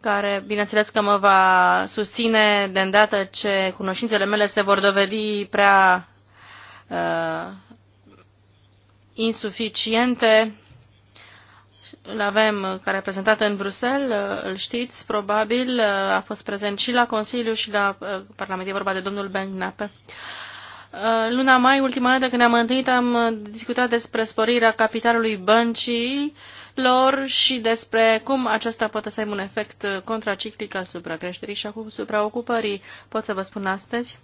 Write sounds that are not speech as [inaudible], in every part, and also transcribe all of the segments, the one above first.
care, bineînțeles că mă va susține de îndată ce cunoștințele mele se vor dovedi prea uh, insuficiente. Îl avem ca reprezentat în Bruxelles, uh, îl știți, probabil, uh, a fost prezent și la Consiliu și la uh, Parlament, e vorba de domnul Ben Nape. Luna mai, ultima dată când ne-am întâlnit, am discutat despre sporirea capitalului băncii lor și despre cum acesta poate să aibă un efect contraciclic asupra creșterii și asupra ocupării. Pot să vă spun astăzi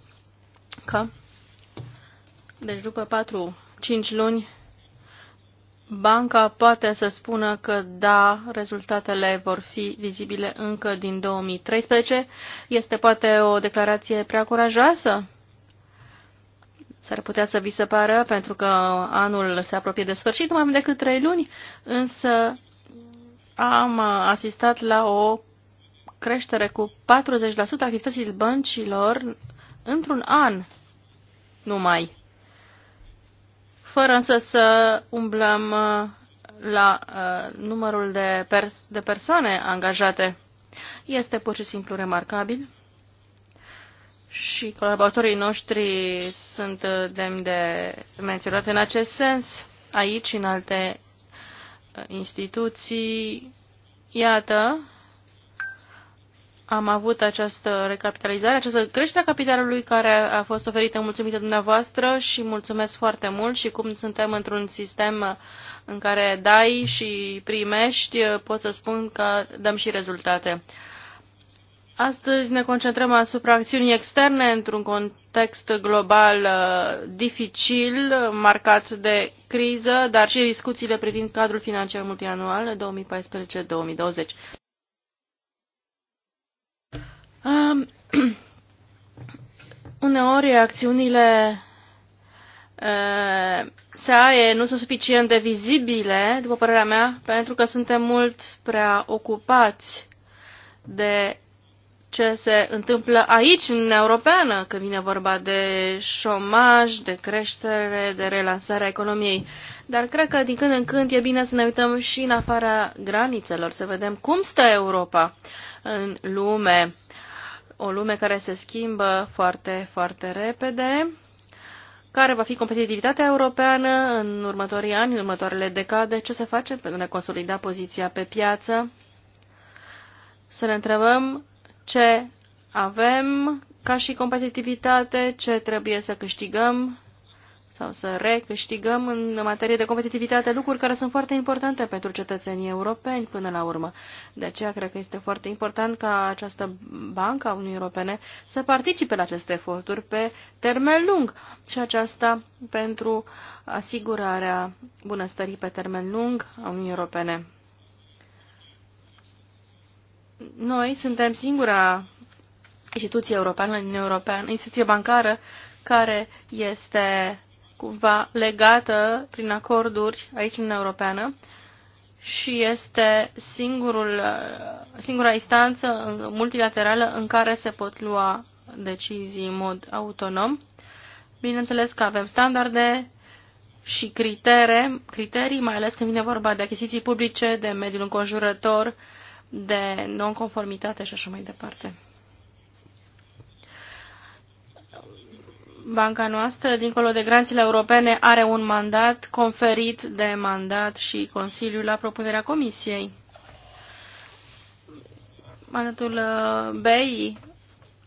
că, deci după 4-5 luni, banca poate să spună că da, rezultatele vor fi vizibile încă din 2013. Este poate o declarație prea curajoasă? S-ar putea să vi se pară, pentru că anul se apropie de sfârșit, mai mult decât trei luni, însă am asistat la o creștere cu 40% activității băncilor într-un an numai, fără însă să umblăm uh, la uh, numărul de, pers- de persoane angajate. Este pur și simplu remarcabil și colaboratorii noștri sunt uh, demn de menționat în acest sens, aici, în alte uh, instituții. Iată, am avut această recapitalizare, această creștere a capitalului care a fost oferită mulțumită dumneavoastră și mulțumesc foarte mult și cum suntem într-un sistem în care dai și primești, uh, pot să spun că dăm și rezultate. Astăzi ne concentrăm asupra acțiunii externe într-un context global uh, dificil, marcat de criză, dar și discuțiile privind cadrul financiar multianual 2014-2020. [clears throat] Uneori acțiunile uh, SAE nu sunt suficient de vizibile, după părerea mea, pentru că suntem mult prea ocupați de ce se întâmplă aici, în Europeană, când vine vorba de șomaj, de creștere, de relansarea economiei. Dar cred că din când în când e bine să ne uităm și în afara granițelor, să vedem cum stă Europa în lume. O lume care se schimbă foarte, foarte repede, care va fi competitivitatea europeană în următorii ani, în următoarele decade, ce se face pentru a ne consolida poziția pe piață. Să ne întrebăm ce avem ca și competitivitate, ce trebuie să câștigăm sau să recâștigăm în materie de competitivitate lucruri care sunt foarte importante pentru cetățenii europeni până la urmă. De aceea cred că este foarte important ca această bancă a Uniunii Europene să participe la aceste eforturi pe termen lung și aceasta pentru asigurarea bunăstării pe termen lung a Uniunii Europene noi suntem singura instituție europeană, în europeană, instituție bancară, care este cumva legată prin acorduri aici în Europeană și este singurul, singura instanță multilaterală în care se pot lua decizii în mod autonom. Bineînțeles că avem standarde și critere, criterii, mai ales când vine vorba de achiziții publice, de mediul înconjurător, de nonconformitate și așa mai departe. Banca noastră, dincolo de granțile europene, are un mandat conferit de mandat și Consiliul la propunerea Comisiei. Mandatul uh, BEI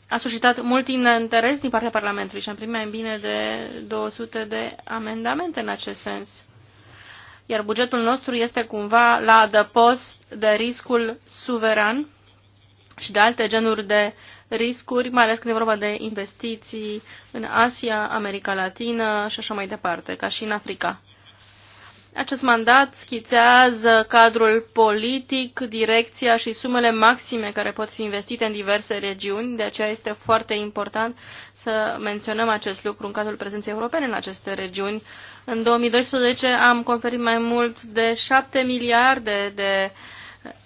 a suscitat mult interes din partea Parlamentului și am primit mai bine de 200 de amendamente în acest sens iar bugetul nostru este cumva la adăpost de riscul suveran și de alte genuri de riscuri, mai ales când e vorba de investiții în Asia, America Latină și așa mai departe, ca și în Africa. Acest mandat schițează cadrul politic, direcția și sumele maxime care pot fi investite în diverse regiuni, de aceea este foarte important să menționăm acest lucru în cadrul prezenței europene în aceste regiuni. În 2012 am conferit mai mult de 7 miliarde de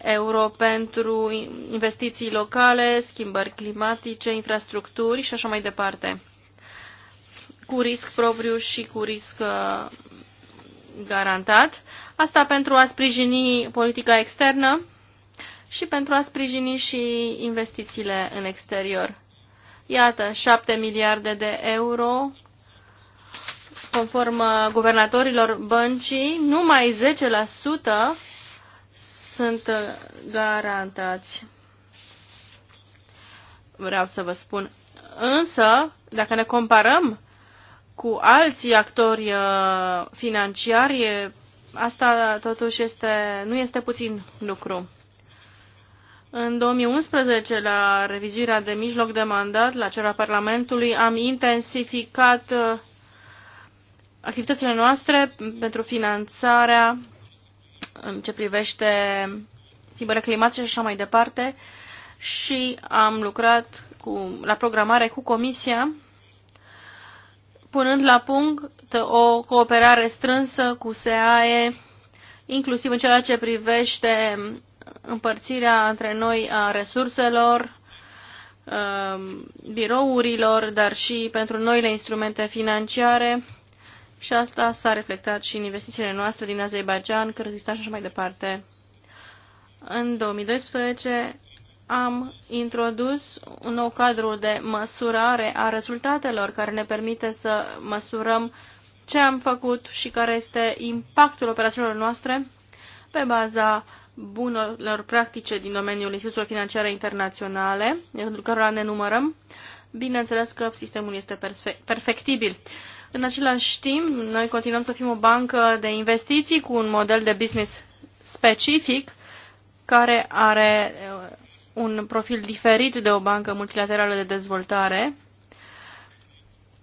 euro pentru investiții locale, schimbări climatice, infrastructuri și așa mai departe, cu risc propriu și cu risc uh, garantat. Asta pentru a sprijini politica externă și pentru a sprijini și investițiile în exterior. Iată, 7 miliarde de euro conform uh, guvernatorilor băncii, numai 10% sunt uh, garantați. Vreau să vă spun. Însă, dacă ne comparăm cu alți actori uh, financiari, asta totuși este, nu este puțin lucru. În 2011, la revizuirea de mijloc de mandat, la cererea Parlamentului, am intensificat uh, activitățile noastre pentru finanțarea în ce privește schimbările climatice și așa mai departe și am lucrat cu, la programare cu Comisia punând la punct o cooperare strânsă cu SEAE, inclusiv în ceea ce privește împărțirea între noi a resurselor, um, birourilor, dar și pentru noile instrumente financiare. Și asta s-a reflectat și în investițiile noastre din Azerbaijan, Kyrgyzstan și așa mai departe. În 2012 am introdus un nou cadru de măsurare a rezultatelor care ne permite să măsurăm ce am făcut și care este impactul operațiunilor noastre pe baza bunelor practice din domeniul instituțiilor financiare internaționale, pentru care ne numărăm. Bineînțeles că sistemul este perfectibil. În același timp, noi continuăm să fim o bancă de investiții cu un model de business specific care are un profil diferit de o bancă multilaterală de dezvoltare.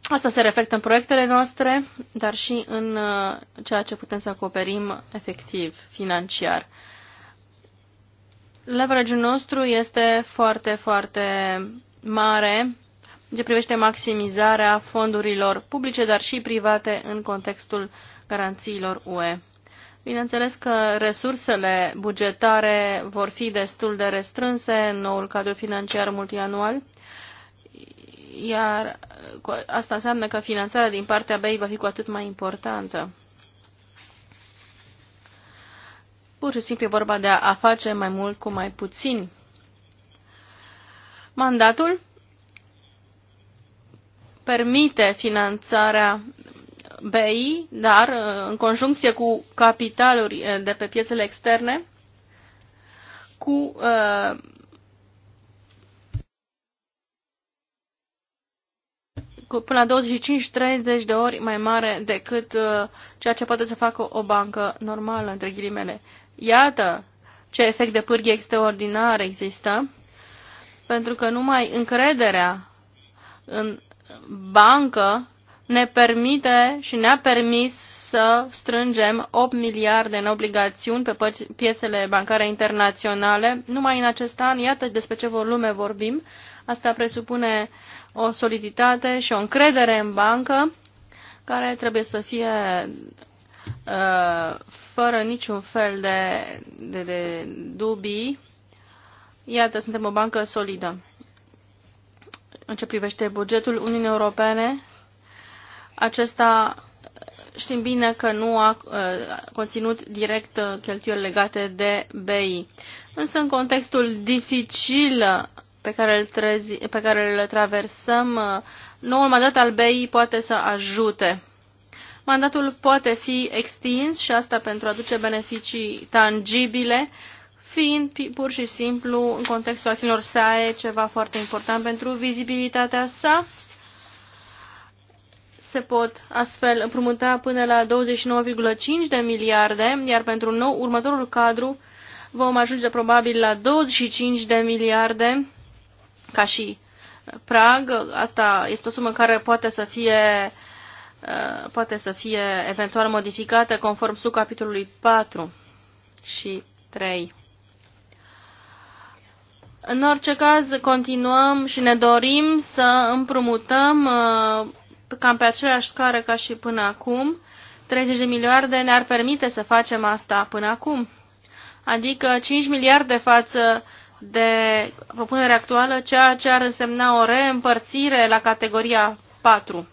Asta se reflectă în proiectele noastre, dar și în uh, ceea ce putem să acoperim efectiv, financiar. Leverage-ul nostru este foarte, foarte mare ce privește maximizarea fondurilor publice, dar și private în contextul garanțiilor UE. Bineînțeles că resursele bugetare vor fi destul de restrânse în noul cadru financiar multianual, iar asta înseamnă că finanțarea din partea BEI va fi cu atât mai importantă. Pur și simplu e vorba de a face mai mult cu mai puțin. Mandatul permite finanțarea BI, dar uh, în conjuncție cu capitaluri uh, de pe piețele externe, cu uh, cu până la 25-30 de ori mai mare decât uh, ceea ce poate să facă o bancă normală, între ghilimele. Iată ce efect de pârghie extraordinar există, pentru că numai încrederea în bancă ne permite și ne-a permis să strângem 8 miliarde în obligațiuni pe piețele bancare internaționale. Numai în acest an, iată despre ce volume vorbim, asta presupune o soliditate și o încredere în bancă care trebuie să fie uh, fără niciun fel de, de, de dubii. Iată, suntem o bancă solidă. În ce privește bugetul Uniunii Europene, acesta știm bine că nu a uh, conținut direct uh, cheltuieli legate de BI. Însă în contextul dificil uh, pe care îl, trezi, pe care îl traversăm, noul mandat al BI poate să ajute. Mandatul poate fi extins și asta pentru a aduce beneficii tangibile, fiind pur și simplu în contextul acțiunilor SAE ceva foarte important pentru vizibilitatea sa se pot astfel împrumuta până la 29,5 de miliarde, iar pentru nou următorul cadru vom ajunge probabil la 25 de miliarde ca și uh, prag. Asta este o sumă care poate să fie uh, poate să fie eventual modificată conform subcapitolului 4 și 3. În orice caz, continuăm și ne dorim să împrumutăm uh, cam pe aceeași scară ca și până acum. 30 de miliarde ne-ar permite să facem asta până acum. Adică 5 miliarde față de propunerea actuală, ceea ce ar însemna o reîmpărțire la categoria 4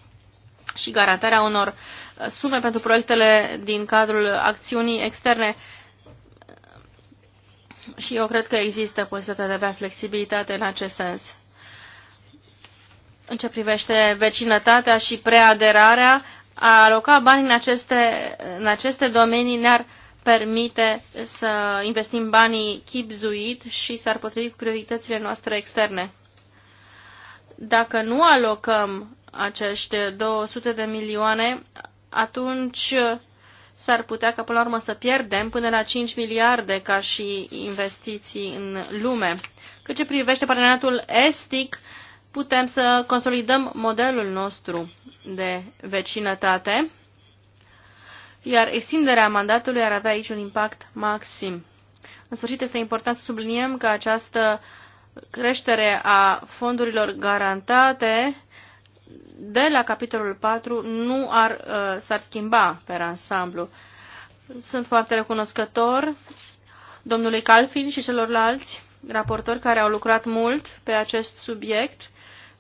și garantarea unor uh, sume pentru proiectele din cadrul acțiunii externe. Și eu cred că există posibilitatea de a avea flexibilitate în acest sens în ce privește vecinătatea și preaderarea, a aloca bani în aceste, în aceste domenii ne-ar permite să investim banii chipzuit și s-ar potrivi cu prioritățile noastre externe. Dacă nu alocăm acești 200 de milioane, atunci s-ar putea ca până la urmă să pierdem până la 5 miliarde ca și investiții în lume. Cât ce privește parteneriatul estic, putem să consolidăm modelul nostru de vecinătate, iar extinderea mandatului ar avea aici un impact maxim. În sfârșit, este important să subliniem că această creștere a fondurilor garantate de la capitolul 4 nu ar, uh, s-ar schimba pe ansamblu. Sunt foarte recunoscător domnului Calfin și celorlalți raportori care au lucrat mult pe acest subiect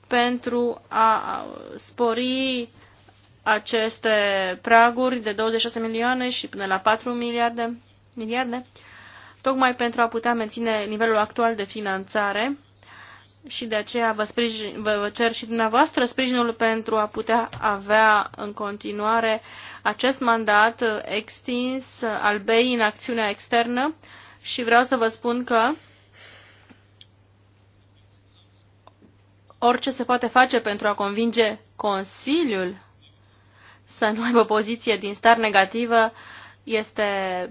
pentru a spori aceste praguri de 26 milioane și până la 4 miliarde, miliarde tocmai pentru a putea menține nivelul actual de finanțare și de aceea vă, sprijin, vă cer și dumneavoastră sprijinul pentru a putea avea în continuare acest mandat extins al BEI în acțiunea externă și vreau să vă spun că orice se poate face pentru a convinge Consiliul să nu aibă poziție din star negativă este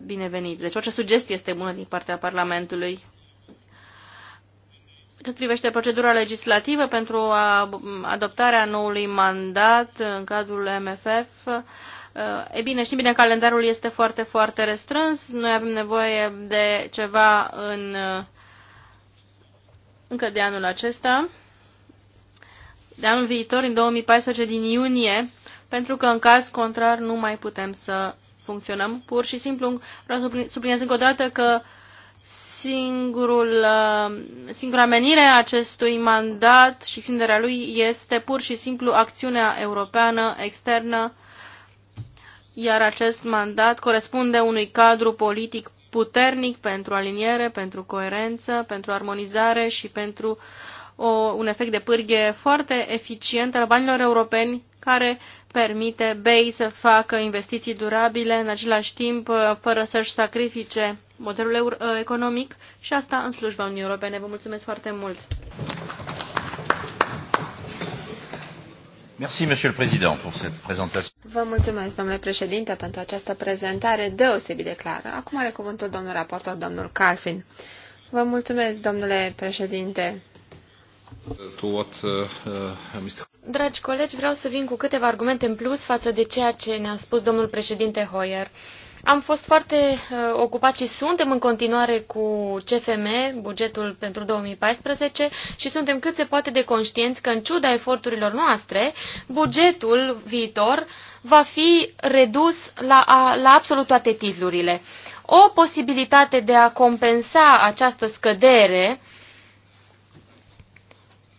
binevenit. Deci orice sugestie este bună din partea Parlamentului. Cât privește procedura legislativă pentru a adoptarea noului mandat în cadrul MFF, eh, e bine, știm bine, calendarul este foarte, foarte restrâns. Noi avem nevoie de ceva în, eh, încă de anul acesta de anul viitor, în 2014, din iunie, pentru că în caz contrar nu mai putem să funcționăm. Pur și simplu vreau să subliniez încă o dată că singurul, uh, singura menire a acestui mandat și extinderea lui este pur și simplu acțiunea europeană externă, iar acest mandat corespunde unui cadru politic puternic pentru aliniere, pentru coerență, pentru armonizare și pentru uh, o, un efect de pârghie foarte eficient al banilor europeni care permite BEI să facă investiții durabile în același timp uh, fără să-și sacrifice modelul uh, economic și asta în slujba Uniunii Europene. Vă mulțumesc foarte mult! Merci, Monsieur le Président, pour cette présentation. Vă mulțumesc, domnule președinte, pentru această prezentare deosebit de clară. Acum are cuvântul domnul raportor, domnul Calfin. Vă mulțumesc, domnule președinte. Uh, uh, Dragi colegi, vreau să vin cu câteva argumente în plus față de ceea ce ne-a spus domnul președinte Hoyer. Am fost foarte uh, ocupați și suntem în continuare cu CFM, bugetul pentru 2014, și suntem cât se poate de conștienți că, în ciuda eforturilor noastre, bugetul viitor va fi redus la, a, la absolut toate titlurile. O posibilitate de a compensa această scădere uh,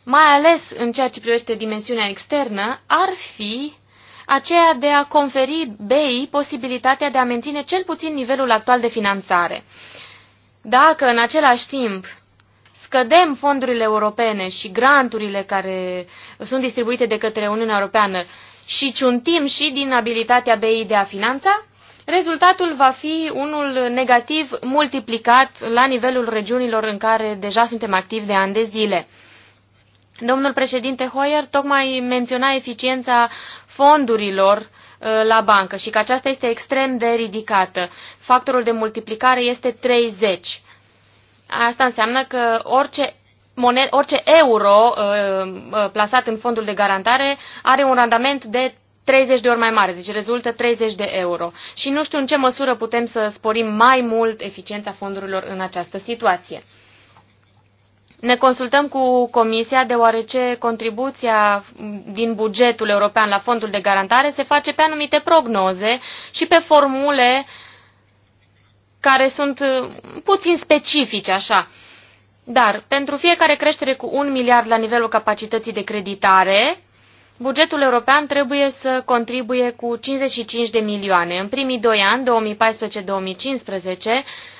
mai ales în ceea ce privește dimensiunea externă, ar fi aceea de a conferi BEI posibilitatea de a menține cel puțin nivelul actual de finanțare. Dacă în același timp scădem fondurile europene și granturile care sunt distribuite de către Uniunea Europeană și ciuntim și din abilitatea BEI de a finanța, rezultatul va fi unul negativ multiplicat la nivelul regiunilor în care deja suntem activi de ani de zile. Domnul președinte Hoyer tocmai menționa eficiența fondurilor uh, la bancă și că aceasta este extrem de ridicată. Factorul de multiplicare este 30. Asta înseamnă că orice, monet, orice euro uh, uh, plasat în fondul de garantare are un randament de 30 de ori mai mare, deci rezultă 30 de euro. Și nu știu în ce măsură putem să sporim mai mult eficiența fondurilor în această situație. Ne consultăm cu Comisia deoarece contribuția din bugetul european la fondul de garantare se face pe anumite prognoze și pe formule care sunt puțin specifice, așa. Dar pentru fiecare creștere cu un miliard la nivelul capacității de creditare, bugetul european trebuie să contribuie cu 55 de milioane. În primii doi ani, 2014-2015,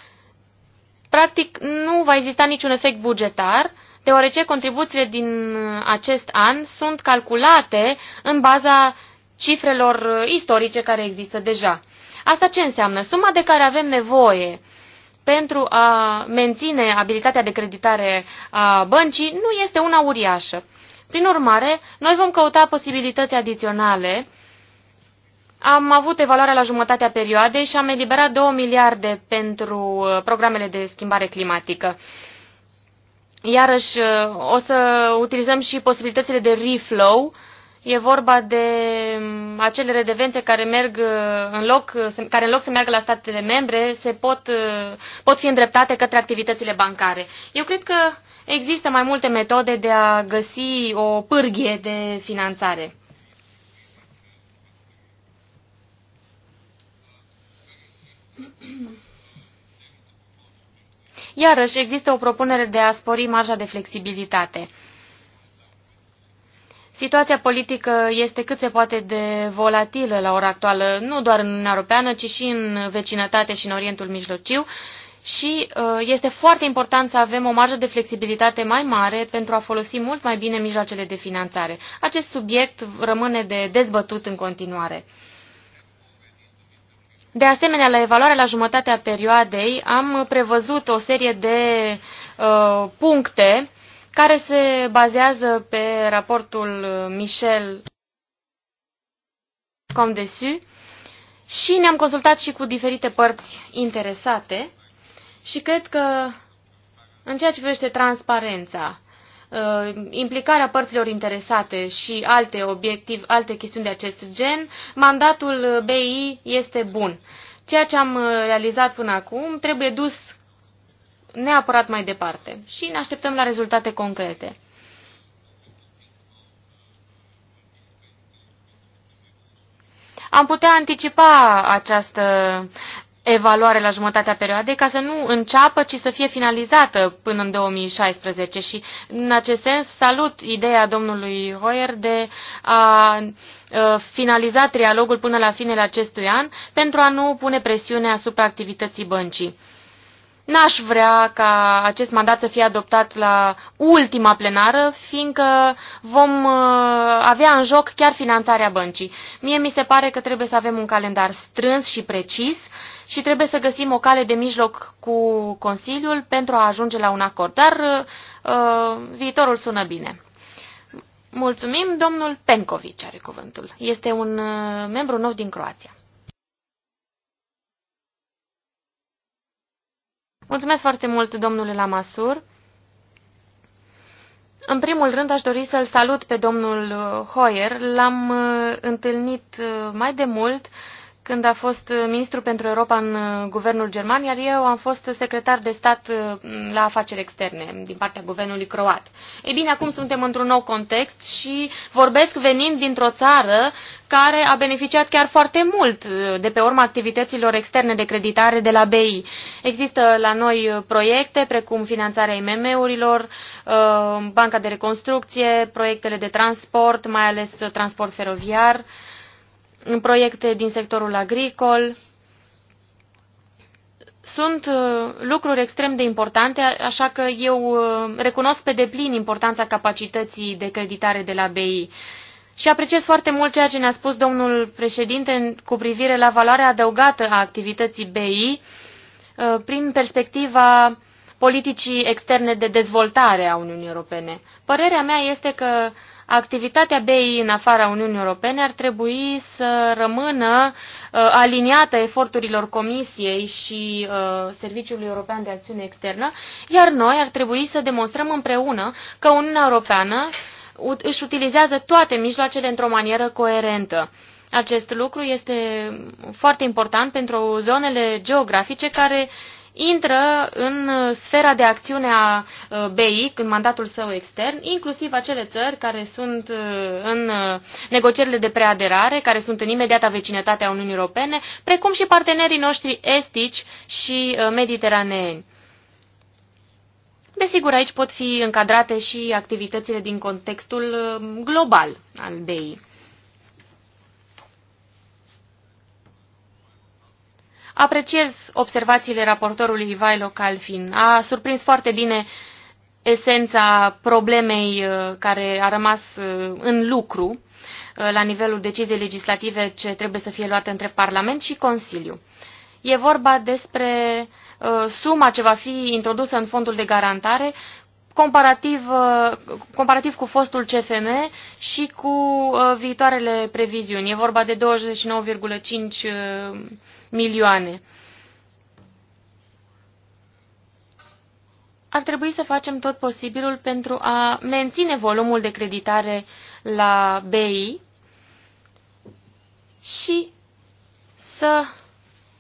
practic nu va exista niciun efect bugetar, deoarece contribuțiile din uh, acest an sunt calculate în baza cifrelor uh, istorice care există deja. Asta ce înseamnă? Suma de care avem nevoie pentru a menține abilitatea de creditare a băncii nu este una uriașă. Prin urmare, noi vom căuta posibilități adiționale am avut evaluarea la jumătatea perioadei și am eliberat 2 miliarde pentru uh, programele de schimbare climatică. Iarăși, uh, o să utilizăm și posibilitățile de reflow. E vorba de um, acele redevențe care, merg uh, în loc, care în loc să meargă la statele membre se pot, pot fi îndreptate către activitățile bancare. Eu cred că există mai multe metode de a găsi o pârghie de finanțare. [clears throat] Iarăși, există o propunere de a spori marja de flexibilitate. Situația politică este cât se poate de volatilă la ora actuală, nu doar în Uniunea Europeană, ci și în vecinătate și în Orientul Mijlociu și uh, este foarte important să avem o marjă de flexibilitate mai mare pentru a folosi mult mai bine mijloacele de finanțare. Acest subiect rămâne de dezbătut în continuare. De asemenea, la evaluarea la jumătatea perioadei am prevăzut o serie de uh, puncte care se bazează pe raportul uh, Michel Comdesu și ne-am consultat și cu diferite părți interesate și cred că în ceea ce privește transparența, Uh, implicarea părților interesate și alte obiectiv, alte chestiuni de acest gen, mandatul BI este bun. Ceea ce am uh, realizat până acum trebuie dus neapărat mai departe și ne așteptăm la rezultate concrete. Am putea anticipa această evaluare la jumătatea perioadei ca să nu înceapă, ci să fie finalizată până în 2016. Și în acest sens salut ideea domnului Hoyer de a ă, finaliza trialogul până la finele acestui an pentru a nu pune presiune asupra activității băncii. N-aș vrea ca acest mandat să fie adoptat la ultima plenară, fiindcă vom uh, avea în joc chiar finanțarea băncii. Mie mi se pare că trebuie să avem un calendar strâns și precis și trebuie să găsim o cale de mijloc cu Consiliul pentru a ajunge la un acord. Dar uh, uh viitorul sună bine. Mulțumim, domnul Penkovic are cuvântul. Este un uh, membru nou din Croația. Mulțumesc foarte mult, domnule Lamasur. În primul rând, aș dori să-l salut pe domnul uh, Hoyer. L-am uh, întâlnit uh, mai de mult când a fost ministru pentru Europa în uh, guvernul german, iar eu am fost secretar de stat uh, la afaceri externe din partea guvernului croat. Ei bine, acum suntem într-un nou context și vorbesc venind dintr-o țară care a beneficiat chiar foarte mult uh, de pe urma activităților externe de creditare de la BI. Există la noi proiecte precum finanțarea IMM-urilor, banca de reconstrucție, proiectele de transport, mai ales transport feroviar, în proiecte din sectorul agricol. Sunt uh, lucruri extrem de importante, așa că eu uh, recunosc pe deplin importanța capacității de creditare de la BI. Și apreciez foarte mult ceea ce ne-a spus domnul președinte cu privire la valoarea adăugată a activității BI uh, prin perspectiva politicii externe de dezvoltare a Uniunii Europene. Părerea mea este că activitatea BI în afara Uniunii Europene ar trebui să rămână uh, aliniată eforturilor Comisiei și uh, Serviciului European de Acțiune Externă, iar noi ar trebui să demonstrăm împreună că Uniunea Europeană își utilizează toate mijloacele într-o manieră coerentă. Acest lucru este foarte important pentru zonele geografice care intră în sfera de acțiune a uh, BEI, în mandatul său extern, inclusiv acele țări care sunt uh, în uh, negocierile de preaderare, care sunt în imediata vecinătate a Uniunii Europene, precum și partenerii noștri estici și mediteraneeni. Desigur, aici pot fi încadrate și activitățile din contextul global al BEI. Apreciez observațiile raportorului Ivailo Calfin. A surprins foarte bine esența problemei uh, care a rămas uh, în lucru uh, la nivelul deciziei legislative ce trebuie să fie luată între Parlament și Consiliu. E vorba despre suma ce va fi introdusă în fondul de garantare comparativ, comparativ cu fostul CFM și cu viitoarele previziuni. E vorba de 29,5 milioane. Ar trebui să facem tot posibilul pentru a menține volumul de creditare la BI și să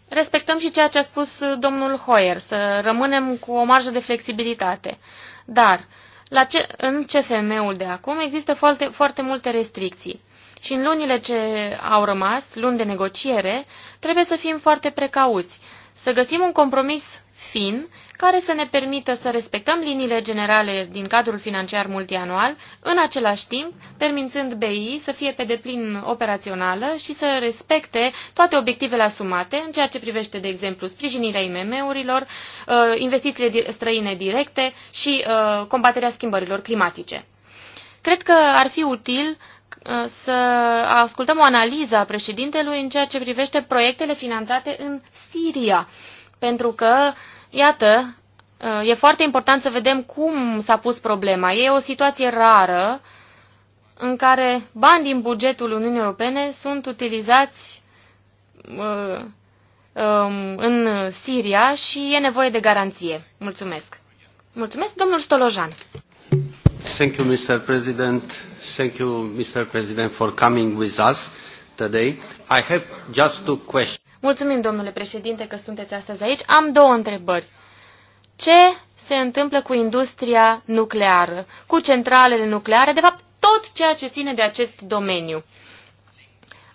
respectăm și ceea ce a spus domnul Hoyer, să rămânem cu o marjă de flexibilitate. Dar la ce, în CFM-ul de acum există foarte, foarte multe restricții. Și în lunile ce au rămas, luni de negociere, trebuie să fim foarte precauți, să găsim un compromis fin care să ne permită să respectăm liniile generale din cadrul financiar multianual, în același timp permițând BI să fie pe deplin operațională și să respecte toate obiectivele asumate în ceea ce privește, de exemplu, sprijinirea IMM-urilor, uh, investițiile străine directe și uh, combaterea schimbărilor climatice. Cred că ar fi util uh, să ascultăm o analiză a președintelui în ceea ce privește proiectele finanțate în Siria. Pentru că, iată, e foarte important să vedem cum s-a pus problema. E o situație rară în care bani din bugetul Uniunii Europene sunt utilizați uh, um, în Siria și e nevoie de garanție. Mulțumesc. Mulțumesc, domnul Stolojan. Thank you, Mr. President. Thank you, Mr. President, for coming with us today. I have just two questions. Mulțumim, domnule președinte, că sunteți astăzi aici. Am două întrebări. Ce se întâmplă cu industria nucleară, cu centralele nucleare, de fapt tot ceea ce ține de acest domeniu?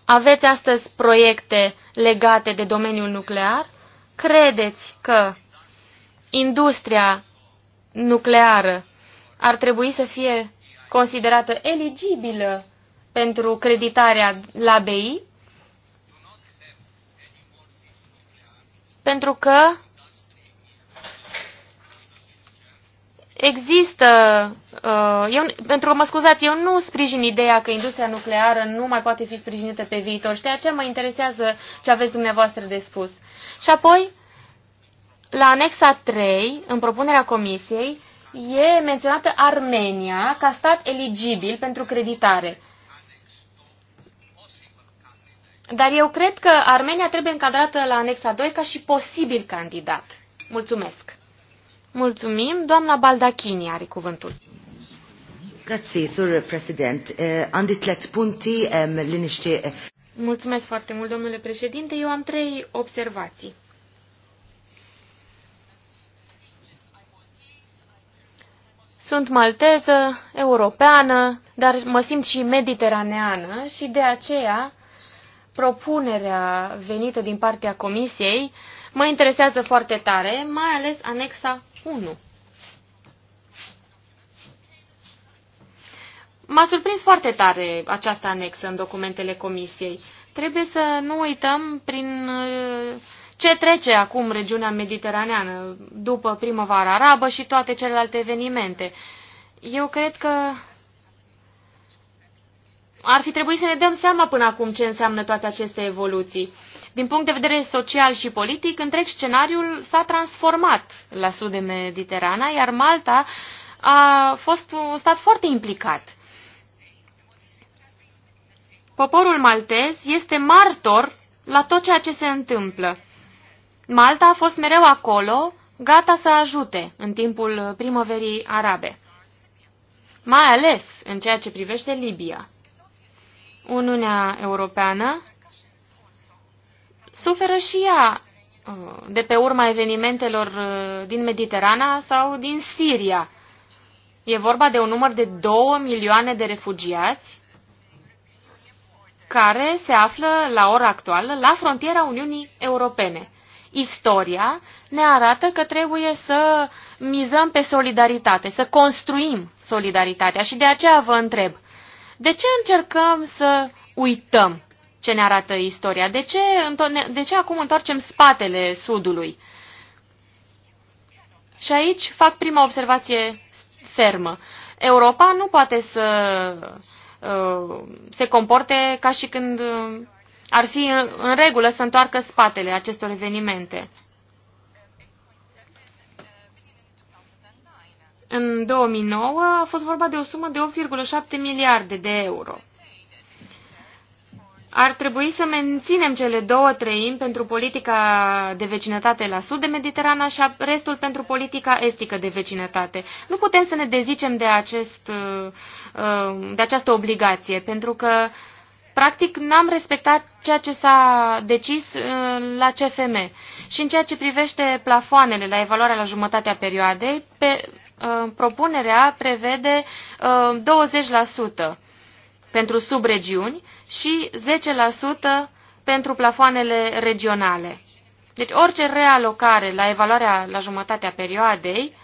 Aveți astăzi proiecte legate de domeniul nuclear? Credeți că industria nucleară ar trebui să fie considerată eligibilă pentru creditarea la BI, pentru că există, uh, eu, pentru că mă scuzați, eu nu sprijin ideea că industria nucleară nu mai poate fi sprijinită pe viitor și de aceea mă interesează ce aveți dumneavoastră de spus. Și apoi, la anexa 3, în propunerea comisiei, e menționată Armenia ca stat eligibil pentru creditare. Dar eu cred că Armenia trebuie încadrată la anexa 2 ca și posibil candidat. Mulțumesc. Mulțumim. Doamna Baldachini are cuvântul. Grazie, sur president. Eh, punti eh, liniște. Mulțumesc foarte mult, domnule președinte. Eu am trei observații. Sunt malteză, europeană, dar mă simt și mediteraneană și de aceea propunerea venită din partea comisiei mă interesează foarte tare, mai ales anexa 1. M-a surprins foarte tare această anexă în documentele comisiei. Trebuie să nu uităm prin ce trece acum regiunea mediteraneană după primăvara arabă și toate celelalte evenimente. Eu cred că ar fi trebuit să ne dăm seama până acum ce înseamnă toate aceste evoluții. Din punct de vedere social și politic, întreg scenariul s-a transformat la sud de Mediterana, iar Malta a fost un stat foarte implicat. Poporul maltez este martor la tot ceea ce se întâmplă. Malta a fost mereu acolo, gata să ajute în timpul primăverii arabe, mai ales în ceea ce privește Libia. Uniunea Europeană suferă și ea uh, de pe urma evenimentelor uh, din Mediterana sau din Siria. E vorba de un număr de 2 milioane de refugiați care se află la ora actuală la frontiera Uniunii Europene istoria ne arată că trebuie să mizăm pe solidaritate, să construim solidaritatea și de aceea vă întreb, de ce încercăm să uităm ce ne arată istoria? De ce, de ce acum întoarcem spatele Sudului? Și aici fac prima observație fermă. Europa nu poate să uh, se comporte ca și când ar fi în regulă să întoarcă spatele acestor evenimente. În 2009 a fost vorba de o sumă de 8,7 miliarde de euro. Ar trebui să menținem cele două treimi pentru politica de vecinătate la sud de Mediterana și restul pentru politica estică de vecinătate. Nu putem să ne dezicem de, acest, uh, uh, de această obligație, pentru că uh, Practic, n-am respectat ceea ce s-a decis uh, la CFM. Și în ceea ce privește plafoanele la evaluarea la jumătatea perioadei, pe, uh, propunerea prevede 20% uh, pentru subregiuni și 10% pentru plafoanele regionale. Deci orice realocare la evaluarea la jumătatea perioadei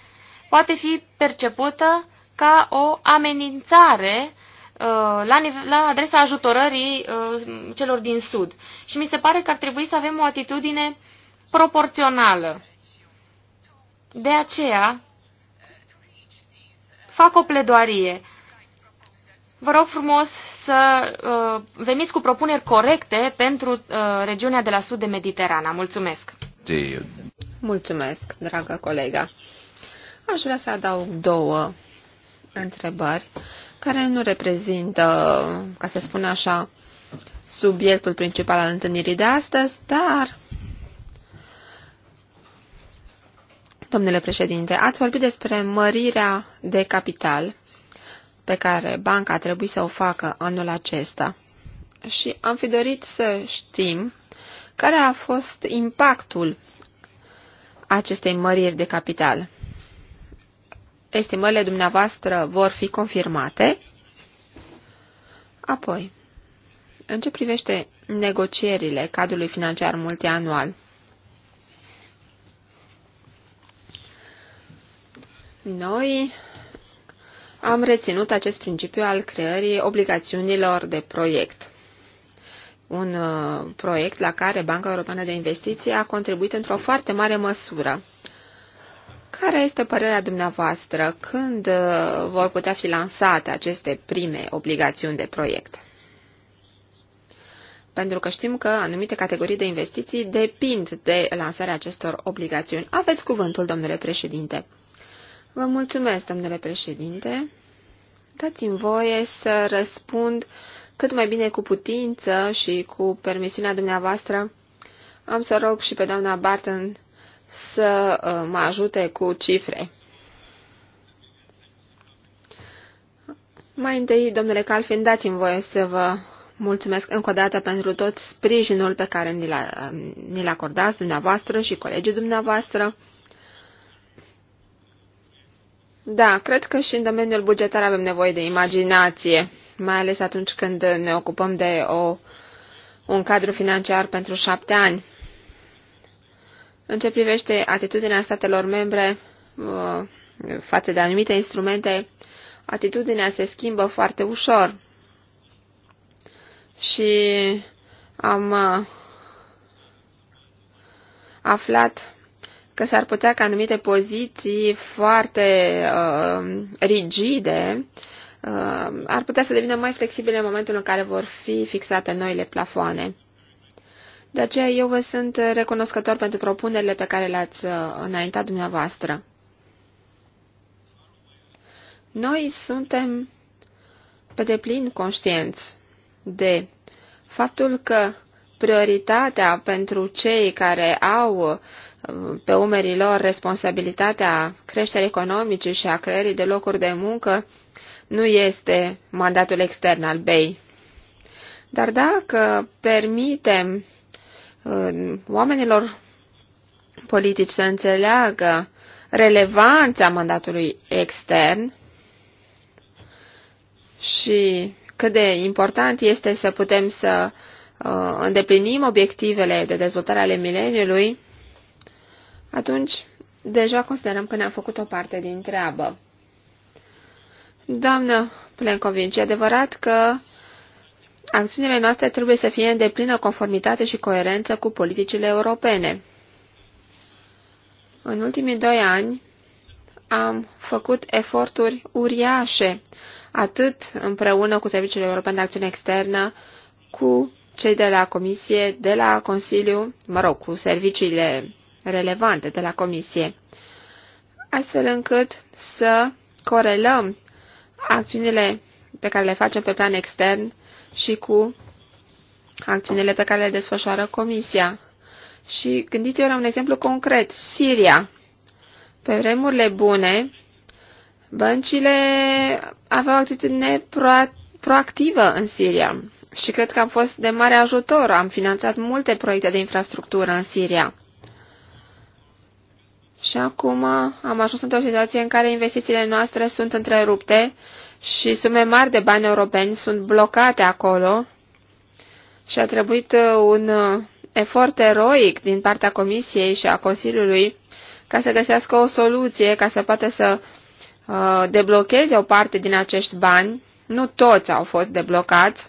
poate fi percepută ca o amenințare Uh, la, la adresa ajutorării uh, celor din Sud. Și mi se pare că ar trebui să avem o atitudine proporțională. De aceea, fac o pledoarie. Vă rog frumos să uh, veniți cu propuneri corecte pentru uh, regiunea de la sud de Mediterana. Mulțumesc! Mulțumesc, dragă colega! Aș vrea să adaug două întrebări care nu reprezintă, ca să spun așa, subiectul principal al întâlnirii de astăzi, dar, domnule președinte, ați vorbit despre mărirea de capital pe care banca trebuie să o facă anul acesta. Și am fi dorit să știm care a fost impactul acestei măriri de capital estimările dumneavoastră vor fi confirmate? Apoi, în ce privește negocierile cadrului financiar multianual? Noi am reținut acest principiu al creării obligațiunilor de proiect. Un uh, proiect la care Banca Europeană de Investiții a contribuit într-o foarte mare măsură. Care este părerea dumneavoastră când uh, vor putea fi lansate aceste prime obligațiuni de proiect? Pentru că știm că anumite categorii de investiții depind de lansarea acestor obligațiuni. Aveți cuvântul, domnule președinte. Vă mulțumesc, domnule președinte. Dați-mi voie să răspund cât mai bine cu putință și cu permisiunea dumneavoastră. Am să rog și pe doamna Barton să uh, mă ajute cu cifre. Mai întâi, domnule Calfin, dați-mi voie să vă mulțumesc încă o dată pentru tot sprijinul pe care ni-l uh, acordați dumneavoastră și colegii dumneavoastră. Da, cred că și în domeniul bugetar avem nevoie de imaginație, mai ales atunci când ne ocupăm de o, un cadru financiar pentru șapte ani. În ce privește atitudinea statelor membre uh, față de anumite instrumente, atitudinea se schimbă foarte ușor. Și am uh, aflat că s-ar putea ca anumite poziții foarte uh, rigide uh, ar putea să devină mai flexibile în momentul în care vor fi fixate noile plafoane. De aceea eu vă sunt recunoscător pentru propunerile pe care le-ați uh, înaintat dumneavoastră. Noi suntem pe deplin conștienți de faptul că prioritatea pentru cei care au uh, pe umerii lor responsabilitatea creșterii economice și a creării de locuri de muncă nu este mandatul extern al BEI. Dar dacă permitem oamenilor politici să înțeleagă relevanța mandatului extern și cât de important este să putem să uh, îndeplinim obiectivele de dezvoltare ale mileniului, atunci deja considerăm că ne-am făcut o parte din treabă. Doamnă Plencovici, e adevărat că Acțiunile noastre trebuie să fie în deplină conformitate și coerență cu politicile europene. În ultimii doi ani am făcut eforturi uriașe, atât împreună cu Serviciul European de Acțiune Externă, cu cei de la Comisie, de la Consiliu, mă rog, cu serviciile relevante de la Comisie, astfel încât să corelăm acțiunile pe care le facem pe plan extern și cu acțiunile pe care le desfășoară Comisia. Și gândiți-vă la un exemplu concret, Siria. Pe vremurile bune, băncile aveau acțiune proactivă în Siria și cred că am fost de mare ajutor. Am finanțat multe proiecte de infrastructură în Siria. Și acum am ajuns într-o situație în care investițiile noastre sunt întrerupte și sume mari de bani europeni sunt blocate acolo și a trebuit uh, un uh, efort eroic din partea Comisiei și a Consiliului ca să găsească o soluție, ca să poată să uh, deblocheze o parte din acești bani. Nu toți au fost deblocați.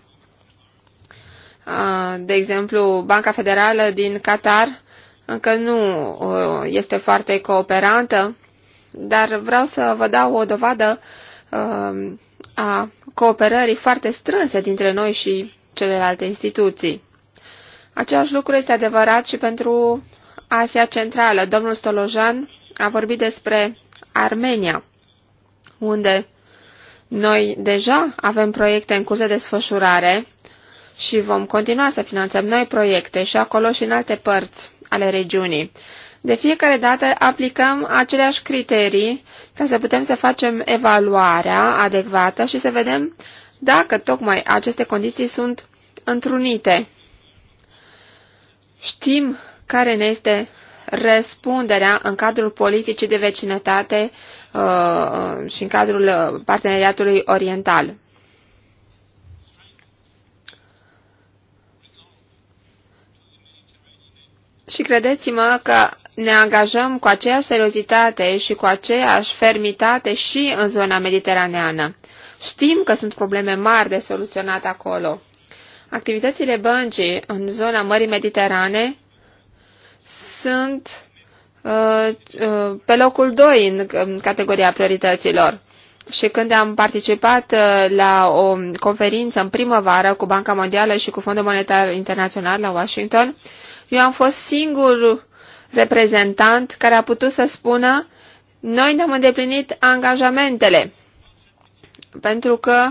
Uh, de exemplu, Banca Federală din Qatar încă nu uh, este foarte cooperantă, dar vreau să vă dau o dovadă uh, a cooperării foarte strânse dintre noi și celelalte instituții. Același lucru este adevărat și pentru Asia Centrală. Domnul Stolojan a vorbit despre Armenia, unde noi deja avem proiecte în curs de desfășurare și vom continua să finanțăm noi proiecte și acolo și în alte părți ale regiunii. De fiecare dată aplicăm aceleași criterii ca să putem să facem evaluarea adecvată și să vedem dacă tocmai aceste condiții sunt întrunite. Știm care ne este răspunderea în cadrul politicii de vecinătate uh, și în cadrul uh, parteneriatului oriental. Și credeți-mă că ne angajăm cu aceeași seriozitate și cu aceeași fermitate și în zona mediteraneană. Știm că sunt probleme mari de soluționat acolo. Activitățile băncii în zona Mării Mediterane sunt uh, uh, pe locul 2 în, în categoria priorităților. Și când am participat uh, la o conferință în primăvară cu Banca Mondială și cu Fondul Monetar Internațional la Washington, eu am fost singurul reprezentant care a putut să spună noi ne-am îndeplinit angajamentele. Pentru că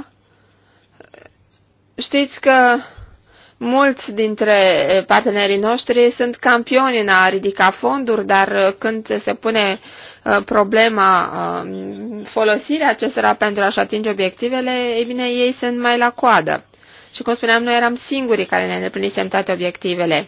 știți că mulți dintre partenerii noștri sunt campioni în a ridica fonduri, dar când se pune ă, problema ă, folosirii acestora pentru a-și atinge obiectivele, ei bine, ei sunt mai la coadă. Și cum spuneam, noi eram singurii care ne îndeplinisem toate obiectivele.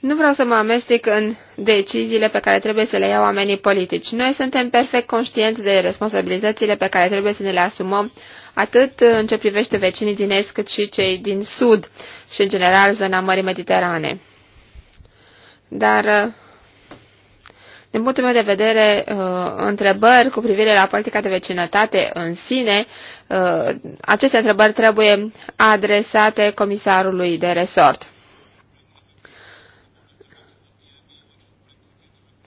Nu vreau să mă amestec în deciziile pe care trebuie să le iau oamenii politici. Noi suntem perfect conștienți de responsabilitățile pe care trebuie să ne le asumăm, atât în ce privește vecinii din est, cât și cei din sud și, în general, zona Mării Mediterane. Dar, din punctul meu de vedere, uh, întrebări cu privire la politica de vecinătate în sine, uh, aceste întrebări trebuie adresate comisarului de resort.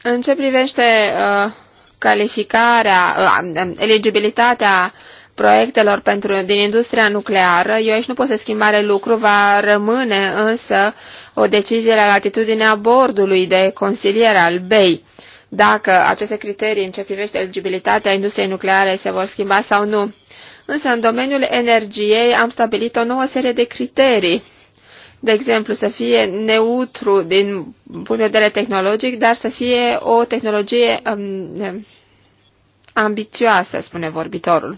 În ce privește uh, calificarea, uh, eligibilitatea proiectelor pentru, din industria nucleară, eu aici nu pot să schimb mare lucru, va rămâne însă o decizie la latitudinea bordului de consilier al BEI, dacă aceste criterii în ce privește eligibilitatea industriei nucleare se vor schimba sau nu. Însă în domeniul energiei am stabilit o nouă serie de criterii de exemplu, să fie neutru din punct de vedere tehnologic, dar să fie o tehnologie um, um ambițioasă, spune vorbitorul.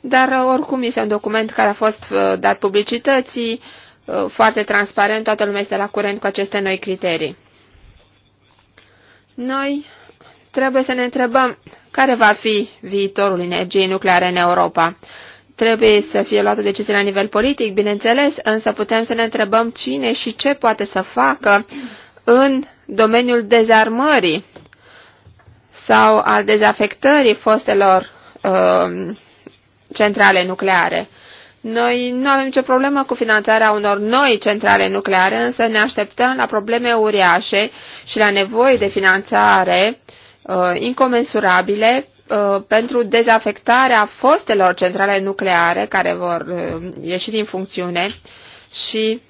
Dar uh, oricum este un document care a fost uh, dat publicității, uh, foarte transparent, toată lumea este la curent cu aceste noi criterii. Noi trebuie să ne întrebăm care va fi viitorul energiei nucleare în Europa. Trebuie să fie luată decizie la nivel politic, bineînțeles, însă putem să ne întrebăm cine și ce poate să facă în domeniul dezarmării sau al dezafectării fostelor uh, centrale nucleare. Noi nu avem nicio problemă cu finanțarea unor noi centrale nucleare, însă ne așteptăm la probleme uriașe și la nevoi de finanțare uh, incomensurabile Uh, pentru dezafectarea fostelor centrale nucleare care vor uh, ieși din funcțiune și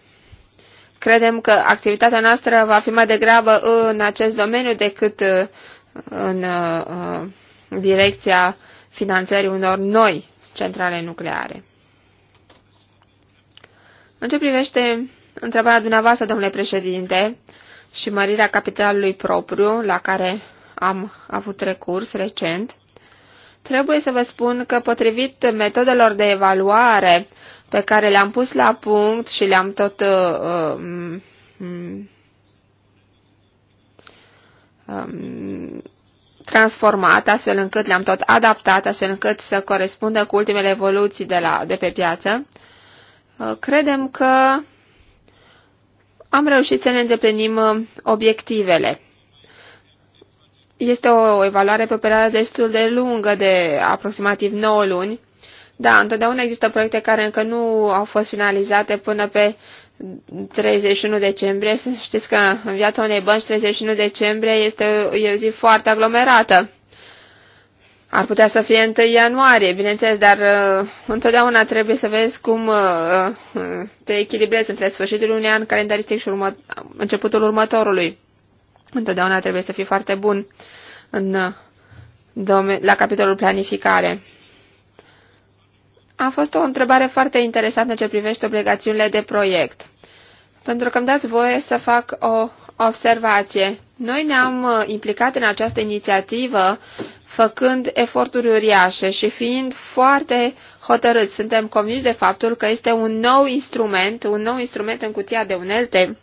credem că activitatea noastră va fi mai degrabă în acest domeniu decât uh, în direcția finanțării unor noi centrale nucleare. În ce privește întrebarea dumneavoastră, domnule președinte, și mărirea capitalului propriu la care am avut recurs recent, Trebuie să vă spun că potrivit metodelor de evaluare pe care le-am pus la punct și le-am tot uh, uh, um, um, transformat, astfel încât le-am tot adaptat, astfel încât să corespundă cu ultimele evoluții de, la, de pe piață, uh, credem că am reușit să ne îndeplinim uh, obiectivele este o evaluare pe o perioadă destul de lungă, de aproximativ 9 luni. Da, întotdeauna există proiecte care încă nu au fost finalizate până pe 31 decembrie. Știți că în viața unei bănci 31 decembrie este o zi foarte aglomerată. Ar putea să fie 1 ianuarie, bineînțeles, dar uh, întotdeauna trebuie să vezi cum uh, uh, te echilibrezi între sfârșitul unui an calendaristic și urmă- începutul următorului. Întotdeauna trebuie să fii foarte bun în, uh, la capitolul planificare. A fost o întrebare foarte interesantă ce privește obligațiunile de proiect. Pentru că îmi dați voie să fac o observație. Noi ne-am uh, implicat în această inițiativă făcând eforturi uriașe și fiind foarte hotărâți. Suntem convinși de faptul că este un nou instrument, un nou instrument în cutia de unelte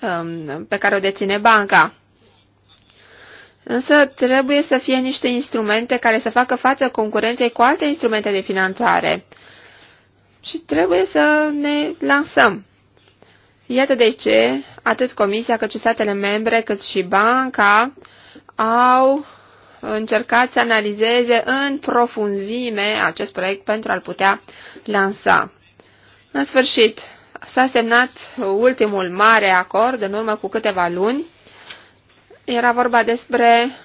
Um, pe care o deține banca. Însă trebuie să fie niște instrumente care să facă față concurenței cu alte instrumente de finanțare. Și trebuie să ne lansăm. Iată de ce atât Comisia cât și statele membre cât și banca au încercat să analizeze în profunzime acest proiect pentru a-l putea lansa. În sfârșit, S-a semnat ultimul mare acord în urmă cu câteva luni. Era vorba despre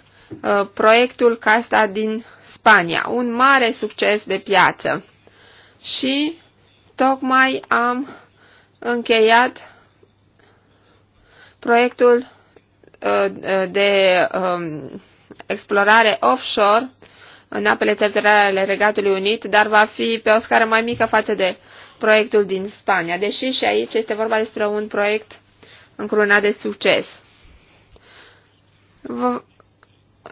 uh, proiectul Casta din Spania, un mare succes de piață. Și tocmai am încheiat proiectul uh, de uh, explorare offshore în apele teritoriale ale Regatului Unit, dar va fi pe o scară mai mică față de proiectul din Spania, deși și aici este vorba despre un proiect încrunat de succes. V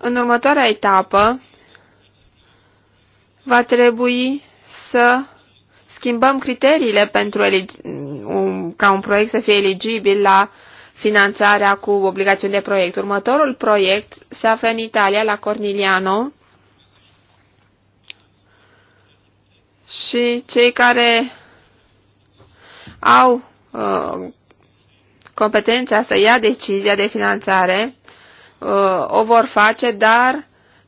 în următoarea etapă va trebui să schimbăm criteriile pentru un, ca un proiect să fie eligibil la finanțarea cu obligațiuni de proiect. Următorul proiect se află în Italia, la Corniliano, și cei care au uh, competența să ia decizia de finanțare, uh, o vor face, dar,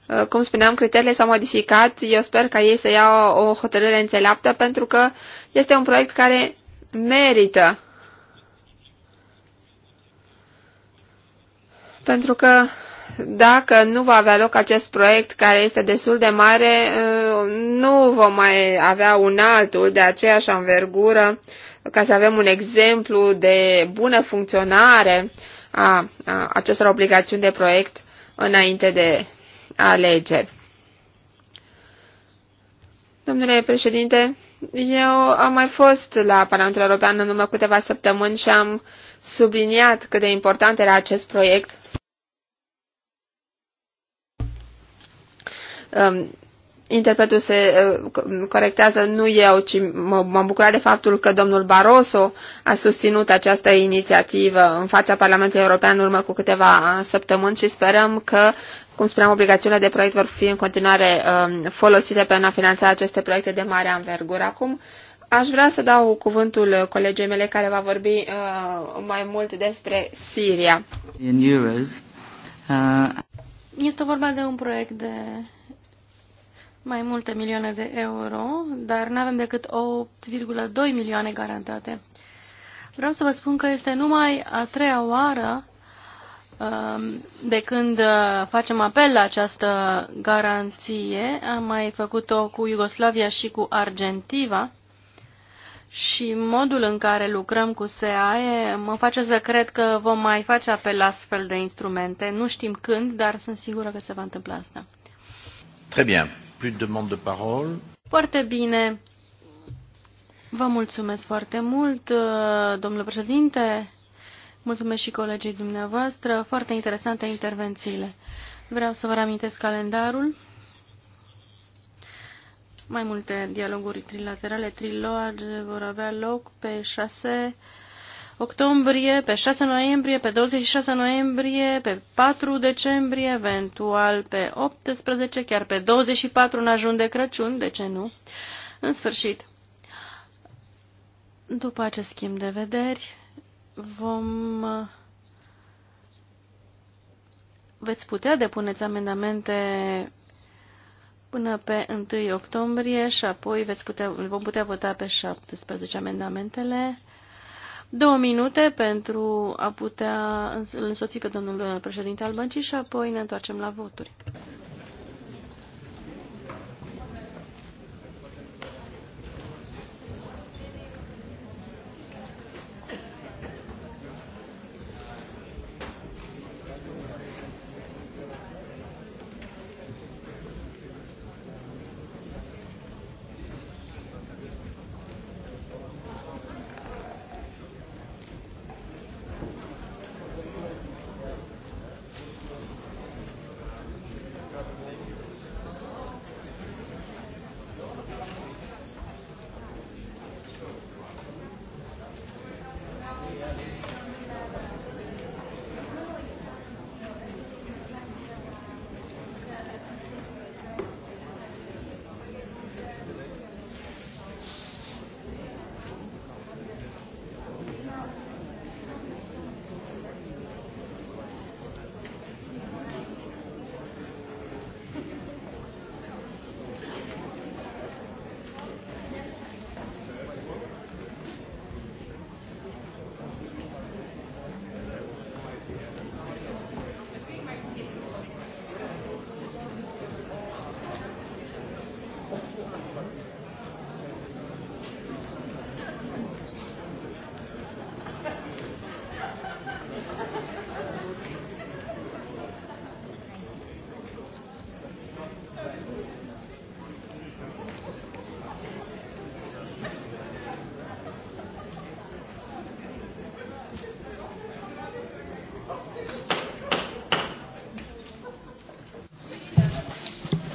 uh, cum spuneam, criteriile s-au modificat. Eu sper ca ei să ia o, o hotărâre înțeleaptă, pentru că este un proiect care merită. Pentru că dacă nu va avea loc acest proiect care este destul de mare, uh, nu vom mai avea un altul de aceeași învergură ca să avem un exemplu de bună funcționare a, a acestor obligațiuni de proiect înainte de alegeri. Domnule președinte, eu am mai fost la Parlamentul European în urmă câteva săptămâni și am subliniat cât de important era acest proiect. Um, interpretul se uh, corectează, nu eu, ci m-am bucurat de faptul că domnul Barroso a susținut această inițiativă în fața Parlamentului European în urmă cu câteva uh, săptămâni și sperăm că, cum spuneam, obligațiunile de proiect vor fi în continuare um, folosite pentru a finanța aceste proiecte de mare anvergură. Acum aș vrea să dau cuvântul colegii mele care va vorbi uh, mai mult despre Siria. Este vorba de un proiect de mai multe milioane de euro, dar nu avem decât 8,2 milioane garantate. Vreau să vă spun că este numai a treia oară um, de când uh, facem apel la această garanție. Am mai făcut-o cu Iugoslavia și cu Argentiva și modul în care lucrăm cu SEAE mă face să cred că vom mai face apel la astfel de instrumente. Nu știm când, dar sunt sigură că se va întâmpla asta. Très bien plus de demandes de parole. Foarte bine. Vă mulțumesc foarte mult, uh, domnule președinte. Mulțumesc și colegii dumneavoastră. Foarte interesante intervențiile. Vreau să vă reamintesc calendarul. Mai multe dialoguri trilaterale, triloage vor avea loc pe 6 octombrie, pe 6 noiembrie, pe 26 noiembrie, pe 4 decembrie, eventual pe 18, chiar pe 24 în ajun de Crăciun, de ce nu? În sfârșit, după acest schimb de vederi, vom veți putea depuneți amendamente până pe 1 octombrie și apoi veți putea, vom putea vota pe 17 amendamentele. Două minute pentru a putea îl însoți pe domnul președinte al băncii și apoi ne întoarcem la voturi.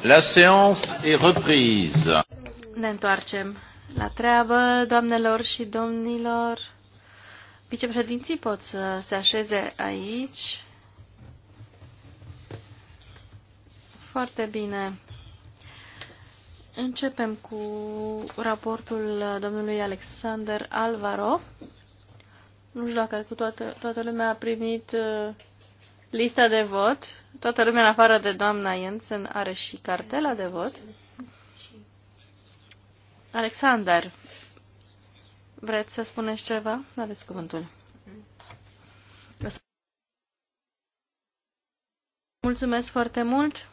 La séance est reprise. Ne întoarcem la treabă, doamnelor și domnilor. Vicepreședinții pot să se așeze aici. Foarte bine. Începem cu raportul domnului Alexander Alvaro. Nu știu dacă cu toată, toată lumea a primit uh, lista de vot. Toată lumea, în afară de doamna Jensen, are și cartela de vot. Alexander, vreți să spuneți ceva? Aveți cuvântul. Mulțumesc foarte mult.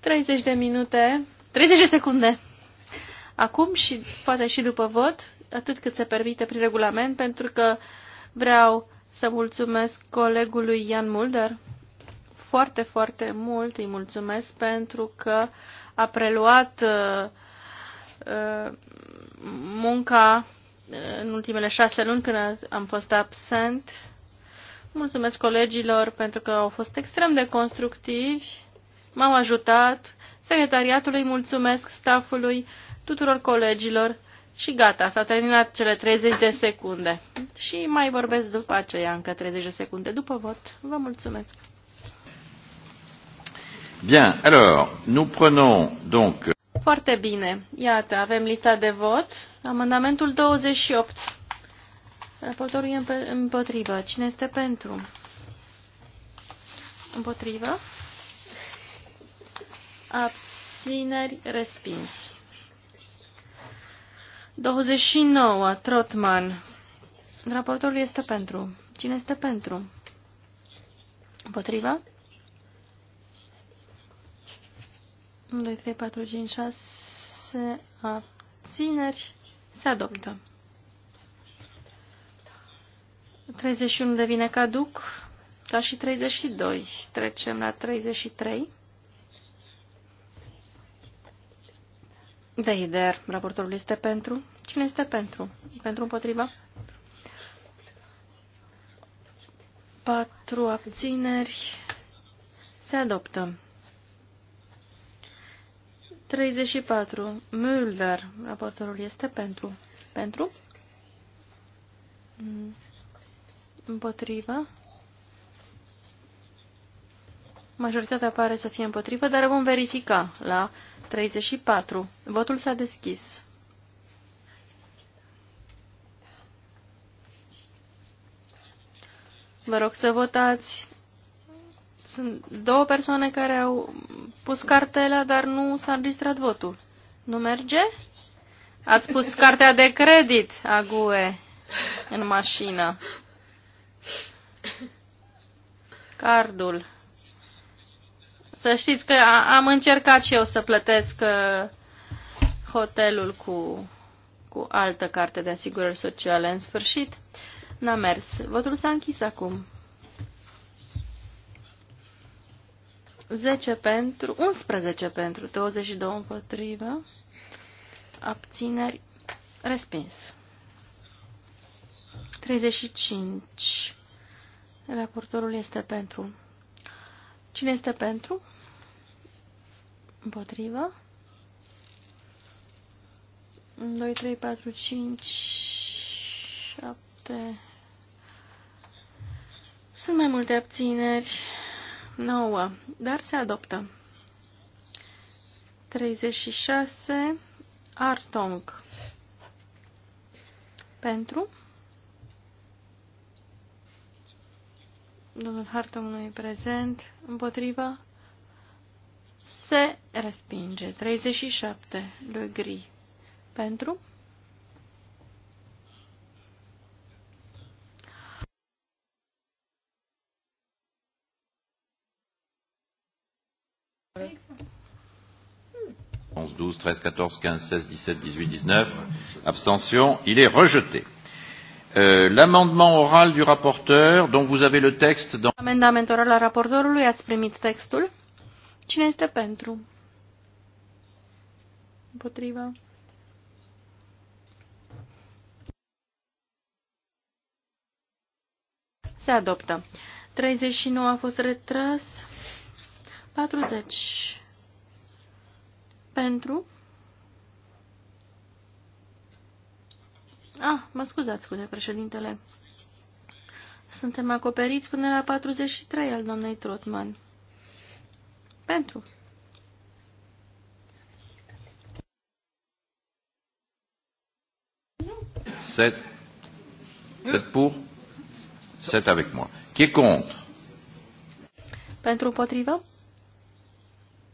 30 de minute, 30 de secunde. Acum și poate și după vot, atât cât se permite prin regulament, pentru că vreau să mulțumesc colegului Ian Mulder foarte, foarte mult. Îi mulțumesc pentru că a preluat uh, uh munca uh, în ultimele șase luni când am fost absent. Mulțumesc colegilor pentru că au fost extrem de constructivi, m-au ajutat, secretariatului mulțumesc, staffului, tuturor colegilor și gata, s-a terminat cele 30 de secunde. Și mai vorbesc după aceea, încă 30 de secunde după vot. Vă mulțumesc. Bien, alors, nous prenons donc... Foarte bine. Iată, avem lista de vot. Amendamentul 28. Raportorul e împotrivă. Cine este pentru? Împotrivă. Abțineri respins. 29. Trotman. Raportorul este pentru. Cine este pentru? Împotriva? 1, 2, 3, 4, 5, 6 abțineri. Se adoptă. 31 devine caduc, ca și 32. Trecem la 33. Veider, da, raportorul este pentru. Cine este pentru? Pentru împotriva? Patru abțineri. Se adoptă. 34. Mulder. Raportorul este pentru. Pentru? Împotriva? Majoritatea pare să fie împotrivă, dar vom verifica la 34. Votul s-a deschis. Vă rog să votați. Sunt două persoane care au pus cartela, dar nu s-a înregistrat votul. Nu merge? Ați pus cartea de credit Ague, în mașină. Cardul. Să știți că am încercat și eu să plătesc uh, hotelul cu, cu altă carte de asigurări sociale. În sfârșit, n-a mers. Votul s-a închis acum. 10 pentru, 11 pentru, 22 împotrivă, abțineri, respins. 35. Raportorul este pentru. Cine este pentru? Împotrivă. 2, 3, 4, 5, 7. Sunt mai multe abțineri. 9. Dar se adoptă. 36. Artong. Pentru. Domnul Hartong nu e prezent. Împotriva. Se respinge. 37. Le gri. Pentru. Exact. 11, 12, 13, 14, 15, 16, 17, 18, 19. Abstention. Il est rejeté. Euh, L'amendement oral du rapporteur, dont vous avez le texte dans... L'amendement oral al raportorului, ați primit textul? Cine este pentru? Împotrivă. Se adoptă. 39 a fost retras. 40. Pentru. Ah, mă scuzați, spune președintele. Suntem acoperiți până la 43 al doamnei Trotman. Pentru. Sept. Sept pour. Sept avec moi. Qui est contre? Pentru potriva.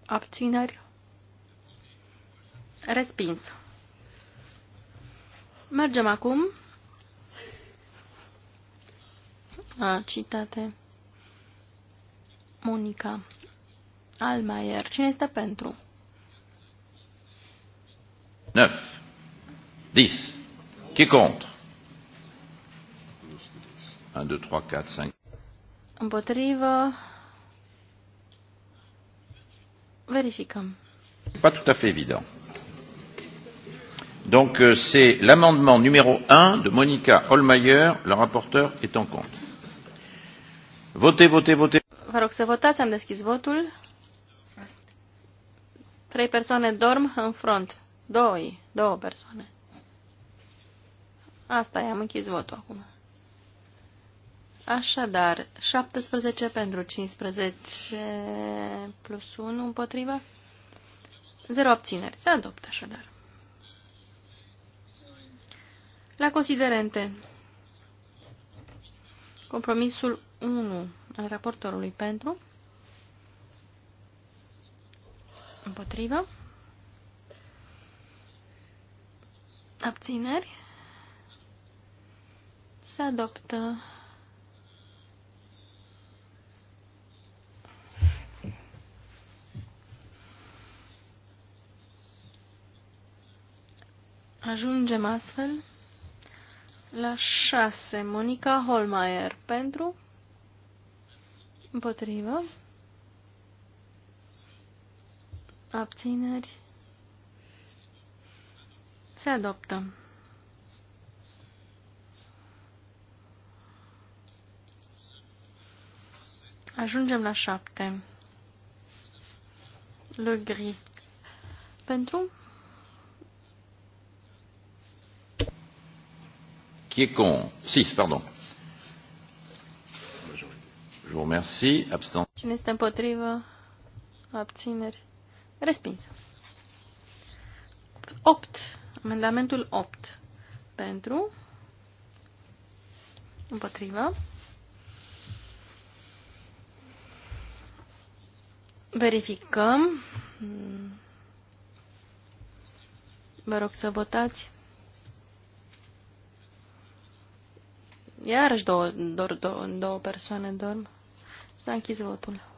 Abțineri? Respins. Mergem acum. A, citate. Monica. Almaier. Cine este pentru? 9. 10. Qui compte? 1, 2, 3, 4, 5. Împotrivă. Verificăm. Pas tout à fait évident. Donc euh, c'est l'amendement numéro 1 de Monica Holmeyer, la rapporteure est en compte. Votez, votez, votez. Vă rog să votați, am deschis votul. Trei persoane dorm în front. Doi. Două persoane. Asta e, am închis votul acum. Așadar, 17 pentru 15 plus 1 împotriva. Zero obțineri. Se adoptă așadar. La considerente. Compromisul 1 al raportorului pentru Împotrivă. Abțineri. Se adoptă. Ajungem astfel la 6. Monica Holmeier pentru împotrivă abțineri, se adoptă. Ajungem la șapte. Le gri. Pentru? Qui est con? 6, pardon. Je vous remercie. Abstention. Cine este împotrivă? Abțineri. Respins. 8. Amendamentul 8. Pentru. Împotrivă. Verificăm. Vă rog să votați. Iarăși două, două, două, două persoane dorm. S-a închis votul.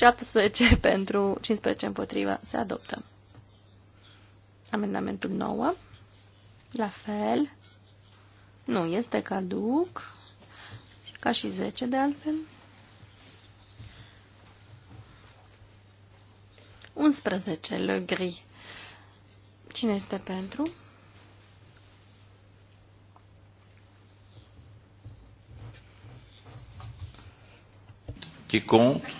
17 [laughs] pentru 15 împotriva se adoptă. Amendamentul 9. La fel. Nu, este caduc. Ca și 10 de altfel. 11. Le gri. Cine este pentru? Qui est contre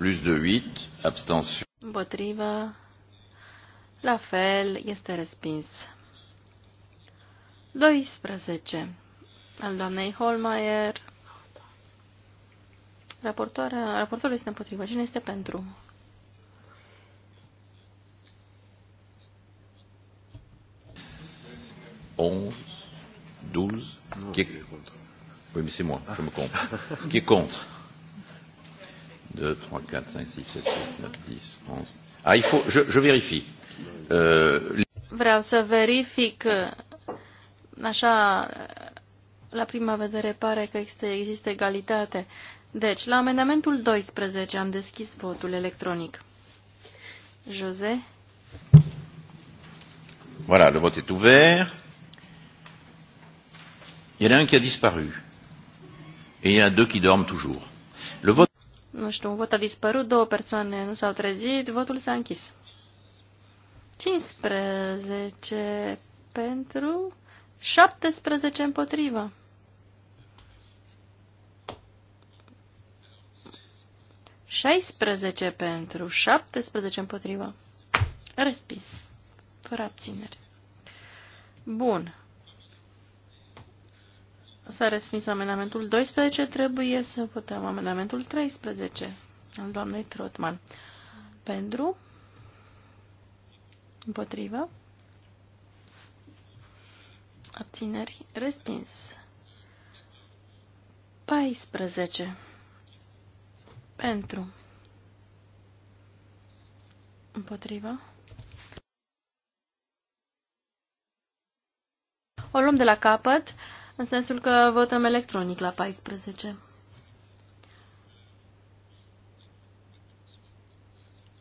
plus de 8, abstention. Împotrivă, la fel, este respins. 12. Al doamnei Holmeier. raportorul este împotrivă. Cine este pentru? Onze, douze, qui est... Oui, mais c'est moi, je me compte. Qui est contre 2, 3, 4, 5, 6, 7, 8, 9, 10, 11. Ah, il faut, je, je vérifie. Euh... Vreau să verific, așa, la prima vedere pare că există, există egalitate. Deci, la amendamentul 12 am deschis votul electronic. José Voilà, le vot est ouvert. Il y en a un qui a disparu. Et il y en a deux qui dorment toujours. Le vote nu știu, un vot a dispărut, două persoane nu s-au trezit, votul s-a închis. 15 pentru, 17 împotrivă. Șaisprezece pentru, șaptesprezece împotrivă. Respins. Fără abținere. Bun. S-a respins amendamentul 12, trebuie să votăm amendamentul 13 al doamnei Trotman. Pentru, împotrivă, abțineri, respins. 14. Pentru, împotrivă. O luăm de la capăt în sensul că votăm electronic la 14.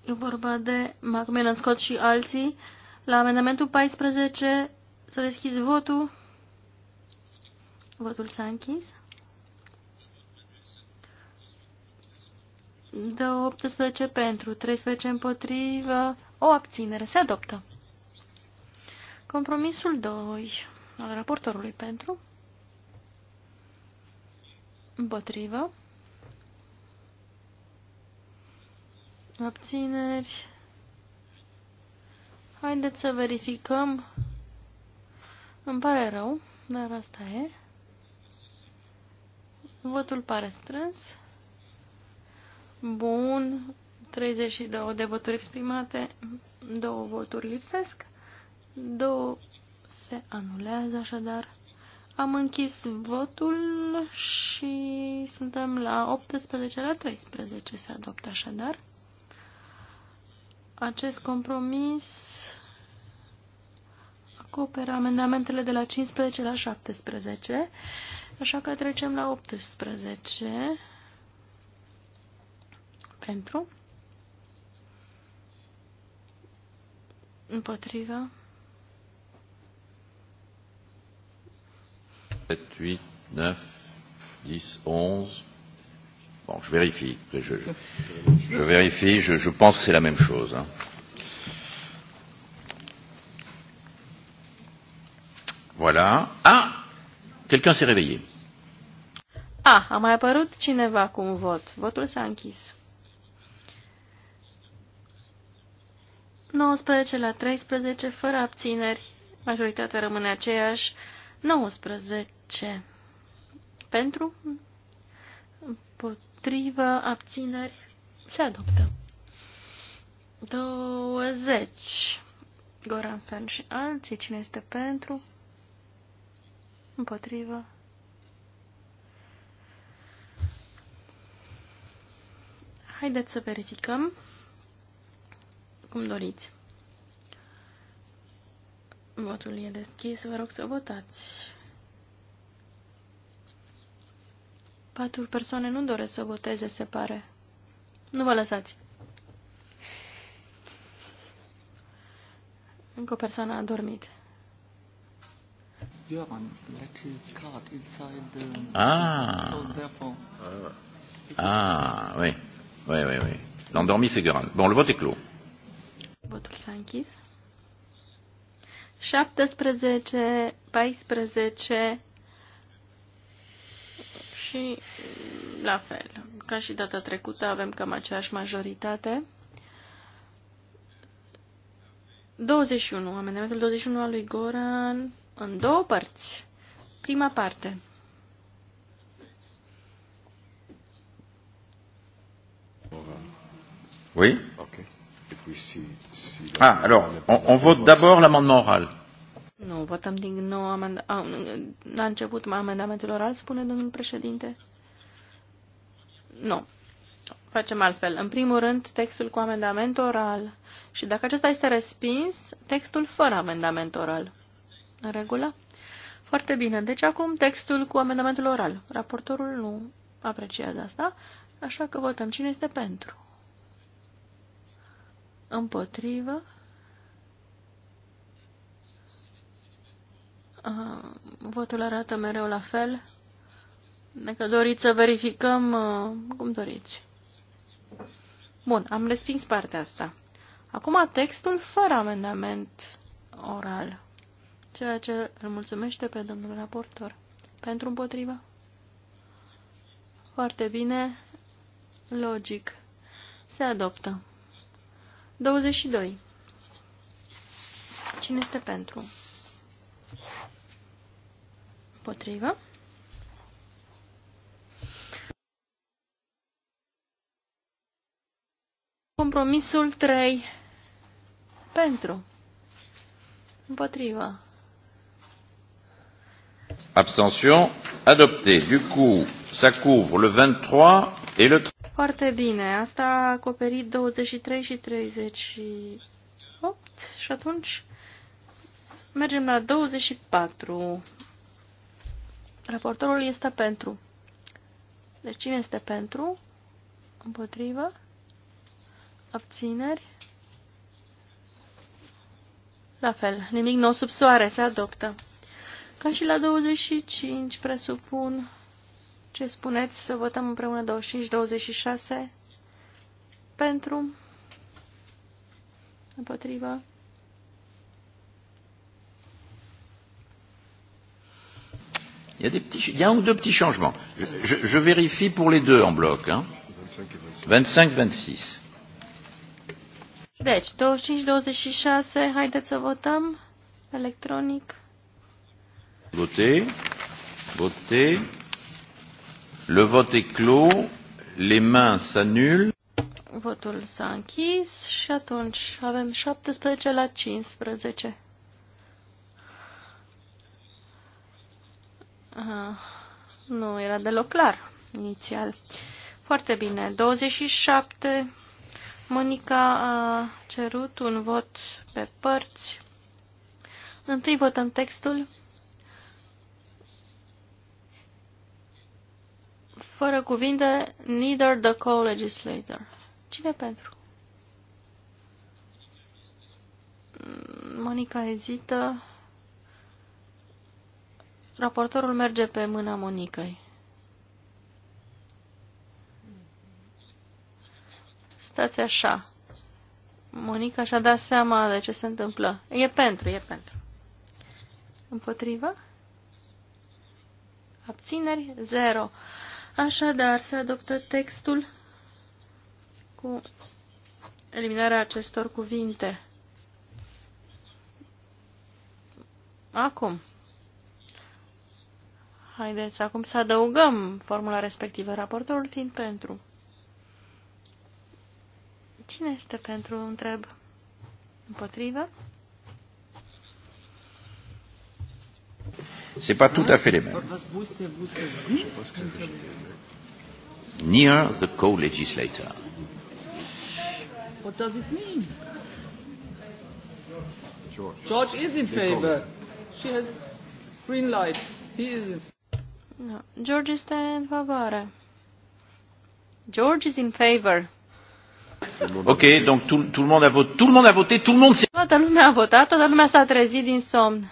E vorba de Macmillan Scott și alții. La amendamentul 14 s-a deschis votul. Votul s-a închis. De 18 pentru, 13 împotrivă, o abținere. Se adoptă. Compromisul 2 al raportorului pentru, Împotrivă. Abțineri. Haideți să verificăm. Îmi pare rău, dar asta e. Votul pare strâns. Bun. 32 de voturi exprimate, două voturi lipsesc, două se anulează așadar. Am închis votul și suntem la 18 la 13 se adoptă așadar. Acest compromis acoperă amendamentele de la 15 la 17, așa că trecem la 18 pentru împotriva 7, 8, 9, 10, 11. Bon, je vérifie. Je, je, je vérifie. Je, je pense que c'est la même chose. Hein. Voilà. Ah Quelqu'un s'est réveillé. Ah, a mai apărut cineva cu un vot. Votul s-a închis. 19 la 13, fără abțineri. Majoritatea rămâne aceeași. 19. Pentru, împotrivă, abțineri, se adoptă. 20. Goran Fern și alții. Cine este pentru? Împotrivă. Haideți să verificăm cum doriți. Votul e deschis, vă rog să votați. Patru persoane nu doresc să voteze, se pare. Nu vă lăsați. Încă o persoană a dormit. Göran his card inside the... Um, ah! So Ah, oui. Oui, oui, oui. L'endormi, c'est Göran. Bon, le vote est clos. Votul s-a închis. 17, 14 și la fel. Ca și data trecută avem cam aceeași majoritate. 21. Amendamentul 21 al lui Goran în două părți. Prima parte. Oui? Okay. Ah, alors, on, on vote d'abord l'amendement oral. Nu, votăm din nou amenda... la început amendamentul oral, spune domnul președinte. Nu. Facem altfel. În primul rând, textul cu amendament oral. Și dacă acesta este respins, textul fără amendament oral. În regulă? Foarte bine. Deci acum textul cu amendamentul oral. Raportorul nu apreciază asta, așa că votăm cine este pentru împotrivă, votul arată mereu la fel. Dacă doriți să verificăm, cum doriți. Bun, am respins partea asta. Acum textul fără amendament oral, ceea ce îl mulțumește pe domnul raportor. Pentru împotriva? Foarte bine, logic. Se adoptă. 22. Cine este pentru? Potrivă? Compromisul 3. Pentru. Împotrivă. Abstention adopté. Du coup, ça couvre le 23 et le 30. Foarte bine, asta a acoperit 23 și 38 și atunci mergem la 24. Raportorul este pentru. Deci cine este pentru? Împotrivă? Abțineri? La fel, nimic nou sub soare se adoptă. Ca și la 25, presupun ce spuneți să votăm împreună 25-26? Pentru? Împotrivă? Il y a, des petits, il y a un ou deux petits changements. Je, je, je vérifie pour les deux en bloc. Hein. 25-26. Deci, 25-26, haideți să votăm electronic. Votez. Votez. Le vote est clos. Les mains s'annulent. Votul s-a închis și atunci avem 17 la 15. Aha. Nu era deloc clar inițial. Foarte bine. 27. Monica a cerut un vot pe părți. Întâi votăm textul fără cuvinte neither the co-legislator. Cine pentru? Monica ezită. Raportorul merge pe mâna Monicăi. Stați așa. Monica și-a dat seama de ce se întâmplă. E pentru, e pentru. Împotriva? Abțineri? Zero. Așadar, se adoptă textul cu eliminarea acestor cuvinte. Acum. Haideți acum să adăugăm formula respectivă, raportorul fiind pentru. Cine este pentru, întreb. Împotrivă. Ce n'est pas tout à fait les mêmes. Near the co-legislator. What does it mean? George. George is in favor. She has green light. He is in no. Da. George is in favor. George is in favor. Ok, donc tout, tout, le monde a voté, tout le monde a voté, tout le monde s'est... Toată lumea a votat, toată lumea s-a trezit din somn.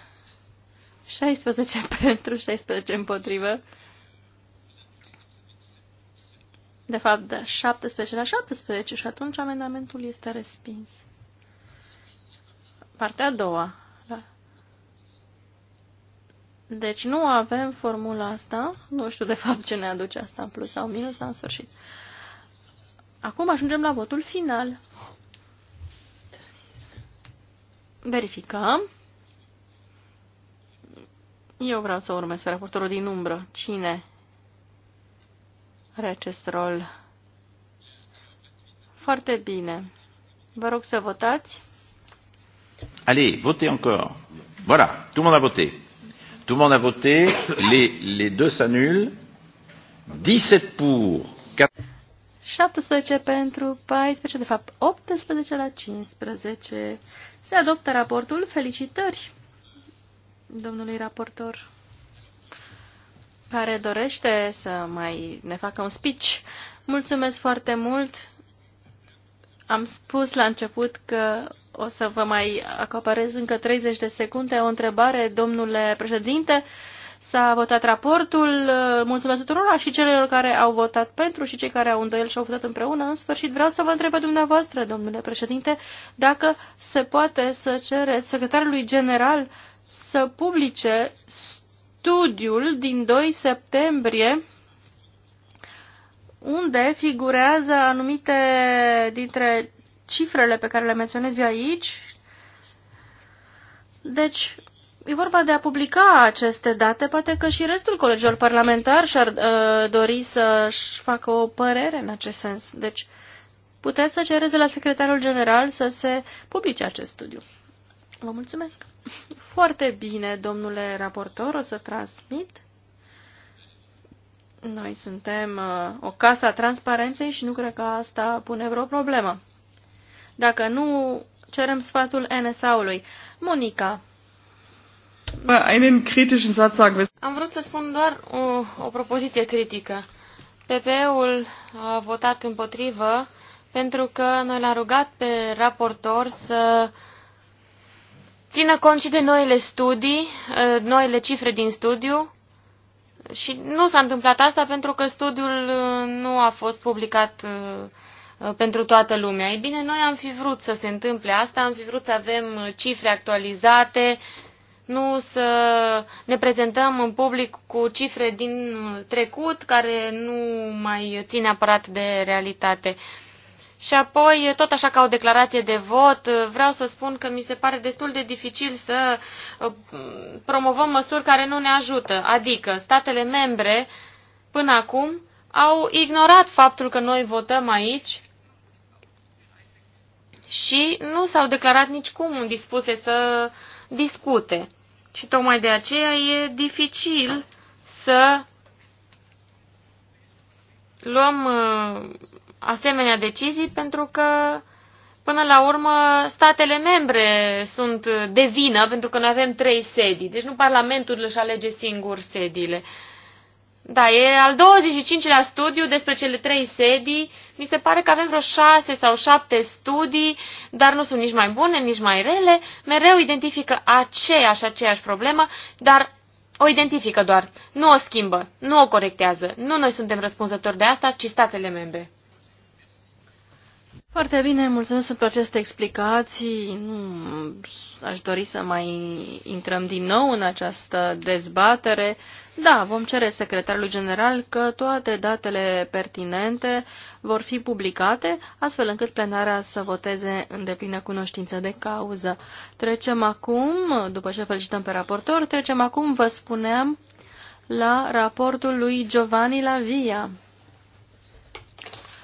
16 [laughs] pentru, 16 împotrivă. De fapt, da, 17 la 17 și atunci amendamentul este respins. Partea a doua. Da. Deci nu avem formula asta. Nu știu de fapt ce ne aduce asta în plus sau minus sau în sfârșit. Acum ajungem la votul final. Verificăm. Eu vreau să urmez pe raportorul din umbră. Cine are acest rol? Foarte bine. Vă rog să votați. Allez, votez encore. Voilà, tout le monde a voté. Tout le monde a voté, les, les deux s'annulent. 17 pour. 4... 17 pentru 14, de fapt 18 la 15. Se adoptă raportul. Felicitări! domnului raportor care dorește să mai ne facă un speech. Mulțumesc foarte mult. Am spus la început că o să vă mai acoperez încă 30 de secunde o întrebare, domnule președinte. S-a votat raportul. Mulțumesc tuturor și celor care au votat pentru și cei care au îndoiel și au votat împreună. În sfârșit, vreau să vă întreb pe dumneavoastră, domnule președinte, dacă se poate să cereți secretarului general să publice studiul din 2 septembrie unde figurează anumite dintre cifrele pe care le menționez eu aici. Deci, e vorba de a publica aceste date. Poate că și restul colegilor parlamentari și-ar uh, dori să-și facă o părere în acest sens. Deci, puteți să cereți la secretarul general să se publice acest studiu. Vă mulțumesc. Foarte bine, domnule raportor, o să transmit. Noi suntem uh, o casă a transparenței și nu cred că asta pune vreo problemă. Dacă nu, cerem sfatul NSA-ului. Monica. Am vrut să spun doar o, o propoziție critică. PPE-ul a votat împotrivă pentru că noi l-am rugat pe raportor să țină cont și de noile studii, ă, noile cifre din studiu. Și nu s-a întâmplat asta pentru că studiul ă, nu a fost publicat ă, pentru toată lumea. Ei bine, noi am fi vrut să se întâmple asta, am fi vrut să avem cifre actualizate, nu să ne prezentăm în public cu cifre din trecut care nu mai țin aparat de realitate. Și apoi, tot așa ca o declarație de vot, vreau să spun că mi se pare destul de dificil să uh, promovăm măsuri care nu ne ajută. Adică, statele membre, până acum, au ignorat faptul că noi votăm aici și nu s-au declarat nicicum dispuse să discute. Și tocmai de aceea e dificil să luăm uh, asemenea decizii pentru că, până la urmă, statele membre sunt de vină pentru că noi avem trei sedii. Deci nu Parlamentul își alege singur sediile. Da, e al 25-lea studiu despre cele trei sedii. Mi se pare că avem vreo șase sau șapte studii, dar nu sunt nici mai bune, nici mai rele. Mereu identifică aceeași, aceeași problemă, dar o identifică doar. Nu o schimbă, nu o corectează. Nu noi suntem răspunzători de asta, ci statele membre. Foarte bine, mulțumesc pentru aceste explicații. Nu aș dori să mai intrăm din nou în această dezbatere. Da, vom cere secretarului general că toate datele pertinente vor fi publicate, astfel încât plenarea să voteze în deplină cunoștință de cauză. Trecem acum, după ce felicităm pe raportor, trecem acum, vă spuneam, la raportul lui Giovanni Lavia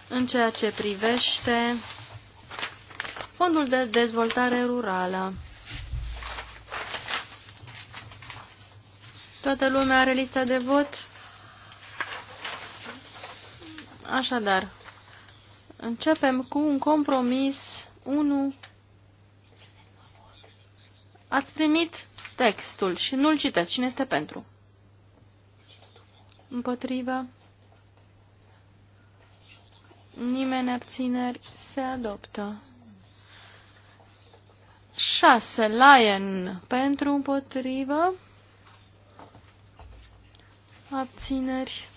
în ceea ce privește Fondul de Dezvoltare Rurală. Toată lumea are lista de vot? Așadar, începem cu un compromis 1. Ați primit textul și nu-l citeți. Cine este pentru? Împotriva? nimeni abțineri, se adoptă. 6. Lion pentru împotrivă, abțineri,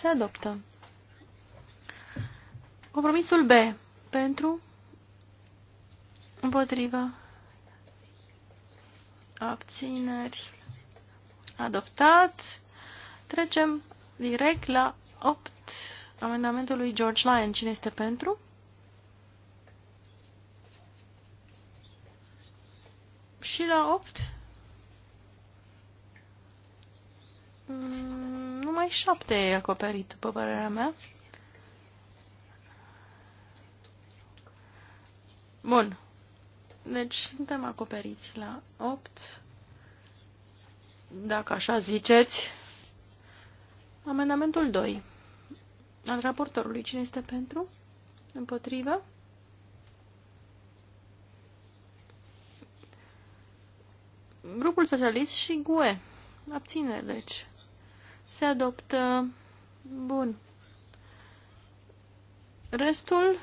se adoptă. Compromisul B pentru împotrivă, abțineri, adoptat. Trecem direct la 8 Amendamentul lui George Lyon. Cine este pentru? Și la 8? Mm, numai 7 e acoperit, după părerea mea. Bun. Deci suntem acoperiți la 8. Dacă așa ziceți. Amendamentul 2 al raportorului. Cine este pentru? Împotrivă? Grupul socialist și GUE. Abține, deci. Se adoptă. Bun. Restul...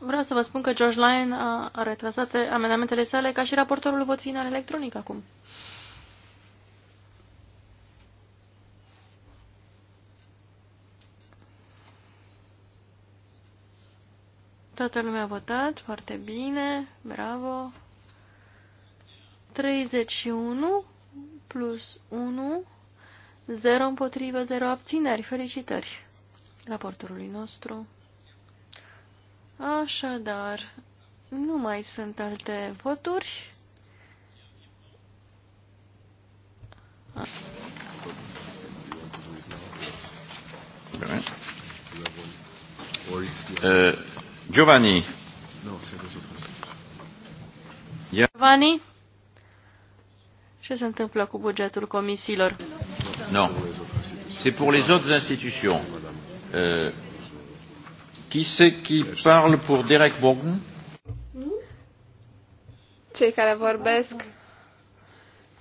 Vreau să vă spun că George Lyon a retrasat amendamentele sale ca și raportorul vot final electronic acum. Toată lumea a votat, foarte bine, bravo. 31 plus 1, 0 împotrivă, 0 abțineri. Felicitări raportorului nostru. Așadar, nu mai sunt alte voturi. Bine. Uh. Giovanni. Giovanni? Ce se întâmplă cu bugetul comisiilor? Nu. C'est pour les autres institutions. Euh, qui c'est qui parle pour Derek Bourgon? Cei care vorbesc.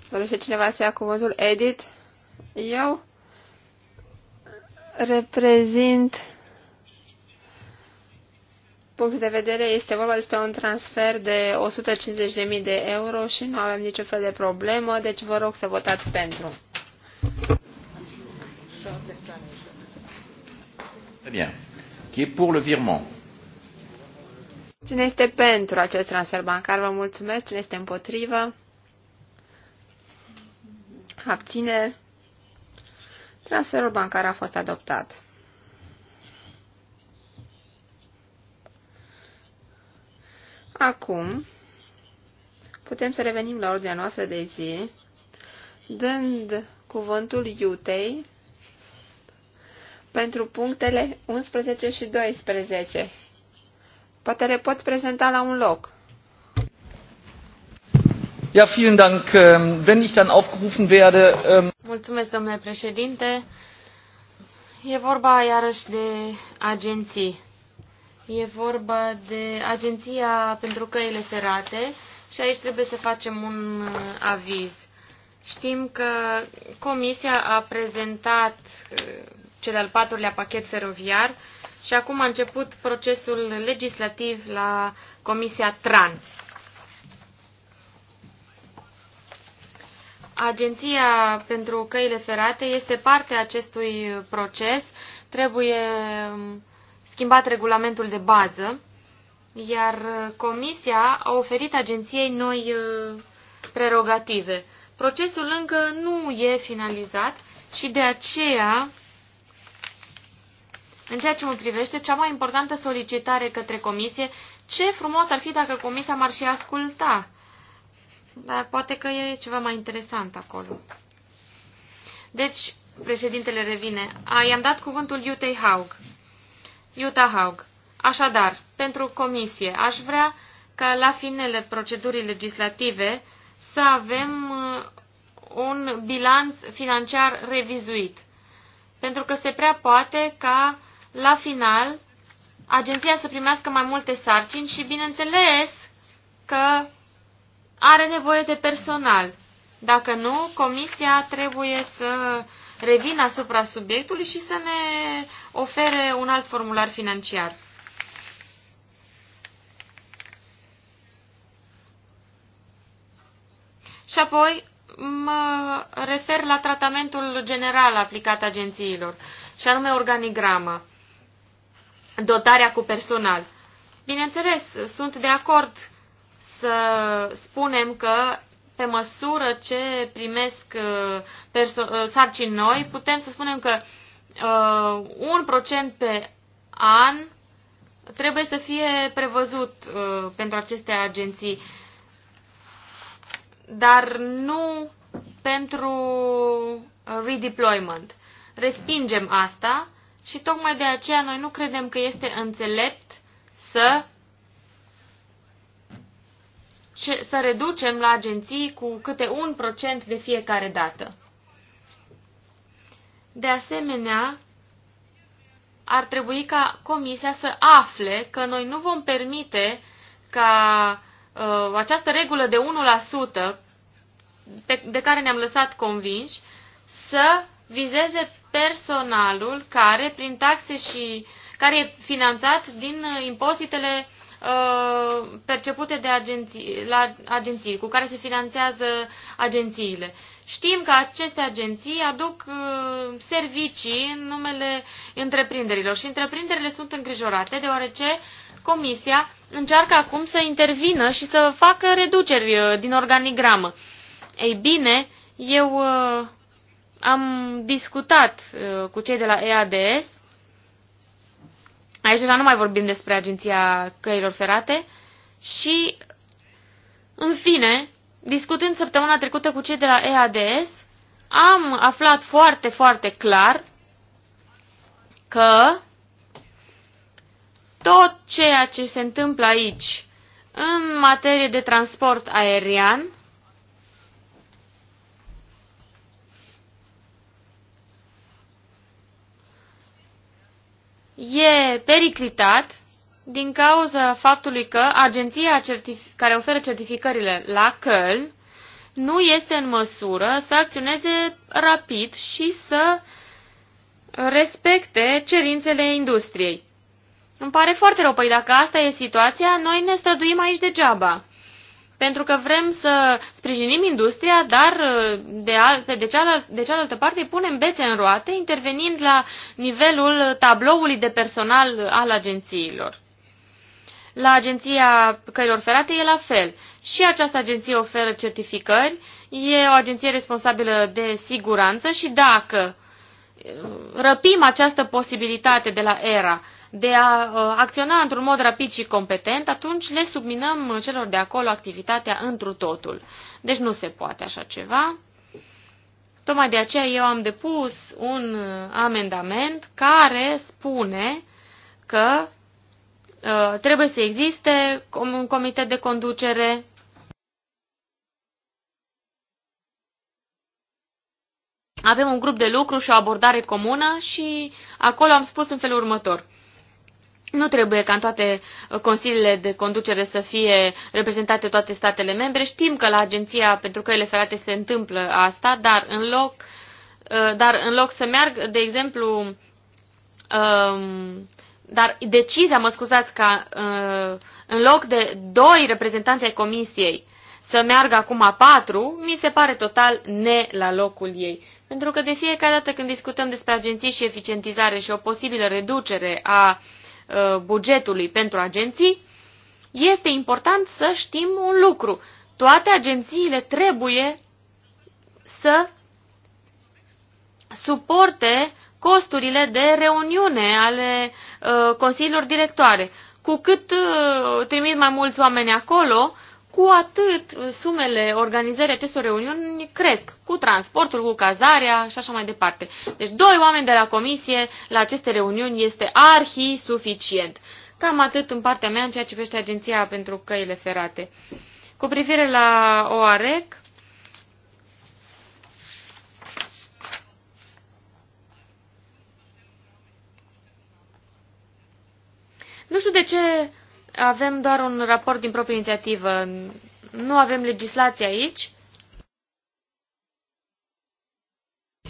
Dorește cineva să ia cuvântul? Edit? Eu reprezint punct de vedere este vorba despre un transfer de 150.000 de euro și nu avem niciun fel de problemă, deci vă rog să votați pentru. bien. Qui est pour le virement Cine este pentru acest transfer bancar? Vă mulțumesc. Cine este împotrivă? Abțineri. Transferul bancar a fost adoptat. Acum, putem să revenim la ordinea noastră de zi, dând cuvântul Iutei pentru punctele 11 și 12. Poate le pot prezenta la un loc. Ja, vielen Dank. Ähm, wenn ich dann aufgerufen werde... Ähm, Mulțumesc, domnule președinte. E vorba iarăși de agenții. E vorba de Agenția pentru Căile Ferate și aici trebuie să facem un uh, aviz. Știm că Comisia a prezentat uh, cel al patrulea pachet feroviar și acum a început procesul legislativ la Comisia TRAN. Agenția pentru Căile Ferate este parte a acestui proces. Trebuie um, schimbat regulamentul de bază, iar Comisia a oferit agenției noi uh, prerogative. Procesul încă nu e finalizat și de aceea, în ceea ce mă privește, cea mai importantă solicitare către Comisie, ce frumos ar fi dacă Comisia m-ar și asculta. Dar poate că e ceva mai interesant acolo. Deci, președintele revine. I-am dat cuvântul Iutei Haug. Iuta Haug. Așadar, pentru comisie, aș vrea ca la finele procedurii legislative să avem uh, un bilanț financiar revizuit. Pentru că se prea poate ca la final agenția să primească mai multe sarcini și bineînțeles că are nevoie de personal. Dacă nu, comisia trebuie să revin asupra subiectului și să ne ofere un alt formular financiar. Și apoi mă refer la tratamentul general aplicat agențiilor, și anume organigrama, dotarea cu personal. Bineînțeles, sunt de acord să spunem că pe măsură ce primesc uh, uh, sarcini noi, putem să spunem că uh, un procent pe an trebuie să fie prevăzut pentru aceste agenții, dar nu pentru redeployment. Respingem asta și tocmai de aceea noi nu credem că este înțelept să să reducem la agenții cu câte un procent de fiecare dată. De asemenea, ar trebui ca Comisia să afle că noi nu vom permite ca uh, această regulă de 1% pe, de care ne-am lăsat convinși să vizeze personalul care, prin taxe și care e finanțat din uh, impozitele Uh, percepute de agenții, la agenții, cu care se finanțează agențiile. Știm că aceste agenții aduc uh, servicii în numele întreprinderilor și întreprinderile sunt îngrijorate deoarece Comisia încearcă acum să intervină și să facă reduceri uh, din organigramă. Ei bine, eu am discutat cu cei de la EADS Aici deja nu mai vorbim despre Agenția Căilor Ferate și, în fine, discutând săptămâna trecută cu cei de la EADS, am aflat foarte, foarte clar că tot ceea ce se întâmplă aici în materie de transport aerian e periclitat din cauza faptului că agenția care oferă certificările la Köln nu este în măsură să acționeze rapid și să respecte cerințele industriei. Îmi pare foarte rău, păi dacă asta e situația, noi ne străduim aici degeaba pentru că vrem să sprijinim industria, dar uh, de, al, de, cealaltă, de cealaltă parte punem bețe în roate, intervenind la nivelul tabloului de personal al agențiilor. La agenția căilor ferate e la fel. Și această agenție oferă certificări, e o agenție responsabilă de siguranță și dacă uh, răpim această posibilitate de la ERA de a uh, acționa într-un mod rapid și competent, atunci le subminăm celor de acolo activitatea întru totul. Deci nu se poate așa ceva. Tocmai de aceea eu am depus un uh, amendament care spune că uh, trebuie să existe un comitet de conducere avem un grup de lucru și o abordare comună și acolo am spus în felul următor. Nu trebuie ca în toate uh, consiliile de conducere să fie reprezentate toate statele membre. Știm că la Agenția pentru Căile Ferate se întâmplă asta, dar în loc, uh, dar în loc să meargă, de exemplu, um, dar decizia, mă scuzați, ca uh, în loc de doi reprezentanți ai comisiei să meargă acum a patru, mi se pare total ne la locul ei. Pentru că de fiecare dată când discutăm despre agenții și eficientizare și o posibilă reducere a uh, Uh, bugetului pentru agenții, este important să știm un lucru. Toate agențiile trebuie să suporte costurile de reuniune ale uh, consiliilor directoare. Cu cât uh, trimit mai mulți oameni acolo, cu atât uh, sumele organizării acestor reuniuni cresc, cu transportul, cu cazarea și așa mai departe. Deci doi oameni de la comisie la aceste reuniuni este arhi suficient. Cam atât în partea mea în ceea ce privește Agenția pentru Căile Ferate. Cu privire la OAREC, nu știu de ce avem doar un raport din proprie inițiativă. Nu avem legislație aici.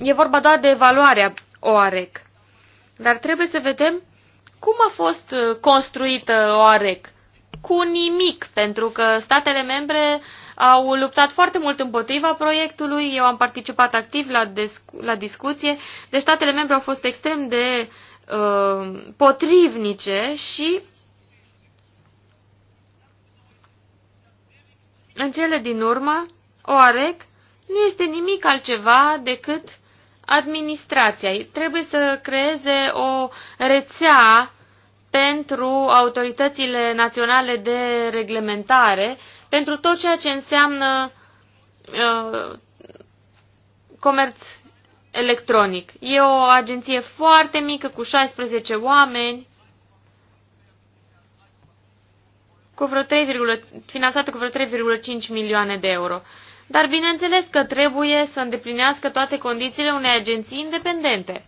E vorba doar de evaluarea OAREC. Dar trebuie să vedem cum a fost uh, construită OAREC. Cu nimic, pentru că statele membre au luptat foarte mult împotriva proiectului, eu am participat activ la, la discuție, deci statele membre au fost extrem de uh, potrivnice și În cele din urmă, OAREC nu este nimic altceva decât administrația. Trebuie să creeze o rețea pentru autoritățile naționale de reglementare, pentru tot ceea ce înseamnă uh, comerț electronic. E o agenție foarte mică, cu 16 oameni, cu vreo 3, finanțată cu vreo 3,5 milioane de euro. Dar bineînțeles că trebuie să îndeplinească toate condițiile unei agenții independente.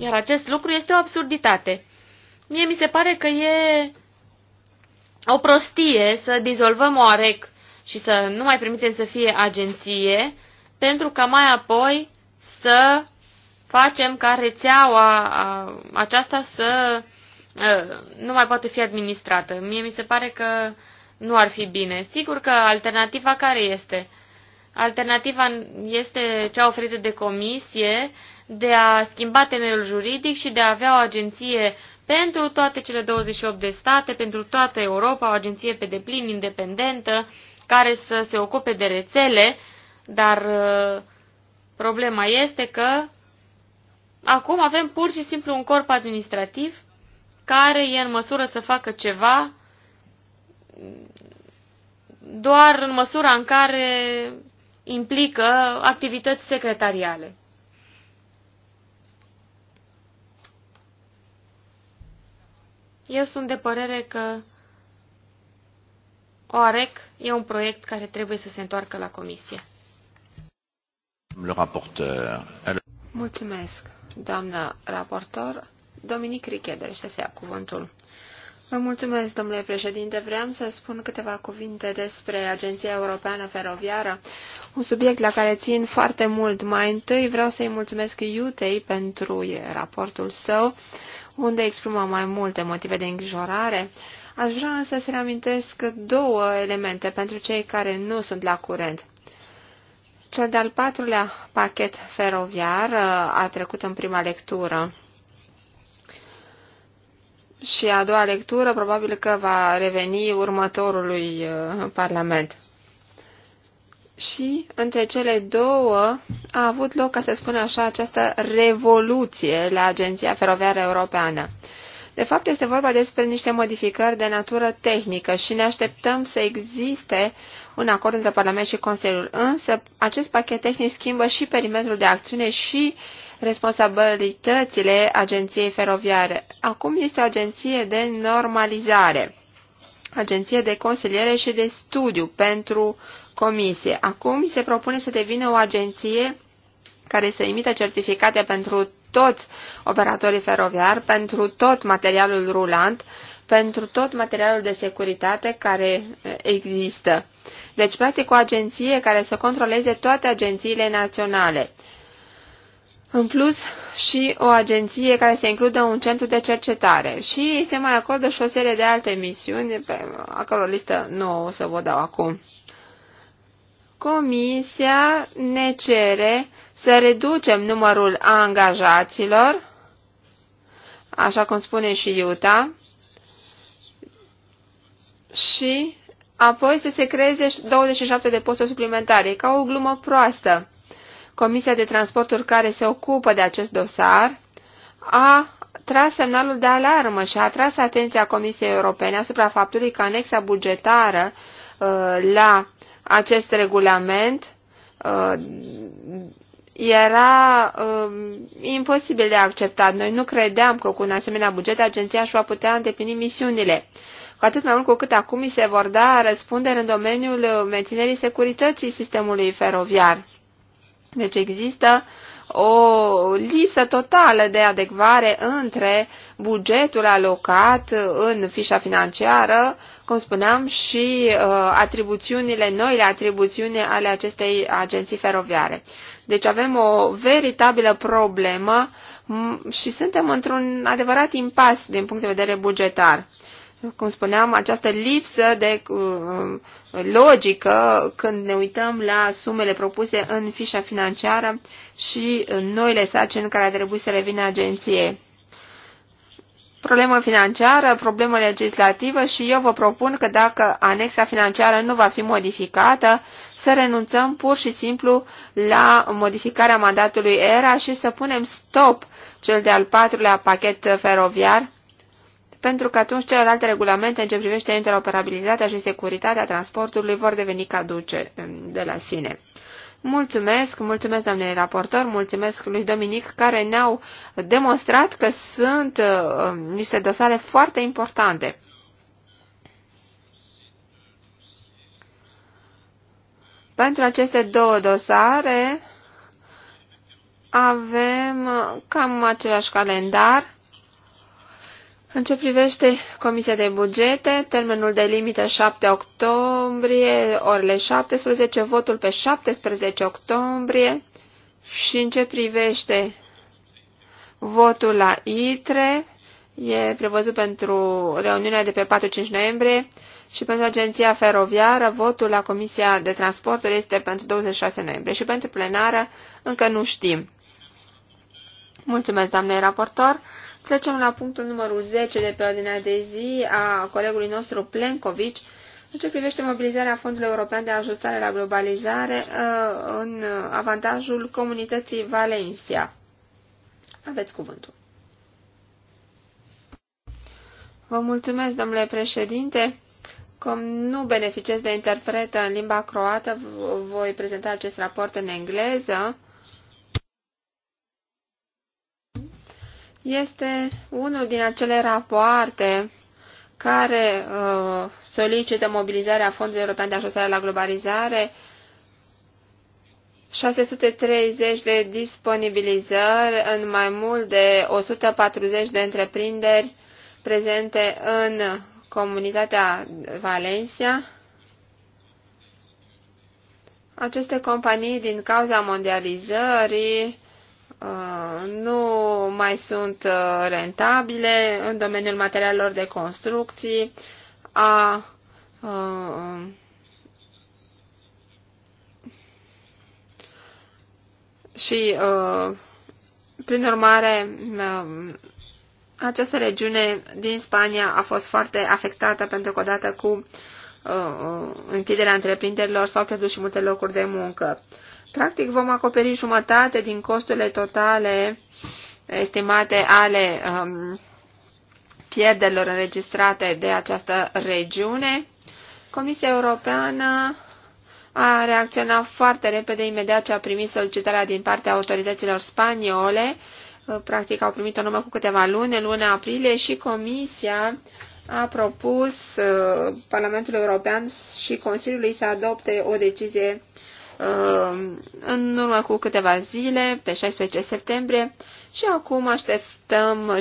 Iar acest lucru este o absurditate. Mie mi se pare că e o prostie să dizolvăm AREC și să nu mai permitem să fie agenție, pentru ca mai apoi să facem ca rețeaua aceasta să Ă, nu mai poate fi administrată. Mie mi se pare că nu ar fi bine. Sigur că alternativa care este? Alternativa este cea oferită de comisie de a schimba temeiul juridic și de a avea o agenție pentru toate cele 28 de state, pentru toată Europa, o agenție pe deplin independentă, care să se ocupe de rețele, dar ă, problema este că acum avem pur și simplu un corp administrativ care e în măsură să facă ceva doar în măsura în care implică activități secretariale. Eu sunt de părere că OAREC e un proiect care trebuie să se întoarcă la comisie. Mulțumesc, doamnă raportor. Dominic Richeder să să ia cuvântul. Vă mulțumesc, domnule președinte. Vreau să spun câteva cuvinte despre Agenția Europeană Feroviară, un subiect la care țin foarte mult. Mai întâi vreau să-i mulțumesc Iutei pentru raportul său, unde exprimă mai multe motive de îngrijorare. Aș vrea însă să reamintesc două elemente pentru cei care nu sunt la curent. Cel de-al patrulea pachet feroviar uh, a trecut în prima lectură și a doua lectură probabil că va reveni următorului uh, Parlament. Și între cele două a avut loc, ca să spun așa, această revoluție la Agenția Feroviară Europeană. De fapt, este vorba despre niște modificări de natură tehnică și ne așteptăm să existe un acord între Parlament și Consiliul. Însă, acest pachet tehnic schimbă și perimetrul de acțiune și uh, responsabilitățile agenției feroviare. Acum este o agenție de normalizare, agenție de consiliere și de studiu pentru comisie. Acum se propune să devină o agenție care să imită certificate pentru toți operatorii feroviari, pentru tot materialul rulant, pentru tot materialul de securitate care există. Deci, practic, o agenție care să controleze toate agențiile naționale. În plus, și o agenție care se includă un centru de cercetare și se mai acordă și o serie de alte misiuni, pe, acolo listă nu o să vă dau acum. Comisia ne cere să reducem numărul angajaților, așa cum spune și Iuta, și apoi să se creeze 27 de posturi suplimentare, ca o glumă proastă. Comisia de Transporturi care se ocupă de acest dosar, a tras semnalul de alarmă și a tras atenția Comisiei Europene asupra faptului că anexa bugetară uh, la acest regulament uh, era uh, imposibil de acceptat. Noi nu credeam că cu un asemenea buget agenția și va putea îndeplini misiunile cu atât mai mult cu cât acum îi se vor da răspundere în domeniul menținerii securității sistemului feroviar. Deci există o lipsă totală de adecvare între bugetul alocat în fișa financiară, cum spuneam, și uh, atribuțiunile, noile atribuțiuni ale acestei agenții feroviare. Deci avem o veritabilă problemă și suntem într-un adevărat impas din punct de vedere bugetar cum spuneam, această lipsă de uh, logică când ne uităm la sumele propuse în fișa financiară și noile sarcini care ar trebui să revină agenției. Problemă financiară, problemă legislativă și eu vă propun că dacă anexa financiară nu va fi modificată, să renunțăm pur și simplu la modificarea mandatului ERA și să punem stop cel de-al patrulea pachet feroviar pentru că atunci celelalte regulamente în ce privește interoperabilitatea și securitatea transportului vor deveni caduce mm, de la sine. Mulțumesc, mulțumesc doamnei raportor, mulțumesc lui Dominic care ne-au demonstrat că sunt uh, um, niște dosare foarte importante. Pentru aceste două dosare avem cam același calendar în ce privește Comisia de Bugete, termenul de limită 7 octombrie, orele 17, votul pe 17 octombrie și în ce privește votul la ITRE, e prevăzut pentru reuniunea de pe 4-5 noiembrie și pentru Agenția Feroviară, votul la Comisia de Transporturi este pentru 26 noiembrie și pentru plenară încă nu știm. Mulțumesc, doamne raportor! Trecem la punctul numărul 10 de pe ordinea de zi a colegului nostru Plencovici, în ce privește mobilizarea Fondului European de Ajustare la Globalizare uh, în avantajul comunității Valencia. Aveți cuvântul. Vă mulțumesc, domnule președinte. Cum nu beneficiez de interpretă în limba croată, voi prezenta acest raport în engleză. Este unul din acele rapoarte care uh, solicită mobilizarea Fondului European de Ajustare la Globalizare, 630 de disponibilizări în mai mult de 140 de întreprinderi prezente în comunitatea Valencia. Aceste companii, din cauza mondializării, Uh, nu mai sunt uh, rentabile în domeniul materialelor de construcții, a uh, și prin urmare această regiune din Spania a fost foarte afectată pentru că odată cu închiderea întreprinderilor s-au pierdut și multe locuri de muncă. Practic vom acoperi jumătate din costurile totale estimate ale um, pierderilor înregistrate de această regiune. Comisia Europeană a reacționat foarte repede imediat ce a primit solicitarea din partea autorităților spaniole. Uh, practic au primit-o numai cu câteva luni, luna aprilie, și Comisia a propus uh, Parlamentului European și Consiliului să adopte o decizie uh, Uh, în urmă cu câteva zile, pe 16 septembrie, și acum așteptăm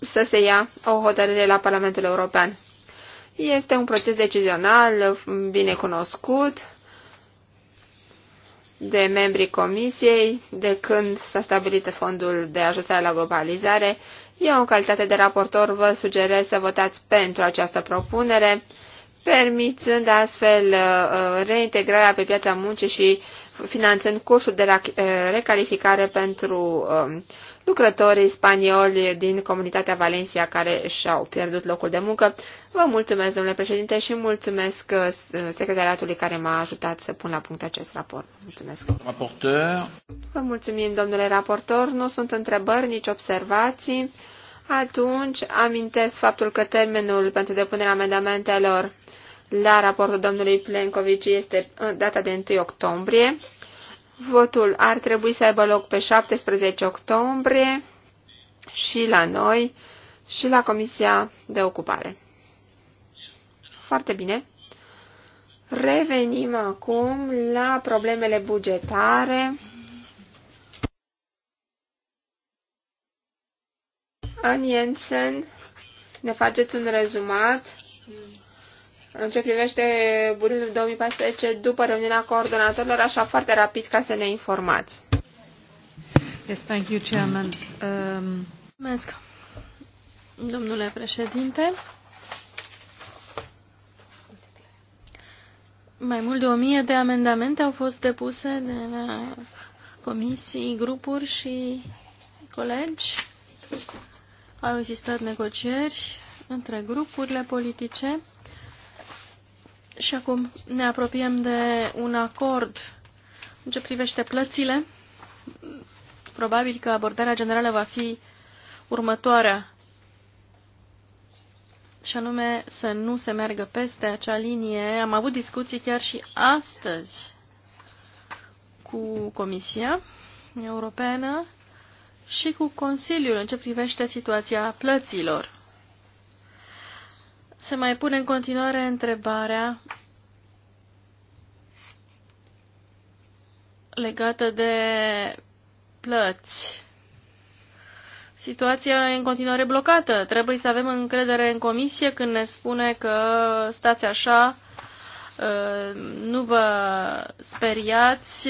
să se ia o hotărâre la Parlamentul European. Este un proces decizional bine cunoscut de membrii Comisiei de când s-a stabilit fondul de ajustare la globalizare. Eu, în calitate de raportor, vă sugerez să votați pentru această propunere permițând astfel uh, uh, reintegrarea pe piața muncii și finanțând cursuri de uh, recalificare pentru um, lucrătorii spanioli din comunitatea Valencia care și-au pierdut locul de muncă. Vă mulțumesc, domnule președinte, și mulțumesc secretariatului care m-a ajutat să pun la punct acest raport. Mulțumesc. Raporteur. Vă mulțumim, domnule raportor. Nu sunt întrebări, nici observații. Atunci amintesc faptul că termenul pentru depunerea amendamentelor la raportul domnului Plenković este uh, data de 1 octombrie. Votul ar trebui să aibă loc pe 17 octombrie și la noi și la Comisia de Ocupare. Foarte bine. Revenim acum la problemele bugetare. Anjensen, Jensen, ne faceți un rezumat în ce privește bugetul 2014 după reuniunea coordonatorilor, așa foarte rapid ca să ne informați. Yes, thank you, Chairman. Um... domnule președinte. Mai mult de o mie de amendamente au fost depuse de la comisii, grupuri și colegi. Au existat negocieri între grupurile politice și acum ne apropiem de un acord în ce privește plățile. Probabil că abordarea generală va fi următoarea, și anume să nu se meargă peste acea linie. Am avut discuții chiar și astăzi cu Comisia Europeană și cu Consiliul în ce privește situația plăților. Se mai pune în continuare întrebarea legată de plăți. Situația e în continuare blocată. Trebuie să avem încredere în comisie când ne spune că stați așa, nu vă speriați,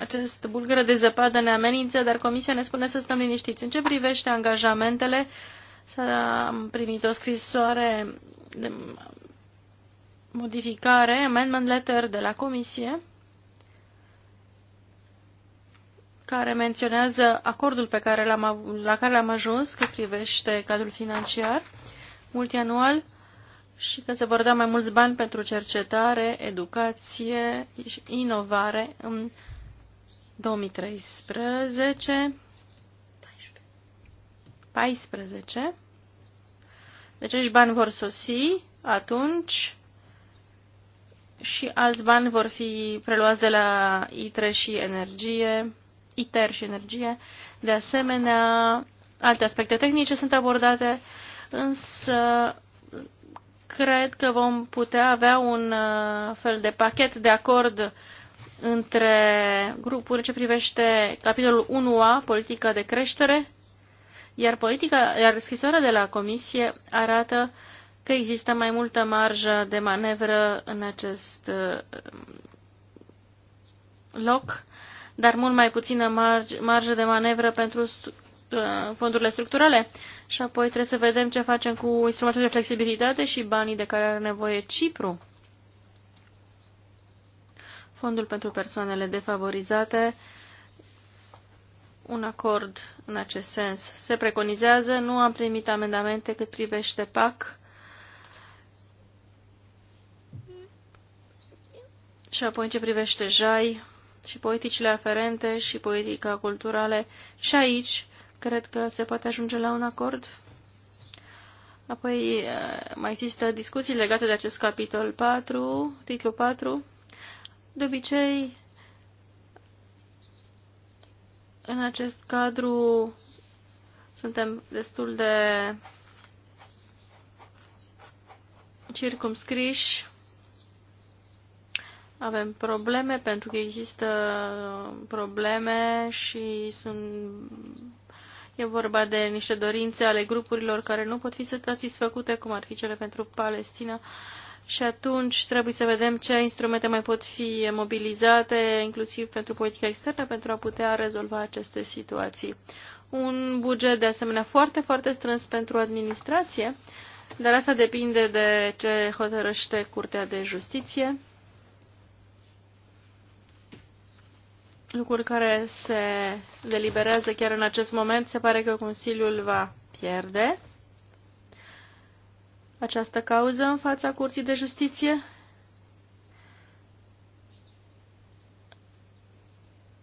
acest bulgăre de zăpadă ne amenință, dar comisia ne spune să stăm liniștiți. În ce privește angajamentele, S-a primit o scrisoare de modificare, amendment letter de la Comisie, care menționează acordul pe care la care l-am ajuns că privește cadrul financiar multianual și că se vor da mai mulți bani pentru cercetare, educație și inovare în 2013. 14. Deci acești bani vor sosi atunci și alți bani vor fi preluați de la ITER și energie, ITER și energie. De asemenea, alte aspecte tehnice sunt abordate, însă cred că vom putea avea un uh, fel de pachet de acord între grupuri ce privește capitolul 1A, politică de creștere, iar, politica, iar scrisoarea de la Comisie arată că există mai multă marjă de manevră în acest uh, loc, dar mult mai puțină marj, marjă de manevră pentru uh, fondurile structurale. Și apoi trebuie să vedem ce facem cu instrumentul de flexibilitate și banii de care are nevoie Cipru. Fondul pentru persoanele defavorizate un acord în acest sens. Se preconizează, nu am primit amendamente cât privește PAC și apoi ce privește JAI și politicile aferente și politica culturale. Și aici cred că se poate ajunge la un acord. Apoi eh, mai există discuții legate de acest capitol 4, titlu 4. De obicei, în acest cadru suntem destul de circumscriși, avem probleme pentru că există probleme și sunt E vorba de niște dorințe ale grupurilor care nu pot fi satisfăcute, cum ar fi cele pentru Palestina și atunci trebuie să vedem ce instrumente mai pot fi mobilizate, inclusiv pentru politica externă, pentru a putea rezolva aceste situații. Un buget de asemenea foarte, foarte strâns pentru administrație, dar asta depinde de ce hotărăște Curtea de Justiție. Lucruri care se deliberează chiar în acest moment, se pare că Consiliul va pierde această cauză în fața Curții de Justiție?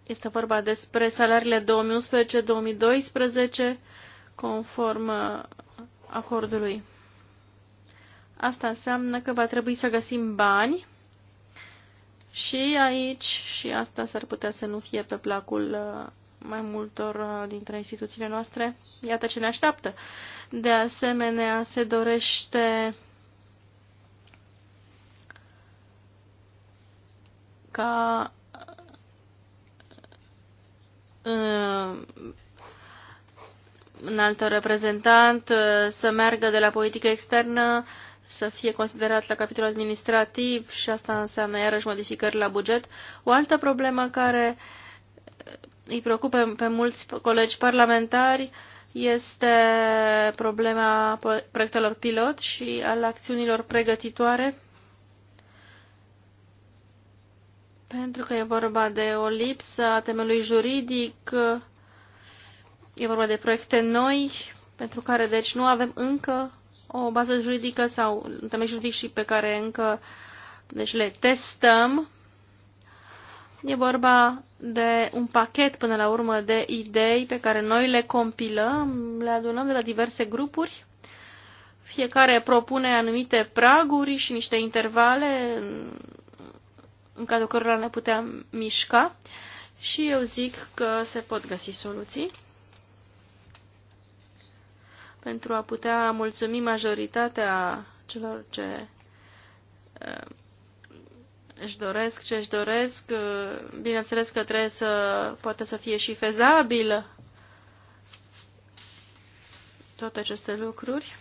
Este vorba despre salariile 2011-2012 conform uh, acordului. Asta înseamnă că va trebui să găsim bani și aici și asta s-ar putea să nu fie pe placul uh, mai multor uh, dintre instituțiile noastre. Iată ce ne așteaptă. De asemenea, se dorește ca uh, un alt reprezentant uh, să meargă de la politică externă să fie considerat la capitolul administrativ și asta înseamnă iarăși modificări la buget. O altă problemă care îi preocupă pe mulți colegi parlamentari uh, este problema proiectelor pilot și al acțiunilor pregătitoare, pentru că e vorba de o lipsă a temelui juridic, e vorba de proiecte noi, pentru care deci nu avem încă o bază juridică sau un temel juridic și pe care încă deci le testăm E vorba de un pachet, până la urmă, de idei pe care noi le compilăm, le adunăm de la diverse grupuri. Fiecare propune anumite praguri și niște intervale în cadrul cărora ne putem mișca și eu zic că se pot găsi soluții pentru a putea mulțumi majoritatea celor ce își doresc ce își doresc, uh, bineînțeles că trebuie să poate să fie și fezabilă toate aceste lucruri.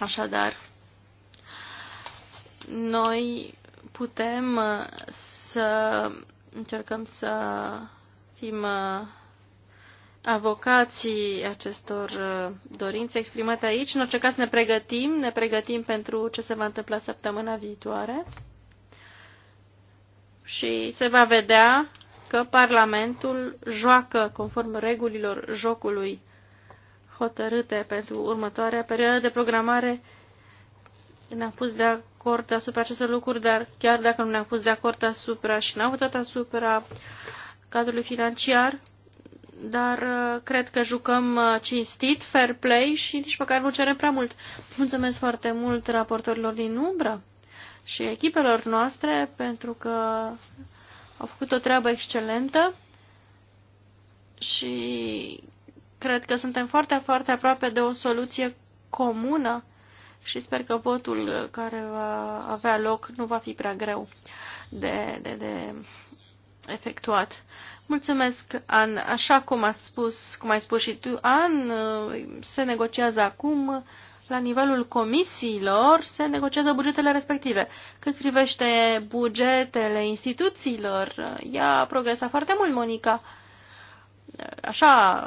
Așadar, noi putem uh, să încercăm să fim uh, avocații acestor uh, dorințe exprimate aici. În orice caz ne pregătim, ne pregătim pentru ce se va întâmpla săptămâna viitoare și se va vedea că Parlamentul joacă conform regulilor jocului hotărâte pentru următoarea perioadă de programare. Ne-am pus de acord asupra acestor lucruri, dar chiar dacă nu ne-am pus de acord asupra și n-am votat asupra cadrului financiar, dar uh, cred că jucăm uh, cinstit, fair play și nici măcar nu cerem prea mult. Mulțumesc foarte mult raportorilor din umbră și echipelor noastre pentru că au făcut o treabă excelentă și cred că suntem foarte, foarte aproape de o soluție comună și sper că votul care va avea loc nu va fi prea greu de, de, de efectuat. Mulțumesc, An. Așa cum a spus, cum ai spus și tu, An, se negociază acum la nivelul comisiilor, se negociază bugetele respective. Cât privește bugetele instituțiilor, ea a progresat foarte mult, Monica. Așa,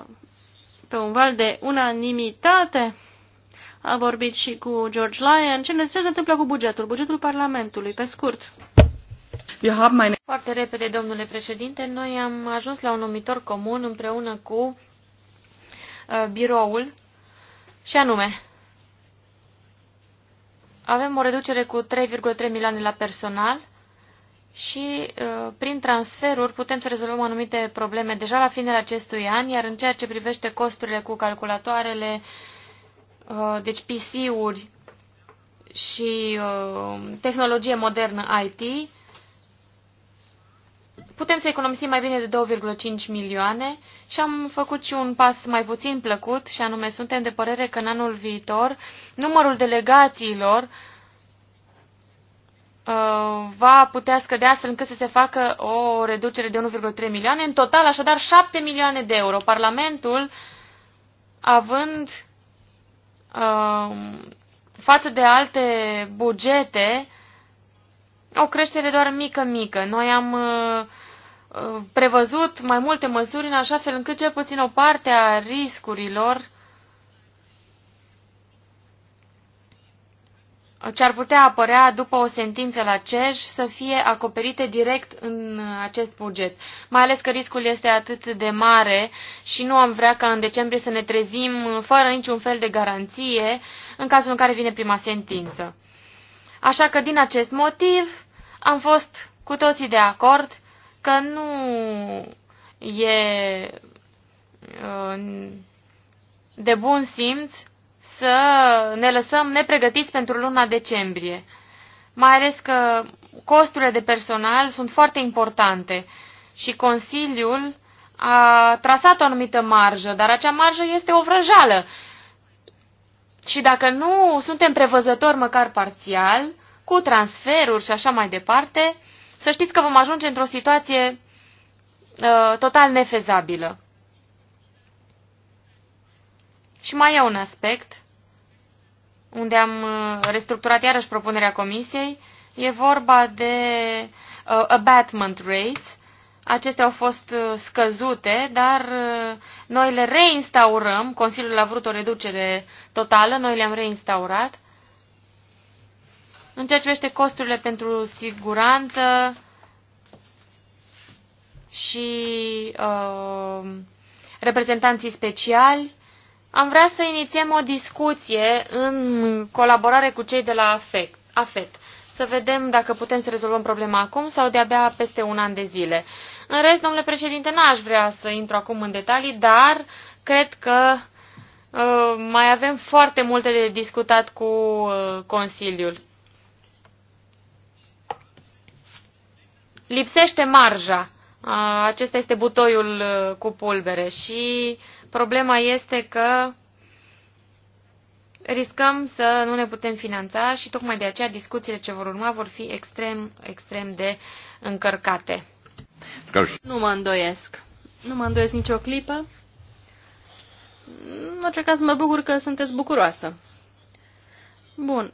pe un val de unanimitate, a vorbit și cu George Lyon. Ce ne se întâmplă cu bugetul? Bugetul Parlamentului, pe scurt. Wir haben eine foarte repede, domnule președinte, noi am ajuns la un numitor comun împreună cu uh, biroul și anume avem o reducere cu 3,3 milioane la personal și uh, prin transferuri putem să rezolvăm anumite probleme deja la finele acestui an, iar în ceea ce privește costurile cu calculatoarele, uh, deci PC-uri și tehnologie modernă IT, putem să economisim mai bine de 2,5 milioane și am făcut și un pas mai puțin plăcut și anume suntem de părere că în anul viitor numărul delegațiilor uh, va putea scădea astfel încât să se facă o reducere de 1,3 milioane, în total așadar 7 milioane de euro. Parlamentul având uh, față de alte bugete o creștere doar mică-mică. Noi am uh, Uh, prevăzut mai multe măsuri în așa fel încât cel puțin o parte a riscurilor ce ar putea apărea după o sentință la CEJ să fie acoperite direct în acest buget. Mai ales că riscul este atât de mare și nu am vrea ca în decembrie să ne trezim fără niciun fel de garanție în cazul în care vine prima sentință. Așa că din acest motiv am fost cu toții de acord că nu e uh, de bun simț să ne lăsăm nepregătiți pentru luna decembrie. Mai ales că costurile de personal sunt foarte importante și Consiliul a trasat o anumită marjă, dar acea marjă este o vrăjală. Și dacă nu suntem prevăzători măcar parțial, cu transferuri și așa mai departe, să știți că vom ajunge într-o situație uh, total nefezabilă. Și mai e un aspect unde am uh, restructurat iarăși propunerea comisiei. E vorba de uh, abatement rates. Acestea au fost uh, scăzute, dar uh, noi le reinstaurăm. Consiliul a vrut o reducere totală, noi le-am reinstaurat în ceea ce vește costurile pentru siguranță și uh, reprezentanții speciali, am vrea să inițiem o discuție în colaborare cu cei de la AFET, AFET să vedem dacă putem să rezolvăm problema acum sau de-abia peste un an de zile. În rest, domnule președinte, n-aș vrea să intru acum în detalii, dar cred că uh, mai avem foarte multe de discutat cu uh, Consiliul. lipsește marja. Acesta este butoiul uh, cu pulbere și problema este că riscăm să nu ne putem finanța și tocmai de aceea discuțiile ce vor urma vor fi extrem, extrem de încărcate. Nu mă îndoiesc. Nu mă îndoiesc nicio clipă. În orice caz mă bucur că sunteți bucuroasă. Bun,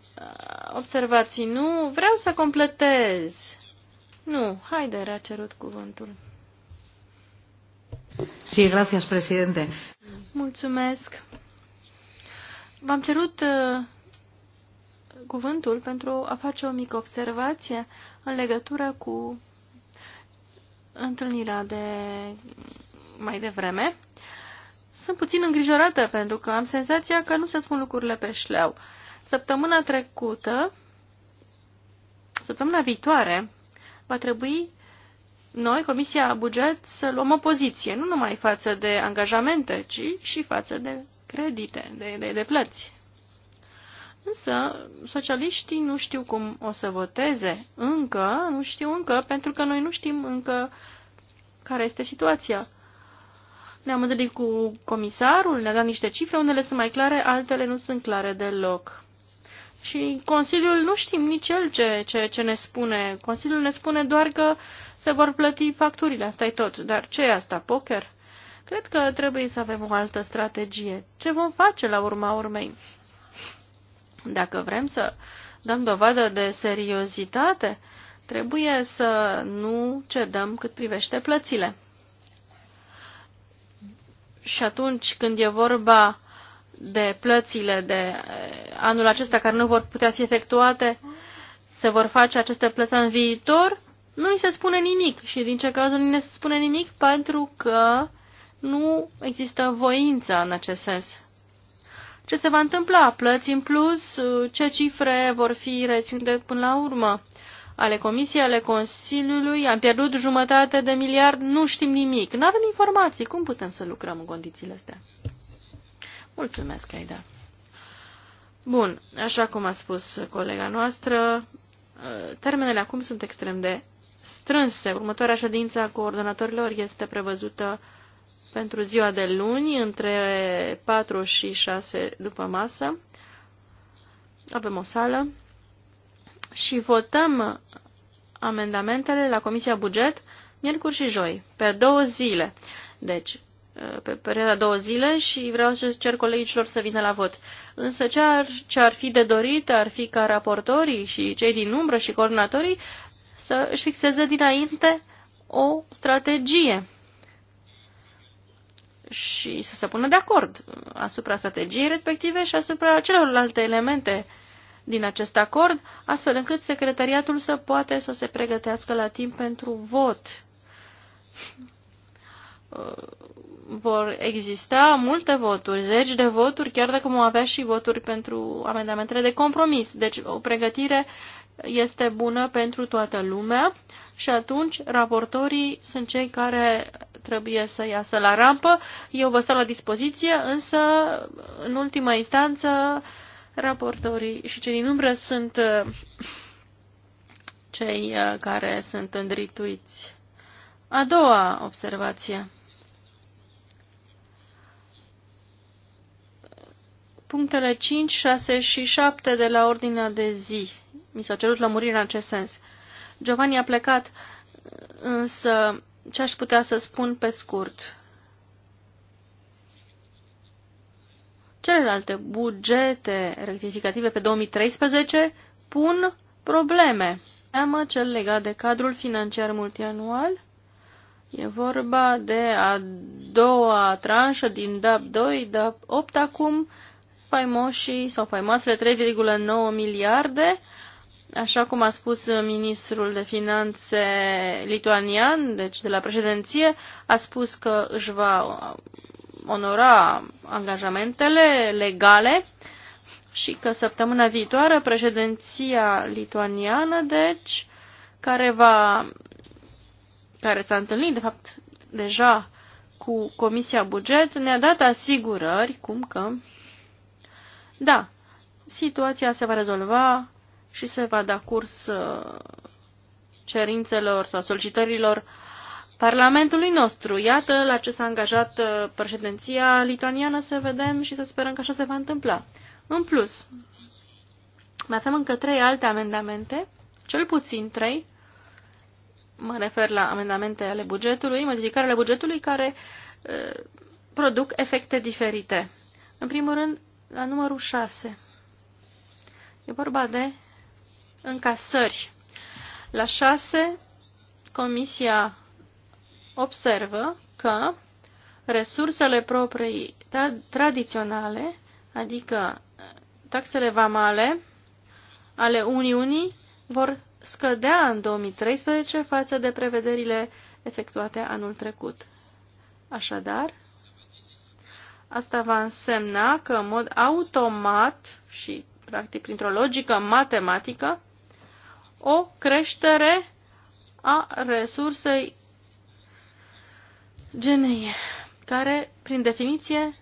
observații nu. Vreau să completez nu, Haider a cerut cuvântul. Sí, gracias, presidente. Mulțumesc. V-am cerut uh, cuvântul pentru a face o mică observație în legătură cu întâlnirea de mai devreme. Sunt puțin îngrijorată pentru că am senzația că nu se spun lucrurile pe șleau. Săptămâna trecută, săptămâna viitoare, va trebui noi, Comisia Buget, să luăm o poziție, nu numai față de angajamente, ci și față de credite, de, de, de plăți. Însă, socialiștii nu știu cum o să voteze încă, nu știu încă, pentru că noi nu știm încă care este situația. Ne-am întâlnit cu comisarul, ne-a dat niște cifre, unele sunt mai clare, altele nu sunt clare deloc. Și Consiliul nu știm nici el ce, ce, ce ne spune. Consiliul ne spune doar că se vor plăti facturile, asta e tot. Dar ce e asta, poker? Cred că trebuie să avem o altă strategie. Ce vom face la urma urmei? Dacă vrem să dăm dovadă de seriozitate, trebuie să nu cedăm cât privește plățile. Și atunci când e vorba de plățile de eh, anul acesta care nu vor putea fi efectuate, se vor face aceste plăți în viitor, nu îi se spune nimic. Și din ce cazul nu ne se spune nimic? Pentru că nu există voința în acest sens. Ce se va întâmpla? Plăți în plus? Ce cifre vor fi reținute până la urmă? ale Comisiei, ale Consiliului, am pierdut jumătate de miliard, nu știm nimic, nu avem informații. Cum putem să lucrăm în condițiile astea? Mulțumesc, Aida. Bun, așa cum a spus colega noastră, termenele acum sunt extrem de strânse. Următoarea ședință a coordonatorilor este prevăzută pentru ziua de luni, între 4 și 6 după masă. Avem o sală și votăm amendamentele la Comisia Buget miercuri și joi, pe două zile. Deci, Uh, pe perioada două zile și vreau să cer colegilor să vină la vot. Însă ce ar, ce ar fi de dorit ar fi ca raportorii și cei din umbră și coordonatorii să își fixeze dinainte o strategie și să se pună de acord asupra strategiei respective și asupra celorlalte elemente din acest acord, astfel încât secretariatul să poate să se pregătească la timp pentru vot. Uh, vor exista multe voturi, zeci de voturi, chiar dacă vom avea și voturi pentru amendamentele de compromis. Deci o pregătire este bună pentru toată lumea și atunci raportorii sunt cei care trebuie să iasă la rampă. Eu vă stau la dispoziție, însă în ultima instanță raportorii și cei din umbră sunt uh, cei uh, care sunt îndrituiți. A doua observație. punctele 5, 6 și 7 de la ordinea de zi. Mi s-a cerut lămurire în acest sens. Giovanni a plecat, însă ce aș putea să spun pe scurt? Celelalte bugete rectificative pe 2013 pun probleme. Teamă cel legat de cadrul financiar multianual. E vorba de a doua tranșă din DAP 2, DAP 8 acum, faimoșii sau faimoasele 3,9 miliarde, așa cum a spus ministrul de finanțe lituanian, deci de la președinție, a spus că își va onora angajamentele legale și că săptămâna viitoare președinția lituaniană, deci, care va care s-a întâlnit, de fapt, deja cu Comisia Buget, ne-a dat asigurări cum că da, situația se va rezolva și se va da curs uh, cerințelor sau solicitărilor Parlamentului nostru. Iată la ce s-a angajat uh, președinția lituaniană, să vedem și să sperăm că așa se va întâmpla. În plus, mai avem încă trei alte amendamente, cel puțin trei, mă refer la amendamente ale bugetului, ale bugetului care uh, produc efecte diferite. În primul rând, la numărul 6. E vorba de încasări. La 6, Comisia observă că resursele proprii tradiționale, adică taxele vamale ale Uniunii, vor scădea în 2013 față de prevederile efectuate anul trecut. Așadar, Asta va însemna că în mod automat și practic printr-o logică matematică, o creștere a resursei genei, care, prin definiție,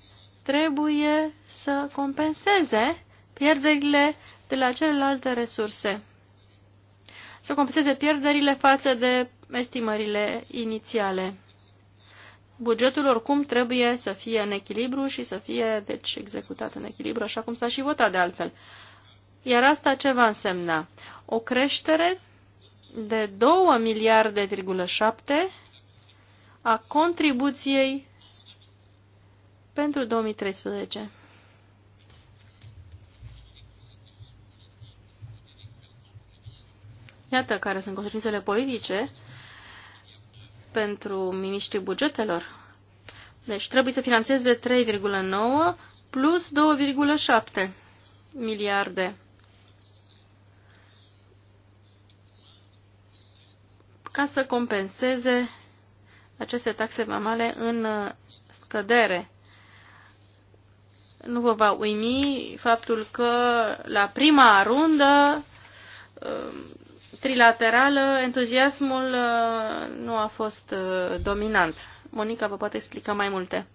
trebuie să compenseze pierderile de la celelalte resurse. Să compenseze pierderile față de estimările inițiale. Bugetul oricum trebuie să fie în echilibru și să fie, deci, executat în echilibru, așa cum s-a și votat de altfel. Iar asta ce va însemna? O creștere de 2 miliarde, a contribuției pentru 2013. Iată care sunt consecințele politice pentru miniștrii bugetelor. Deci trebuie să finanțeze 3,9 plus 2,7 miliarde. ca să compenseze aceste taxe vamale în uh, scădere. Nu vă va uimi faptul că la prima rundă uh, trilaterală, entuziasmul uh, nu a fost uh, dominant. Monica vă poate explica mai multe.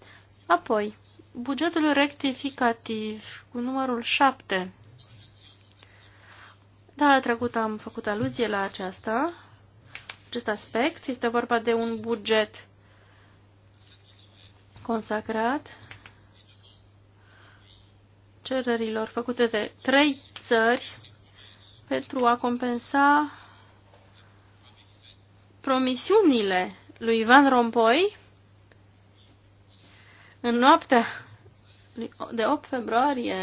Apoi, bugetul rectificativ cu numărul 7. Da, trecut am făcut aluzie la aceasta, acest aspect. Este vorba de un buget consacrat cererilor făcute de trei țări pentru a compensa promisiunile lui Van Rompoi în noaptea de 8 februarie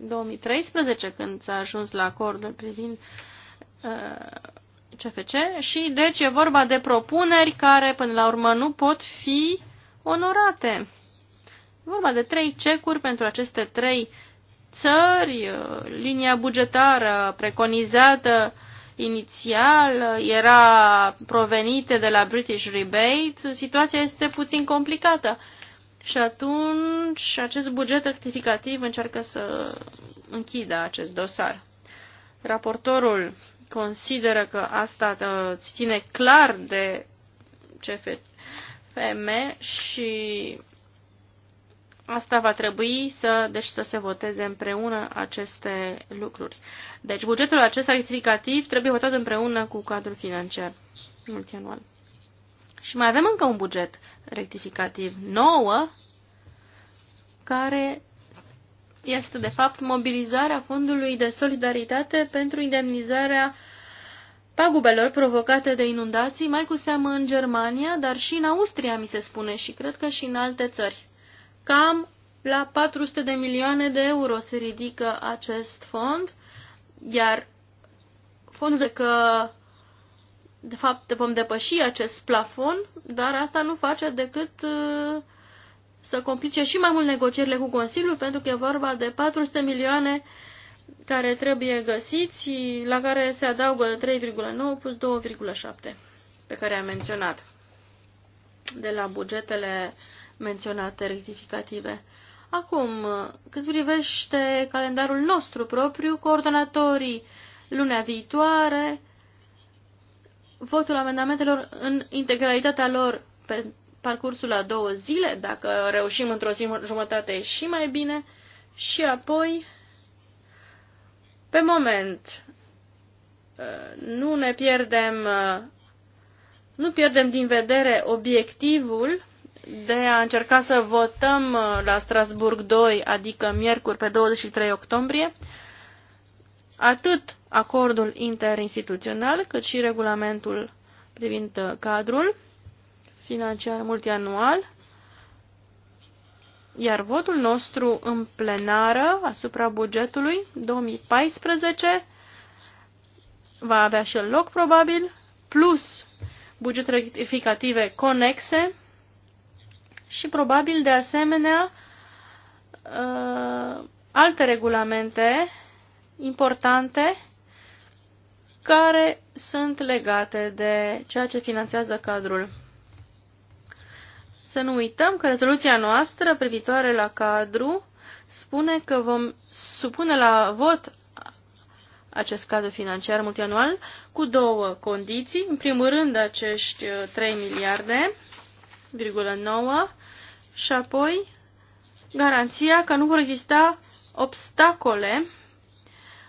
2013, când s-a ajuns la acordul privind CFC uh, și deci e vorba de propuneri care până la urmă nu pot fi onorate. E vorba de trei cecuri pentru aceste trei țări, uh, linia bugetară preconizată inițial uh, era provenită de la British Rebate, situația este puțin complicată. Și atunci acest buget rectificativ încearcă să închidă acest dosar. Raportorul consideră că asta uh, ține clar de CFM și Asta va trebui să, deci, să se voteze împreună aceste lucruri. Deci bugetul acesta rectificativ trebuie votat împreună cu cadrul financiar multianual. Și mai avem încă un buget rectificativ nouă, care este de fapt mobilizarea Fondului de Solidaritate pentru indemnizarea pagubelor provocate de inundații, mai cu seamă în Germania, dar și în Austria, mi se spune, și cred că și în alte țări. Cam la 400 de milioane de euro se ridică acest fond, iar fondul că de fapt vom depăși acest plafon, dar asta nu face decât uh, să complice și mai mult negocierile cu Consiliul, pentru că e vorba de 400 milioane care trebuie găsiți, la care se adaugă 3,9 plus 2,7 pe care am menționat de la bugetele uh, menționate rectificative. Acum, cât privește calendarul nostru propriu, coordonatorii lunea viitoare, votul amendamentelor în integralitatea lor pe parcursul a două zile, dacă reușim într-o zi jumătate și mai bine, și apoi, pe moment, nu ne pierdem, nu pierdem din vedere obiectivul de a încerca să votăm uh, la Strasburg 2, adică miercuri pe 23 octombrie, atât acordul interinstituțional, cât și regulamentul privind uh, cadrul financiar multianual, iar votul nostru în plenară asupra bugetului 2014 va avea și loc probabil, plus bugete rectificative conexe și probabil de asemenea uh, alte regulamente importante care sunt legate de ceea ce finanțează cadrul. Să nu uităm că rezoluția noastră privitoare la cadru spune că vom supune la vot acest cadru financiar multianual cu două condiții. În primul rând, acești 3 uh, miliarde, 9 și apoi garanția că nu vor exista obstacole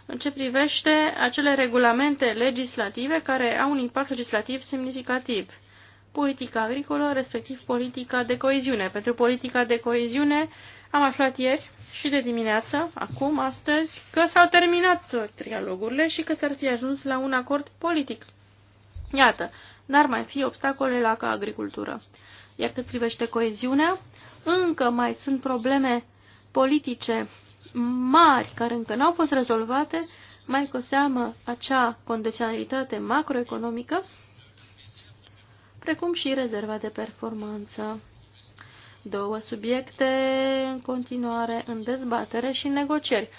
în ce privește acele regulamente legislative care au un impact legislativ semnificativ. Politica agricolă, respectiv politica de coeziune. Pentru politica de coeziune am aflat ieri și de dimineață, acum, astăzi, că s-au terminat trialogurile și că s-ar fi ajuns la un acord politic. Iată, n-ar mai fi obstacole la ca agricultură. Iar cât privește coeziunea, încă mai sunt probleme politice mari care încă n-au fost rezolvate, mai cu seamă acea condiționalitate macroeconomică, precum și rezerva de performanță. Două subiecte în continuare în dezbatere și în negocieri.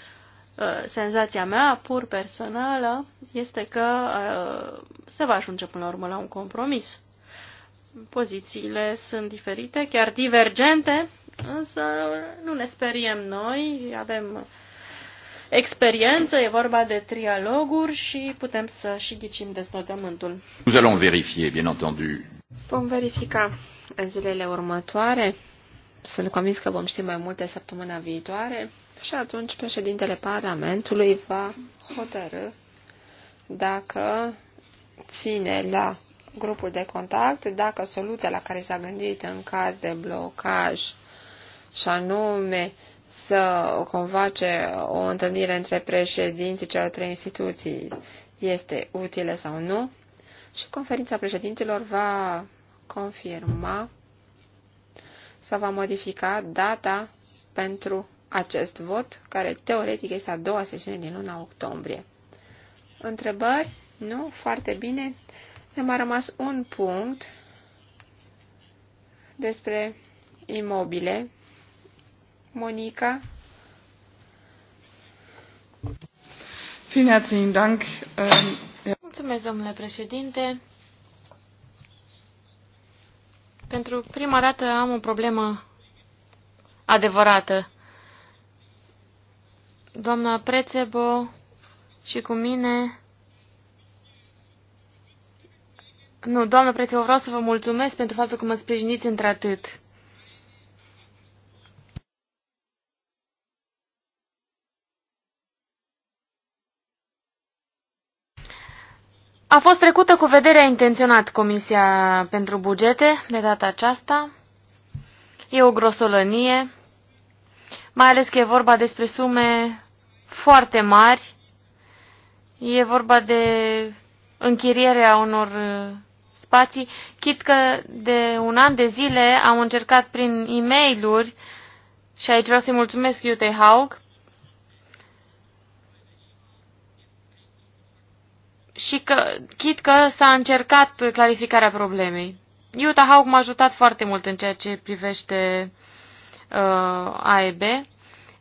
Uh, senzația mea, pur personală, este că uh, se va ajunge până la urmă la un compromis pozițiile sunt diferite, chiar divergente, însă nu ne speriem noi, avem experiență, e vorba de trialoguri și putem să și ghicim dezvoltământul. Nous allons vérifier, bien entendu. Vom verifica în zilele următoare. Sunt convins că vom ști mai multe săptămâna viitoare și atunci președintele Parlamentului va hotărâ dacă ține la grupul de contact dacă soluția la care s-a gândit în caz de blocaj și anume să convoace o întâlnire între președinții celor trei instituții este utilă sau nu și conferința președinților va confirma sau va modifica data pentru acest vot, care teoretic este a doua sesiune din luna octombrie. Întrebări? Nu? Foarte bine. Ne mai rămas un punct despre imobile. Monica. Vielen Dank. Ähm, Mulțumesc, domnule președinte. Pentru prima dată am o problemă adevărată. Doamna Prețebo și cu mine Nu, doamnă Prețeu, vreau să vă mulțumesc pentru faptul că mă sprijiniți într-atât. A fost trecută cu vederea intenționat Comisia pentru Bugete de data aceasta. E o grosolănie, mai ales că e vorba despre sume foarte mari. E vorba de închirierea unor spații, chit că de un an de zile am încercat prin e mail și aici vreau să-i mulțumesc iute Haug, și că, chit că s-a încercat clarificarea problemei. Iuta Haug m-a ajutat foarte mult în ceea ce privește uh, AEB.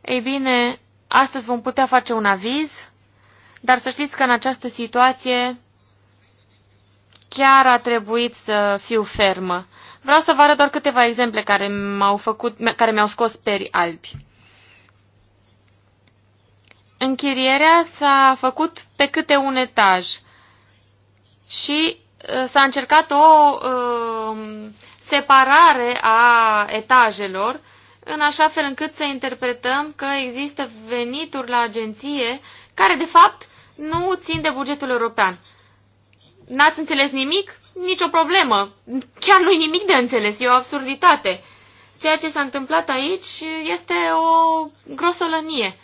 Ei bine, astăzi vom putea face un aviz, dar să știți că în această situație chiar a trebuit să fiu fermă. Vreau să vă arăt doar câteva exemple care m-au, făcut, care mi-au scos peri albi. Închirierea s-a făcut pe câte un etaj și uh, s-a încercat o uh, separare a etajelor în așa fel încât să interpretăm că există venituri la agenție care, de fapt, nu țin de bugetul european. N-ați înțeles nimic? Nicio problemă. Chiar nu-i nimic de înțeles, e o absurditate. Ceea ce s-a întâmplat aici este o grosolănie.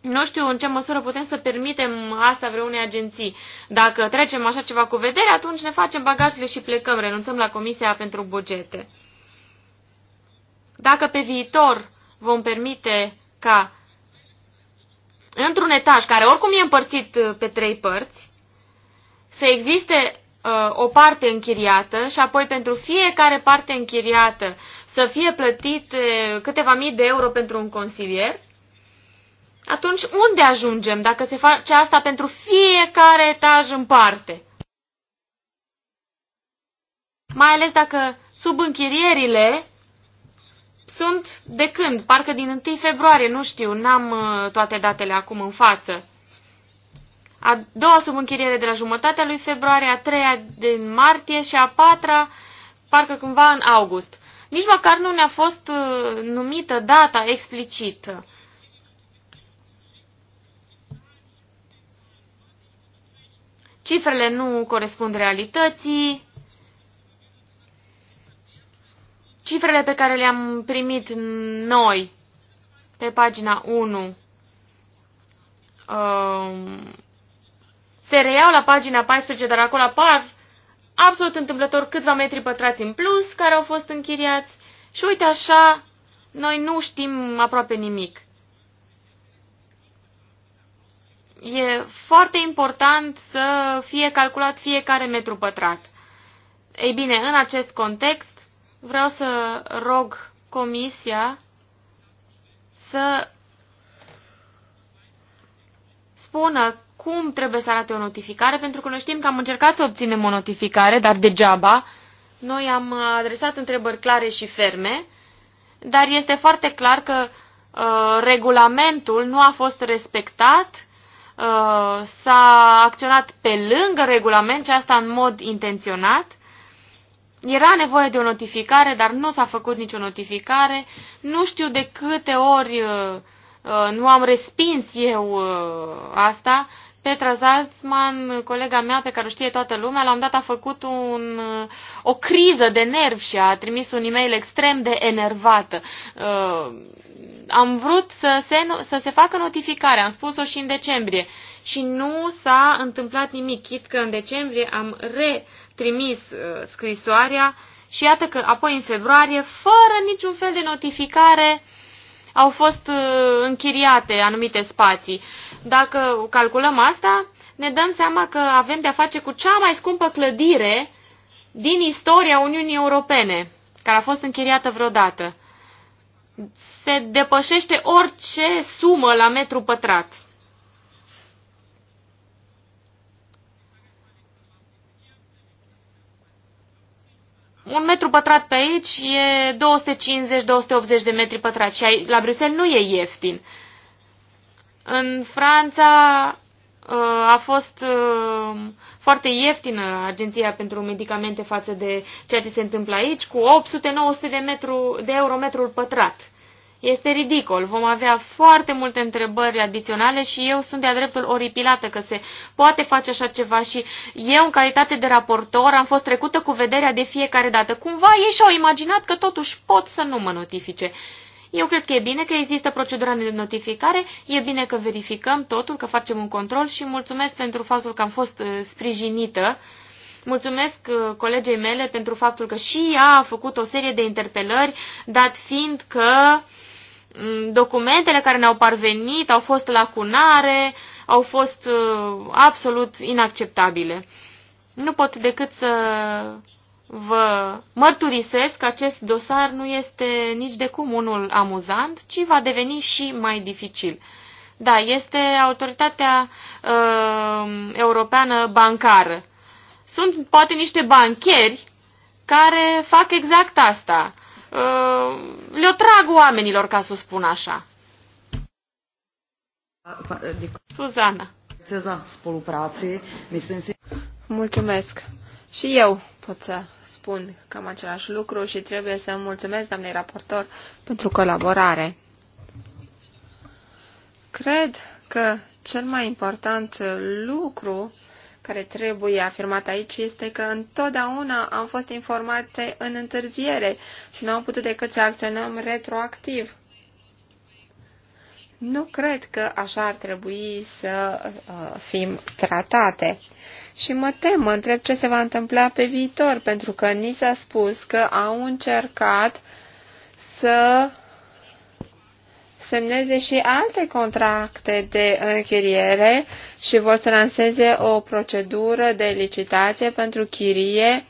Nu știu în ce măsură putem să permitem asta vreunei agenții. Dacă trecem așa ceva cu vedere, atunci ne facem bagajele și plecăm, renunțăm la Comisia pentru Bugete. Dacă pe viitor vom permite ca într-un etaj, care oricum e împărțit pe trei părți, să existe uh, o parte închiriată și apoi pentru fiecare parte închiriată să fie plătit uh, câteva mii de euro pentru un consilier, atunci unde ajungem dacă se face asta pentru fiecare etaj în parte? Mai ales dacă subînchirierile sunt de când? Parcă din 1 februarie, nu știu, n-am uh, toate datele acum în față a doua sub închiriere de la jumătatea lui februarie, a treia din martie și a patra parcă cumva în august. Nici măcar nu ne-a fost uh, numită data explicită. Cifrele nu corespund realității. Cifrele pe care le-am primit noi pe pagina 1 se reiau la pagina 14, dar acolo apar absolut întâmplător câțiva metri pătrați în plus care au fost închiriați și uite așa, noi nu știm aproape nimic. E foarte important să fie calculat fiecare metru pătrat. Ei bine, în acest context, vreau să rog Comisia să spună cum trebuie să arate o notificare, pentru că noi știm că am încercat să obținem o notificare, dar degeaba. Noi am adresat întrebări clare și ferme, dar este foarte clar că uh, regulamentul nu a fost respectat, uh, s-a acționat pe lângă regulament și asta în mod intenționat. Era nevoie de o notificare, dar nu s-a făcut nicio notificare. Nu știu de câte ori uh, uh nu am respins eu uh, asta. Petra Zaltzman, colega mea pe care o știe toată lumea, la un dat a făcut un, o criză de nervi și a trimis un e-mail extrem de enervată. Uh, am vrut să se, să se facă notificare, am spus-o și în decembrie și nu s-a întâmplat nimic, chit că în decembrie am retrimis uh, scrisoarea și iată că apoi în februarie, fără niciun fel de notificare, uh, au fost uh, închiriate anumite spații. Dacă calculăm asta, ne dăm seama că avem de-a face cu cea mai scumpă clădire din istoria Uniunii Europene, care a fost închiriată vreodată. Se depășește orice sumă la metru pătrat. un metru pătrat pe aici e 250-280 de metri pătrați și la Bruxelles nu e ieftin. În Franța uh, a fost uh, foarte ieftină agenția pentru medicamente față de ceea ce se întâmplă aici, cu 800-900 de, de euro metrul pătrat. Este ridicol. Vom avea foarte multe întrebări adiționale și eu sunt de-a dreptul oripilată că se poate face așa ceva și eu, în calitate de raportor, am fost trecută cu vederea de fiecare dată. Cumva ei și-au imaginat că totuși pot să nu mă notifice. Eu cred că e bine că există procedura de notificare, e bine că verificăm totul, că facem un control și mulțumesc pentru faptul că am fost uh, sprijinită. Mulțumesc uh, colegei mele pentru faptul că și ea a făcut o serie de interpelări, dat fiind că uh, Mm, documentele care ne-au parvenit au fost lacunare, au fost uh, absolut inacceptabile. Nu pot decât să vă mărturisesc că acest dosar nu este nici de cum unul amuzant, ci va deveni și mai dificil. Da, este autoritatea uh, europeană bancară. Sunt poate niște bancheri care fac exact asta. Uh, le-o trag oamenilor, ca să spun așa. Suzana. Mulțumesc. Și eu pot să spun cam același lucru și trebuie să mulțumesc doamnei raportor pentru colaborare. Cred că cel mai important lucru care trebuie afirmat aici este că întotdeauna am fost informate în întârziere și nu am putut decât să acționăm retroactiv. Nu cred că așa ar trebui să uh, fim tratate. Și mă tem, mă întreb ce se va întâmpla pe viitor, pentru că ni s-a spus că au încercat să semneze și alte contracte de închiriere și vor să lanseze o procedură de licitație pentru chirie.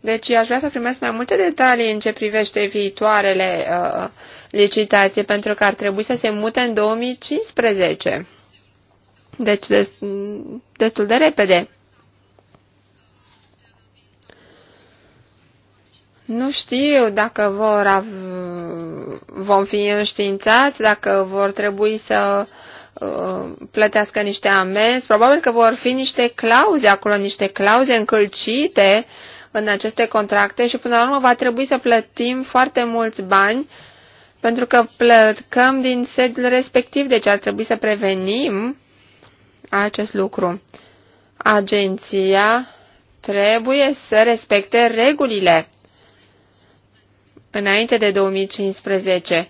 Deci aș vrea să primesc mai multe detalii în ce privește viitoarele uh, licitații, pentru că ar trebui să se mute în 2015. Deci destul de repede. Nu știu dacă vor vom fi înștiințați, dacă vor trebui să uh, plătească niște amenzi, probabil că vor fi niște clauze acolo, niște clauze încălcite în aceste contracte și până la urmă va trebui să plătim foarte mulți bani pentru că plăcăm din sediul respectiv, deci ar trebui să prevenim acest lucru. Agenția trebuie să respecte regulile înainte de 2015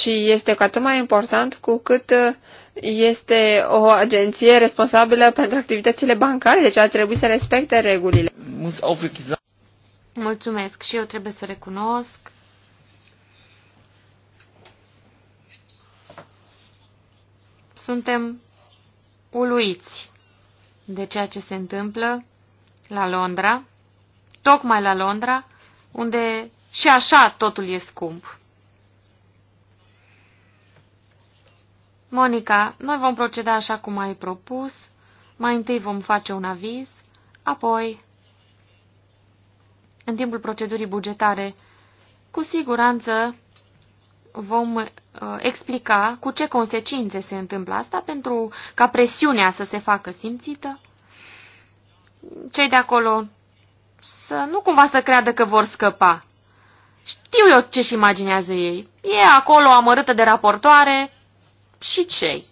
și este cu atât mai important cu cât uh, este o agenție responsabilă pentru activitățile bancare, deci ar trebui să respecte regulile. Mulțumesc și eu trebuie să recunosc suntem uluiți de ceea ce se întâmplă la Londra, tocmai la Londra, unde și așa totul e scump. Monica, noi vom proceda așa cum ai propus. Mai întâi vom face un aviz, apoi, în timpul procedurii bugetare, cu siguranță vom uh, explica cu ce consecințe se întâmplă asta pentru ca presiunea să se facă simțită. Cei de acolo să nu cumva să creadă că vor scăpa. Știu eu ce-și imaginează ei. E acolo amărâtă de raportoare și cei.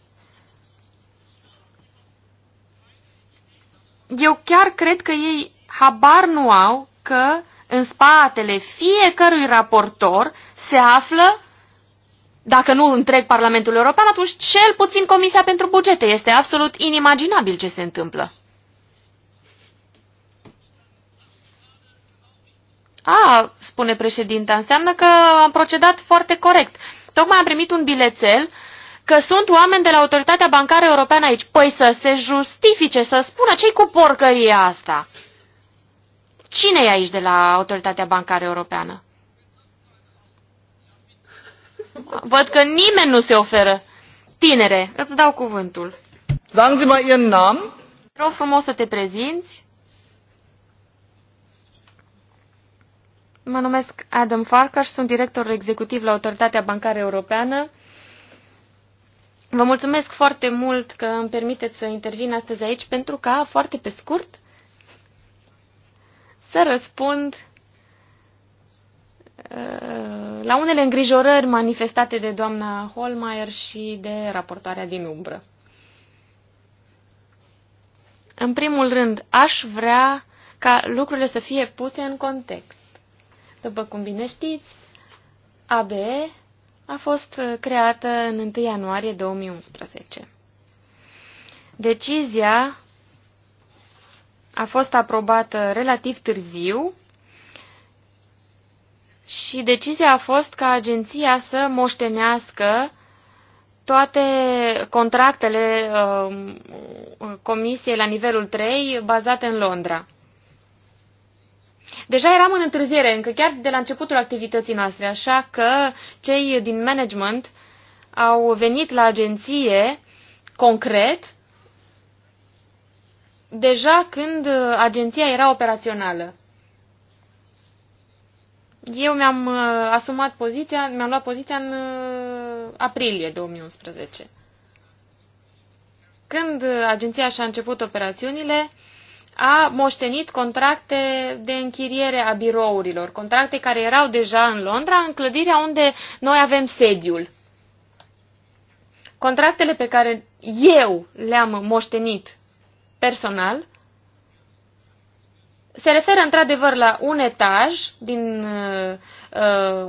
Eu chiar cred că ei habar nu au că în spatele fiecărui raportor se află, dacă nu întreg Parlamentul European, atunci cel puțin Comisia pentru Bugete. Este absolut inimaginabil ce se întâmplă. A, spune președinta, înseamnă că am procedat foarte corect. Tocmai am primit un bilețel că sunt oameni de la Autoritatea Bancară Europeană aici. Păi să se justifice, să spună ce-i cu porcăria asta. Cine e aici de la Autoritatea Bancară Europeană? Văd că nimeni nu se oferă. Tinere, îți dau cuvântul. Sagen Sie mal Ihren Namen. Rău frumos să te prezinți. Mă numesc Adam Farkas, sunt director executiv la Autoritatea Bancară Europeană. Vă mulțumesc foarte mult că îmi permiteți să intervin astăzi aici pentru ca, foarte pe scurt, să răspund uh, la unele îngrijorări manifestate de doamna Holmeier și de raportoarea din umbră. În primul rând, aș vrea ca lucrurile să fie puse în context. După cum bine știți, ABE a fost uh, creată în 1 ianuarie 2011. Decizia a fost aprobată relativ târziu și decizia a fost ca agenția să moștenească toate contractele uh, uh comisiei la nivelul 3 bazate în Londra. Deja eram în întârziere, încă chiar de la începutul activității noastre, așa că cei din management au venit la agenție concret deja când agenția era operațională. Eu mi-am uh, asumat poziția, mi-am luat poziția în uh, aprilie 2011. Când agenția și-a început operațiunile, a moștenit contracte de închiriere a birourilor, contracte care erau deja în Londra, în clădirea unde noi avem sediul. Contractele pe care eu le-am moștenit personal se referă într-adevăr la un etaj din uh,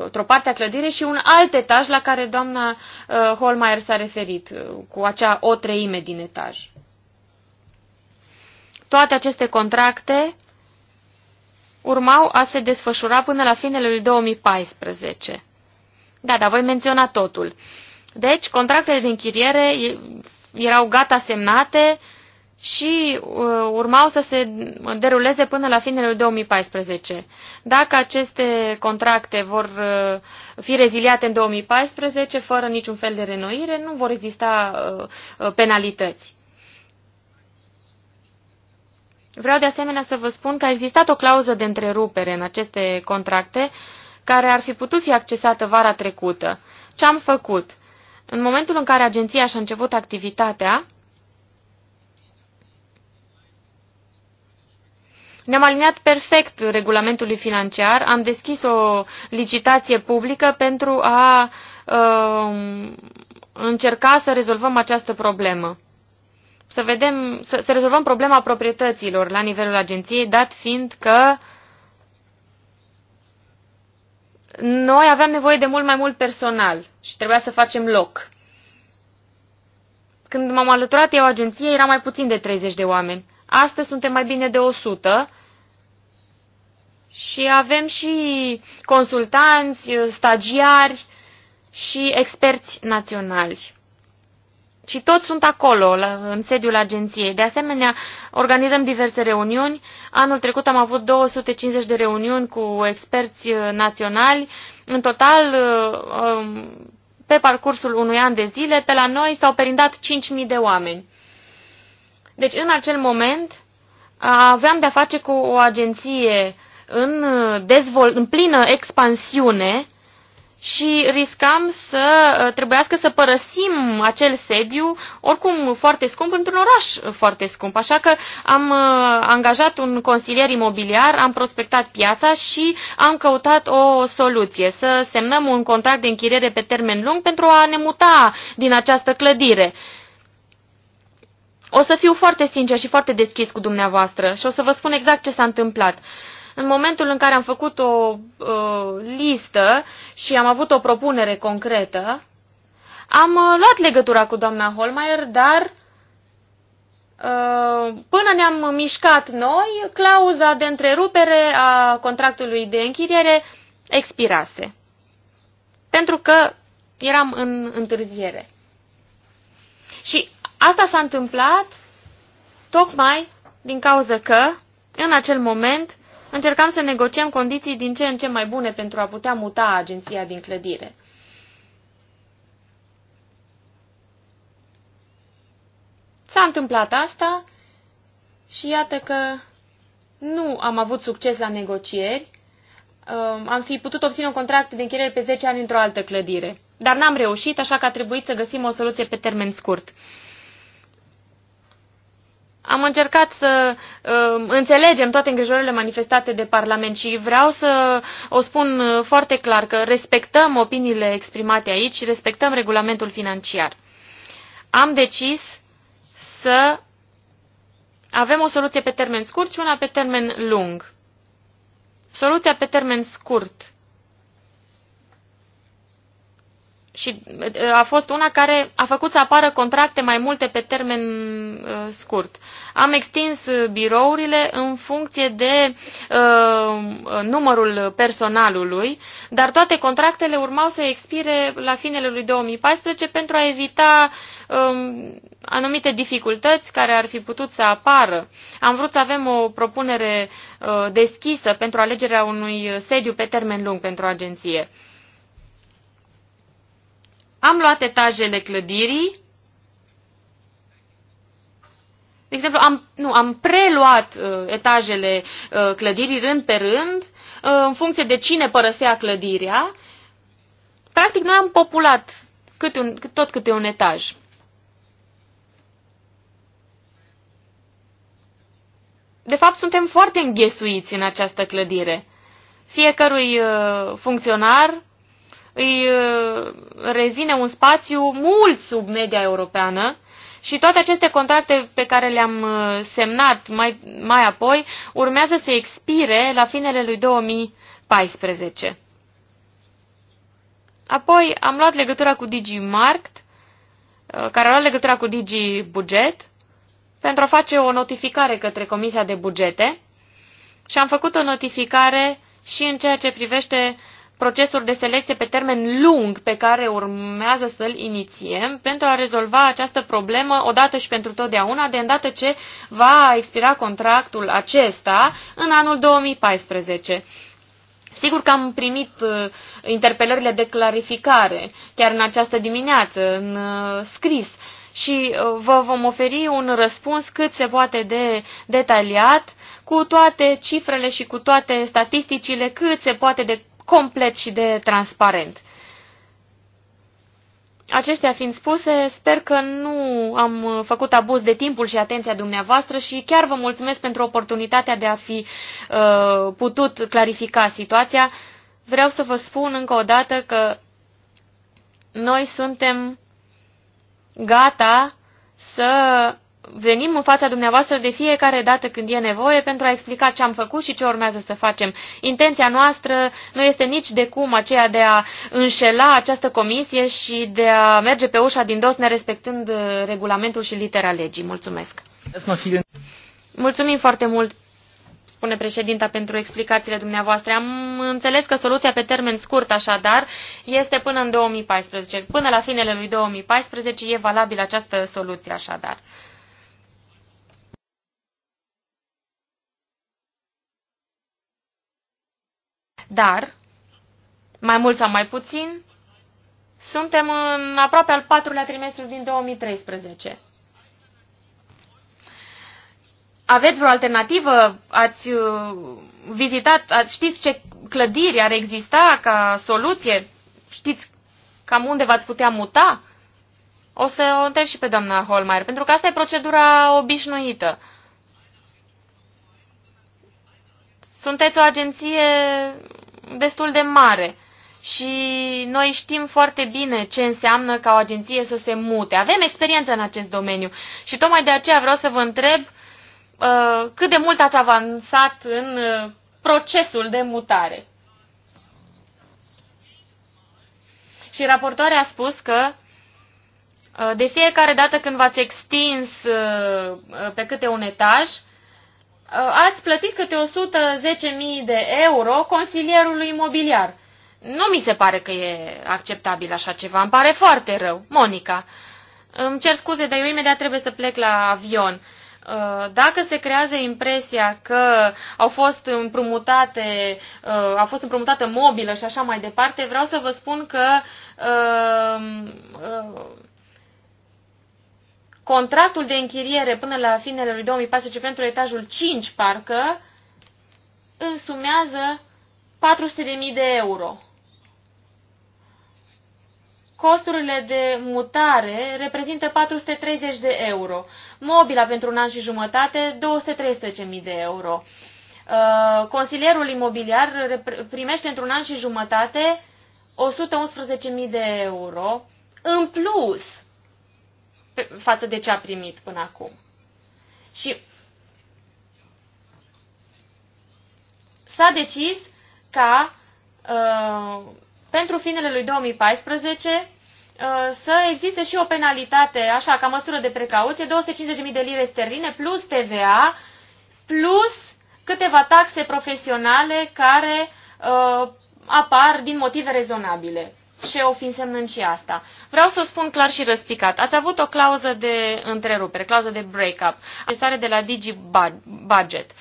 uh o parte a clădirii și un alt etaj la care doamna uh, Holmeier s-a referit, uh, cu acea o treime din etaj. Toate aceste contracte urmau a se desfășura până la finele lui 2014. Da, dar voi menționa totul. Deci, contractele de închiriere erau gata semnate și uh, urmau să se deruleze până la finele lui 2014. Dacă aceste contracte vor uh, fi reziliate în 2014, fără niciun fel de renoire, nu vor exista uh, uh penalități. Vreau de asemenea să vă spun că a existat o clauză de întrerupere în aceste contracte care ar fi putut fi accesată vara trecută. Ce am făcut? În momentul în care agenția și-a început activitatea, Ne-am aliniat perfect regulamentului financiar, am deschis o licitație publică pentru a uh, încerca să rezolvăm această problemă să vedem, să, să rezolvăm problema proprietăților la nivelul agenției, dat fiind că noi aveam nevoie de mult mai mult personal și trebuia să facem loc. Când m-am alăturat eu agenție era mai puțin de 30 de oameni. Astăzi suntem mai bine de 100 și avem și consultanți, stagiari și experți naționali. Și toți sunt acolo, la, în sediul agenției. De asemenea, organizăm diverse reuniuni. Anul trecut am avut 250 de reuniuni cu experți uh, naționali. În total, uh, um, pe parcursul unui an de zile, pe la noi s-au perindat 5.000 de oameni. Deci, în acel moment, aveam de-a face cu o agenție în, uh, dezvol- în plină expansiune, și riscam să uh, trebuiască să părăsim acel sediu, oricum foarte scump, într-un oraș foarte scump. Așa că am uh, angajat un consilier imobiliar, am prospectat piața și am căutat o soluție, să semnăm un contract de închiriere pe termen lung pentru a ne muta din această clădire. O să fiu foarte sincer și foarte deschis cu dumneavoastră și o să vă spun exact ce s-a întâmplat. Uh, în momentul în care am făcut o uh, listă și am avut o propunere concretă, am uh, luat legătura cu doamna Holmeier, dar uh, până ne-am mișcat noi, clauza de întrerupere a contractului de închiriere expirase. Pentru că eram în întârziere. Și asta s-a întâmplat tocmai din cauza că, în acel moment, încercam să negociem condiții din ce în ce mai bune pentru a putea muta agenția din clădire. S-a întâmplat asta și iată că nu am avut succes la negocieri. Am fi putut obține un contract de închiriere pe 10 ani într-o altă clădire. Dar n-am reușit, așa că a trebuit să găsim o soluție pe termen scurt. Am încercat să uh, înțelegem toate îngrijorările manifestate de Parlament și vreau să o spun uh, foarte clar că respectăm opiniile exprimate aici și respectăm regulamentul financiar. Am decis să avem o soluție pe termen scurt și una pe termen lung. Soluția pe termen scurt și uh, a fost una care a făcut să apară contracte mai multe pe termen uh, scurt. Am extins uh, birourile în funcție de uh, numărul personalului, dar toate contractele urmau să expire la finele lui 2014 pentru a evita uh, anumite dificultăți care ar fi putut să apară. Am vrut să avem o propunere uh, deschisă pentru alegerea unui sediu pe termen lung pentru agenție. Am luat etajele clădirii. De exemplu, am, nu, am preluat uh, etajele uh, clădirii rând pe rând, uh, în funcție de cine părăsea clădirea. Practic, noi am populat cât un, tot câte un etaj. De fapt, suntem foarte înghesuiți în această clădire. Fiecărui uh, funcționar îi uh, rezine un spațiu mult sub media europeană și toate aceste contracte pe care le-am uh, semnat mai, mai apoi urmează să expire la finele lui 2014. Apoi am luat legătura cu DigiMarkt, uh, care a luat legătura cu Digi Buget, pentru a face o notificare către Comisia de Bugete și am făcut o notificare și în ceea ce privește procesul de selecție pe termen lung pe care urmează să-l inițiem pentru a rezolva această problemă odată și pentru totdeauna, de îndată ce va expira contractul acesta în anul 2014. Sigur că am primit uh, interpelările de clarificare chiar în această dimineață, în uh, scris, și uh, vă vom oferi un răspuns cât se poate de detaliat cu toate cifrele și cu toate statisticile cât se poate de complet și de transparent. Acestea fiind spuse, sper că nu am făcut abuz de timpul și atenția dumneavoastră și chiar vă mulțumesc pentru oportunitatea de a fi uh, putut clarifica situația. Vreau să vă spun încă o dată că noi suntem gata să venim în fața dumneavoastră de fiecare dată când e nevoie pentru a explica ce am făcut și ce urmează să facem. Intenția noastră nu este nici de cum aceea de a înșela această comisie și de a merge pe ușa din dos nerespectând uh, regulamentul și litera legii. Mulțumesc! Mulțumim foarte mult, spune președinta, pentru explicațiile dumneavoastră. Am înțeles că soluția pe termen scurt, așadar, este până în 2014. Până la finele lui 2014 e valabilă această soluție, așadar. Dar, mai mult sau mai puțin, suntem în aproape al patrulea trimestru din 2013. Aveți vreo alternativă? Ați uh, vizitat, ați, știți ce clădiri ar exista ca soluție? Știți cam unde v-ați putea muta? O să o întreb și pe doamna Holmeier, pentru că asta e procedura obișnuită. sunteți o agenție destul de mare și noi știm foarte bine ce înseamnă ca o agenție să se mute. Avem experiență în acest domeniu și tocmai de aceea vreau să vă întreb uh, cât de mult ați avansat în uh, procesul de mutare. Și raportoarea a spus că uh, de fiecare dată când v-ați extins uh, pe câte un etaj, Uh, ați plătit câte 110.000 de euro consilierului imobiliar. Nu mi se pare că e acceptabil așa ceva, îmi pare foarte rău. Monica, îmi cer scuze, dar eu imediat trebuie să plec la avion. Uh, dacă se creează impresia că au fost împrumutate, uh, a fost împrumutată mobilă și așa mai departe, vreau să vă spun că contractul de închiriere până la finele lui 2014 pentru etajul 5, parcă, însumează 400.000 de euro. Costurile de mutare reprezintă 430 de euro. Mobila pentru un an și jumătate, 213.000 de euro. Uh, consilierul imobiliar primește într-un an și jumătate 111.000 de euro. În plus, față de ce a primit până acum. Și s-a decis ca uh, pentru finele lui 2014 uh, să existe și o penalitate, așa, ca măsură de precauție, 250.000 de lire sterline plus TVA, plus câteva taxe profesionale care uh, apar din motive rezonabile ce o fi însemnând și asta. Vreau să spun clar și răspicat. Ați avut o clauză de întrerupere, clauză de break-up, accesare de la Digi Budget.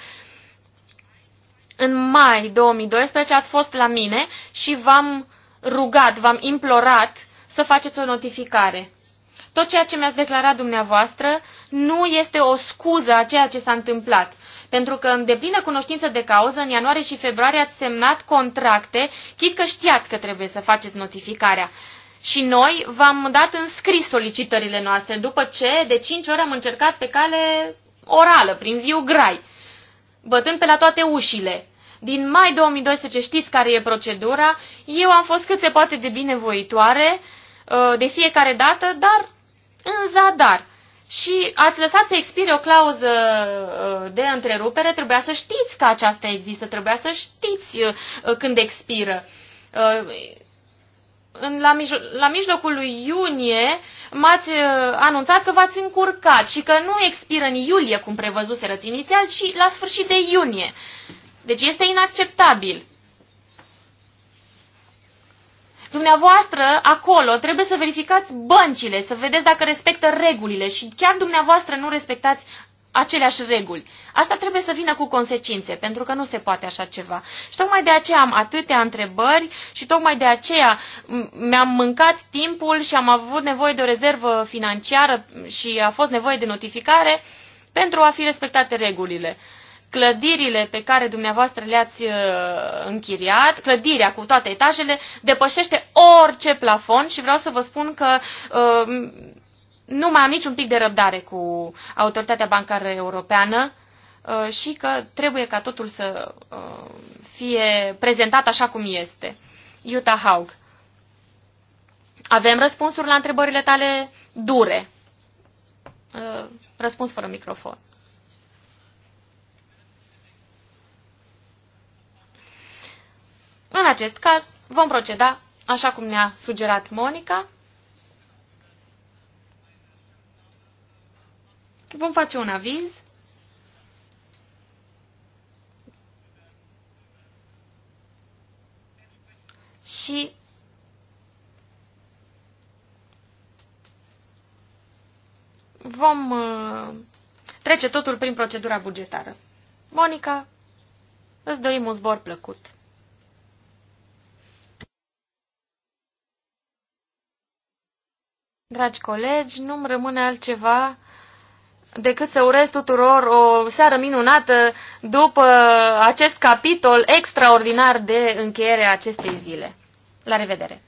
În mai 2012 ați fost la mine și v-am rugat, v-am implorat să faceți o notificare. Tot ceea ce mi-ați declarat dumneavoastră nu este o scuză a ceea ce s-a întâmplat pentru că în deplină cunoștință de cauză, în ianuarie și februarie ați semnat contracte, chit că știați că trebuie să faceți notificarea. Și noi v-am dat în scris solicitările noastre, după ce de cinci ori am încercat pe cale orală, prin viu grai, bătând pe la toate ușile. Din mai 2012 știți care e procedura, eu am fost cât se poate de binevoitoare uh, de fiecare dată, dar în zadar și ați lăsat să expire o clauză uh, de întrerupere, trebuia să știți că aceasta există, trebuia să știți uh, când expiră. Uh, la, mijlo- la mijlocul lui iunie m-ați anunțat că v-ați încurcat și că nu expiră în iulie, cum prevăzuserăți inițial, ci la sfârșit de iunie. Deci este inacceptabil dumneavoastră, acolo, trebuie să verificați băncile, să vedeți dacă respectă regulile și chiar dumneavoastră nu respectați aceleași reguli. Asta trebuie să vină cu consecințe, pentru că nu se poate așa ceva. Și tocmai de aceea am atâtea întrebări și tocmai de aceea mi-am mâncat timpul și am avut nevoie de o rezervă financiară și a fost nevoie de notificare pentru a fi respectate regulile clădirile pe care dumneavoastră le-ați uh, închiriat, clădirea cu toate etajele, depășește orice plafon și vreau să vă spun că uh, nu mai am niciun pic de răbdare cu Autoritatea Bancară Europeană uh, și că trebuie ca totul să fie prezentat așa cum este. Utah Haug. Avem răspunsuri la întrebările tale dure. Răspuns fără microfon. În acest caz, vom proceda așa cum ne-a sugerat Monica. Vom face un aviz. Și vom uh, trece totul prin procedura bugetară. Monica, îți dorim un zbor plăcut. Dragi colegi, nu-mi rămâne altceva decât să urez tuturor o seară minunată după acest capitol extraordinar de încheiere a acestei zile. La revedere!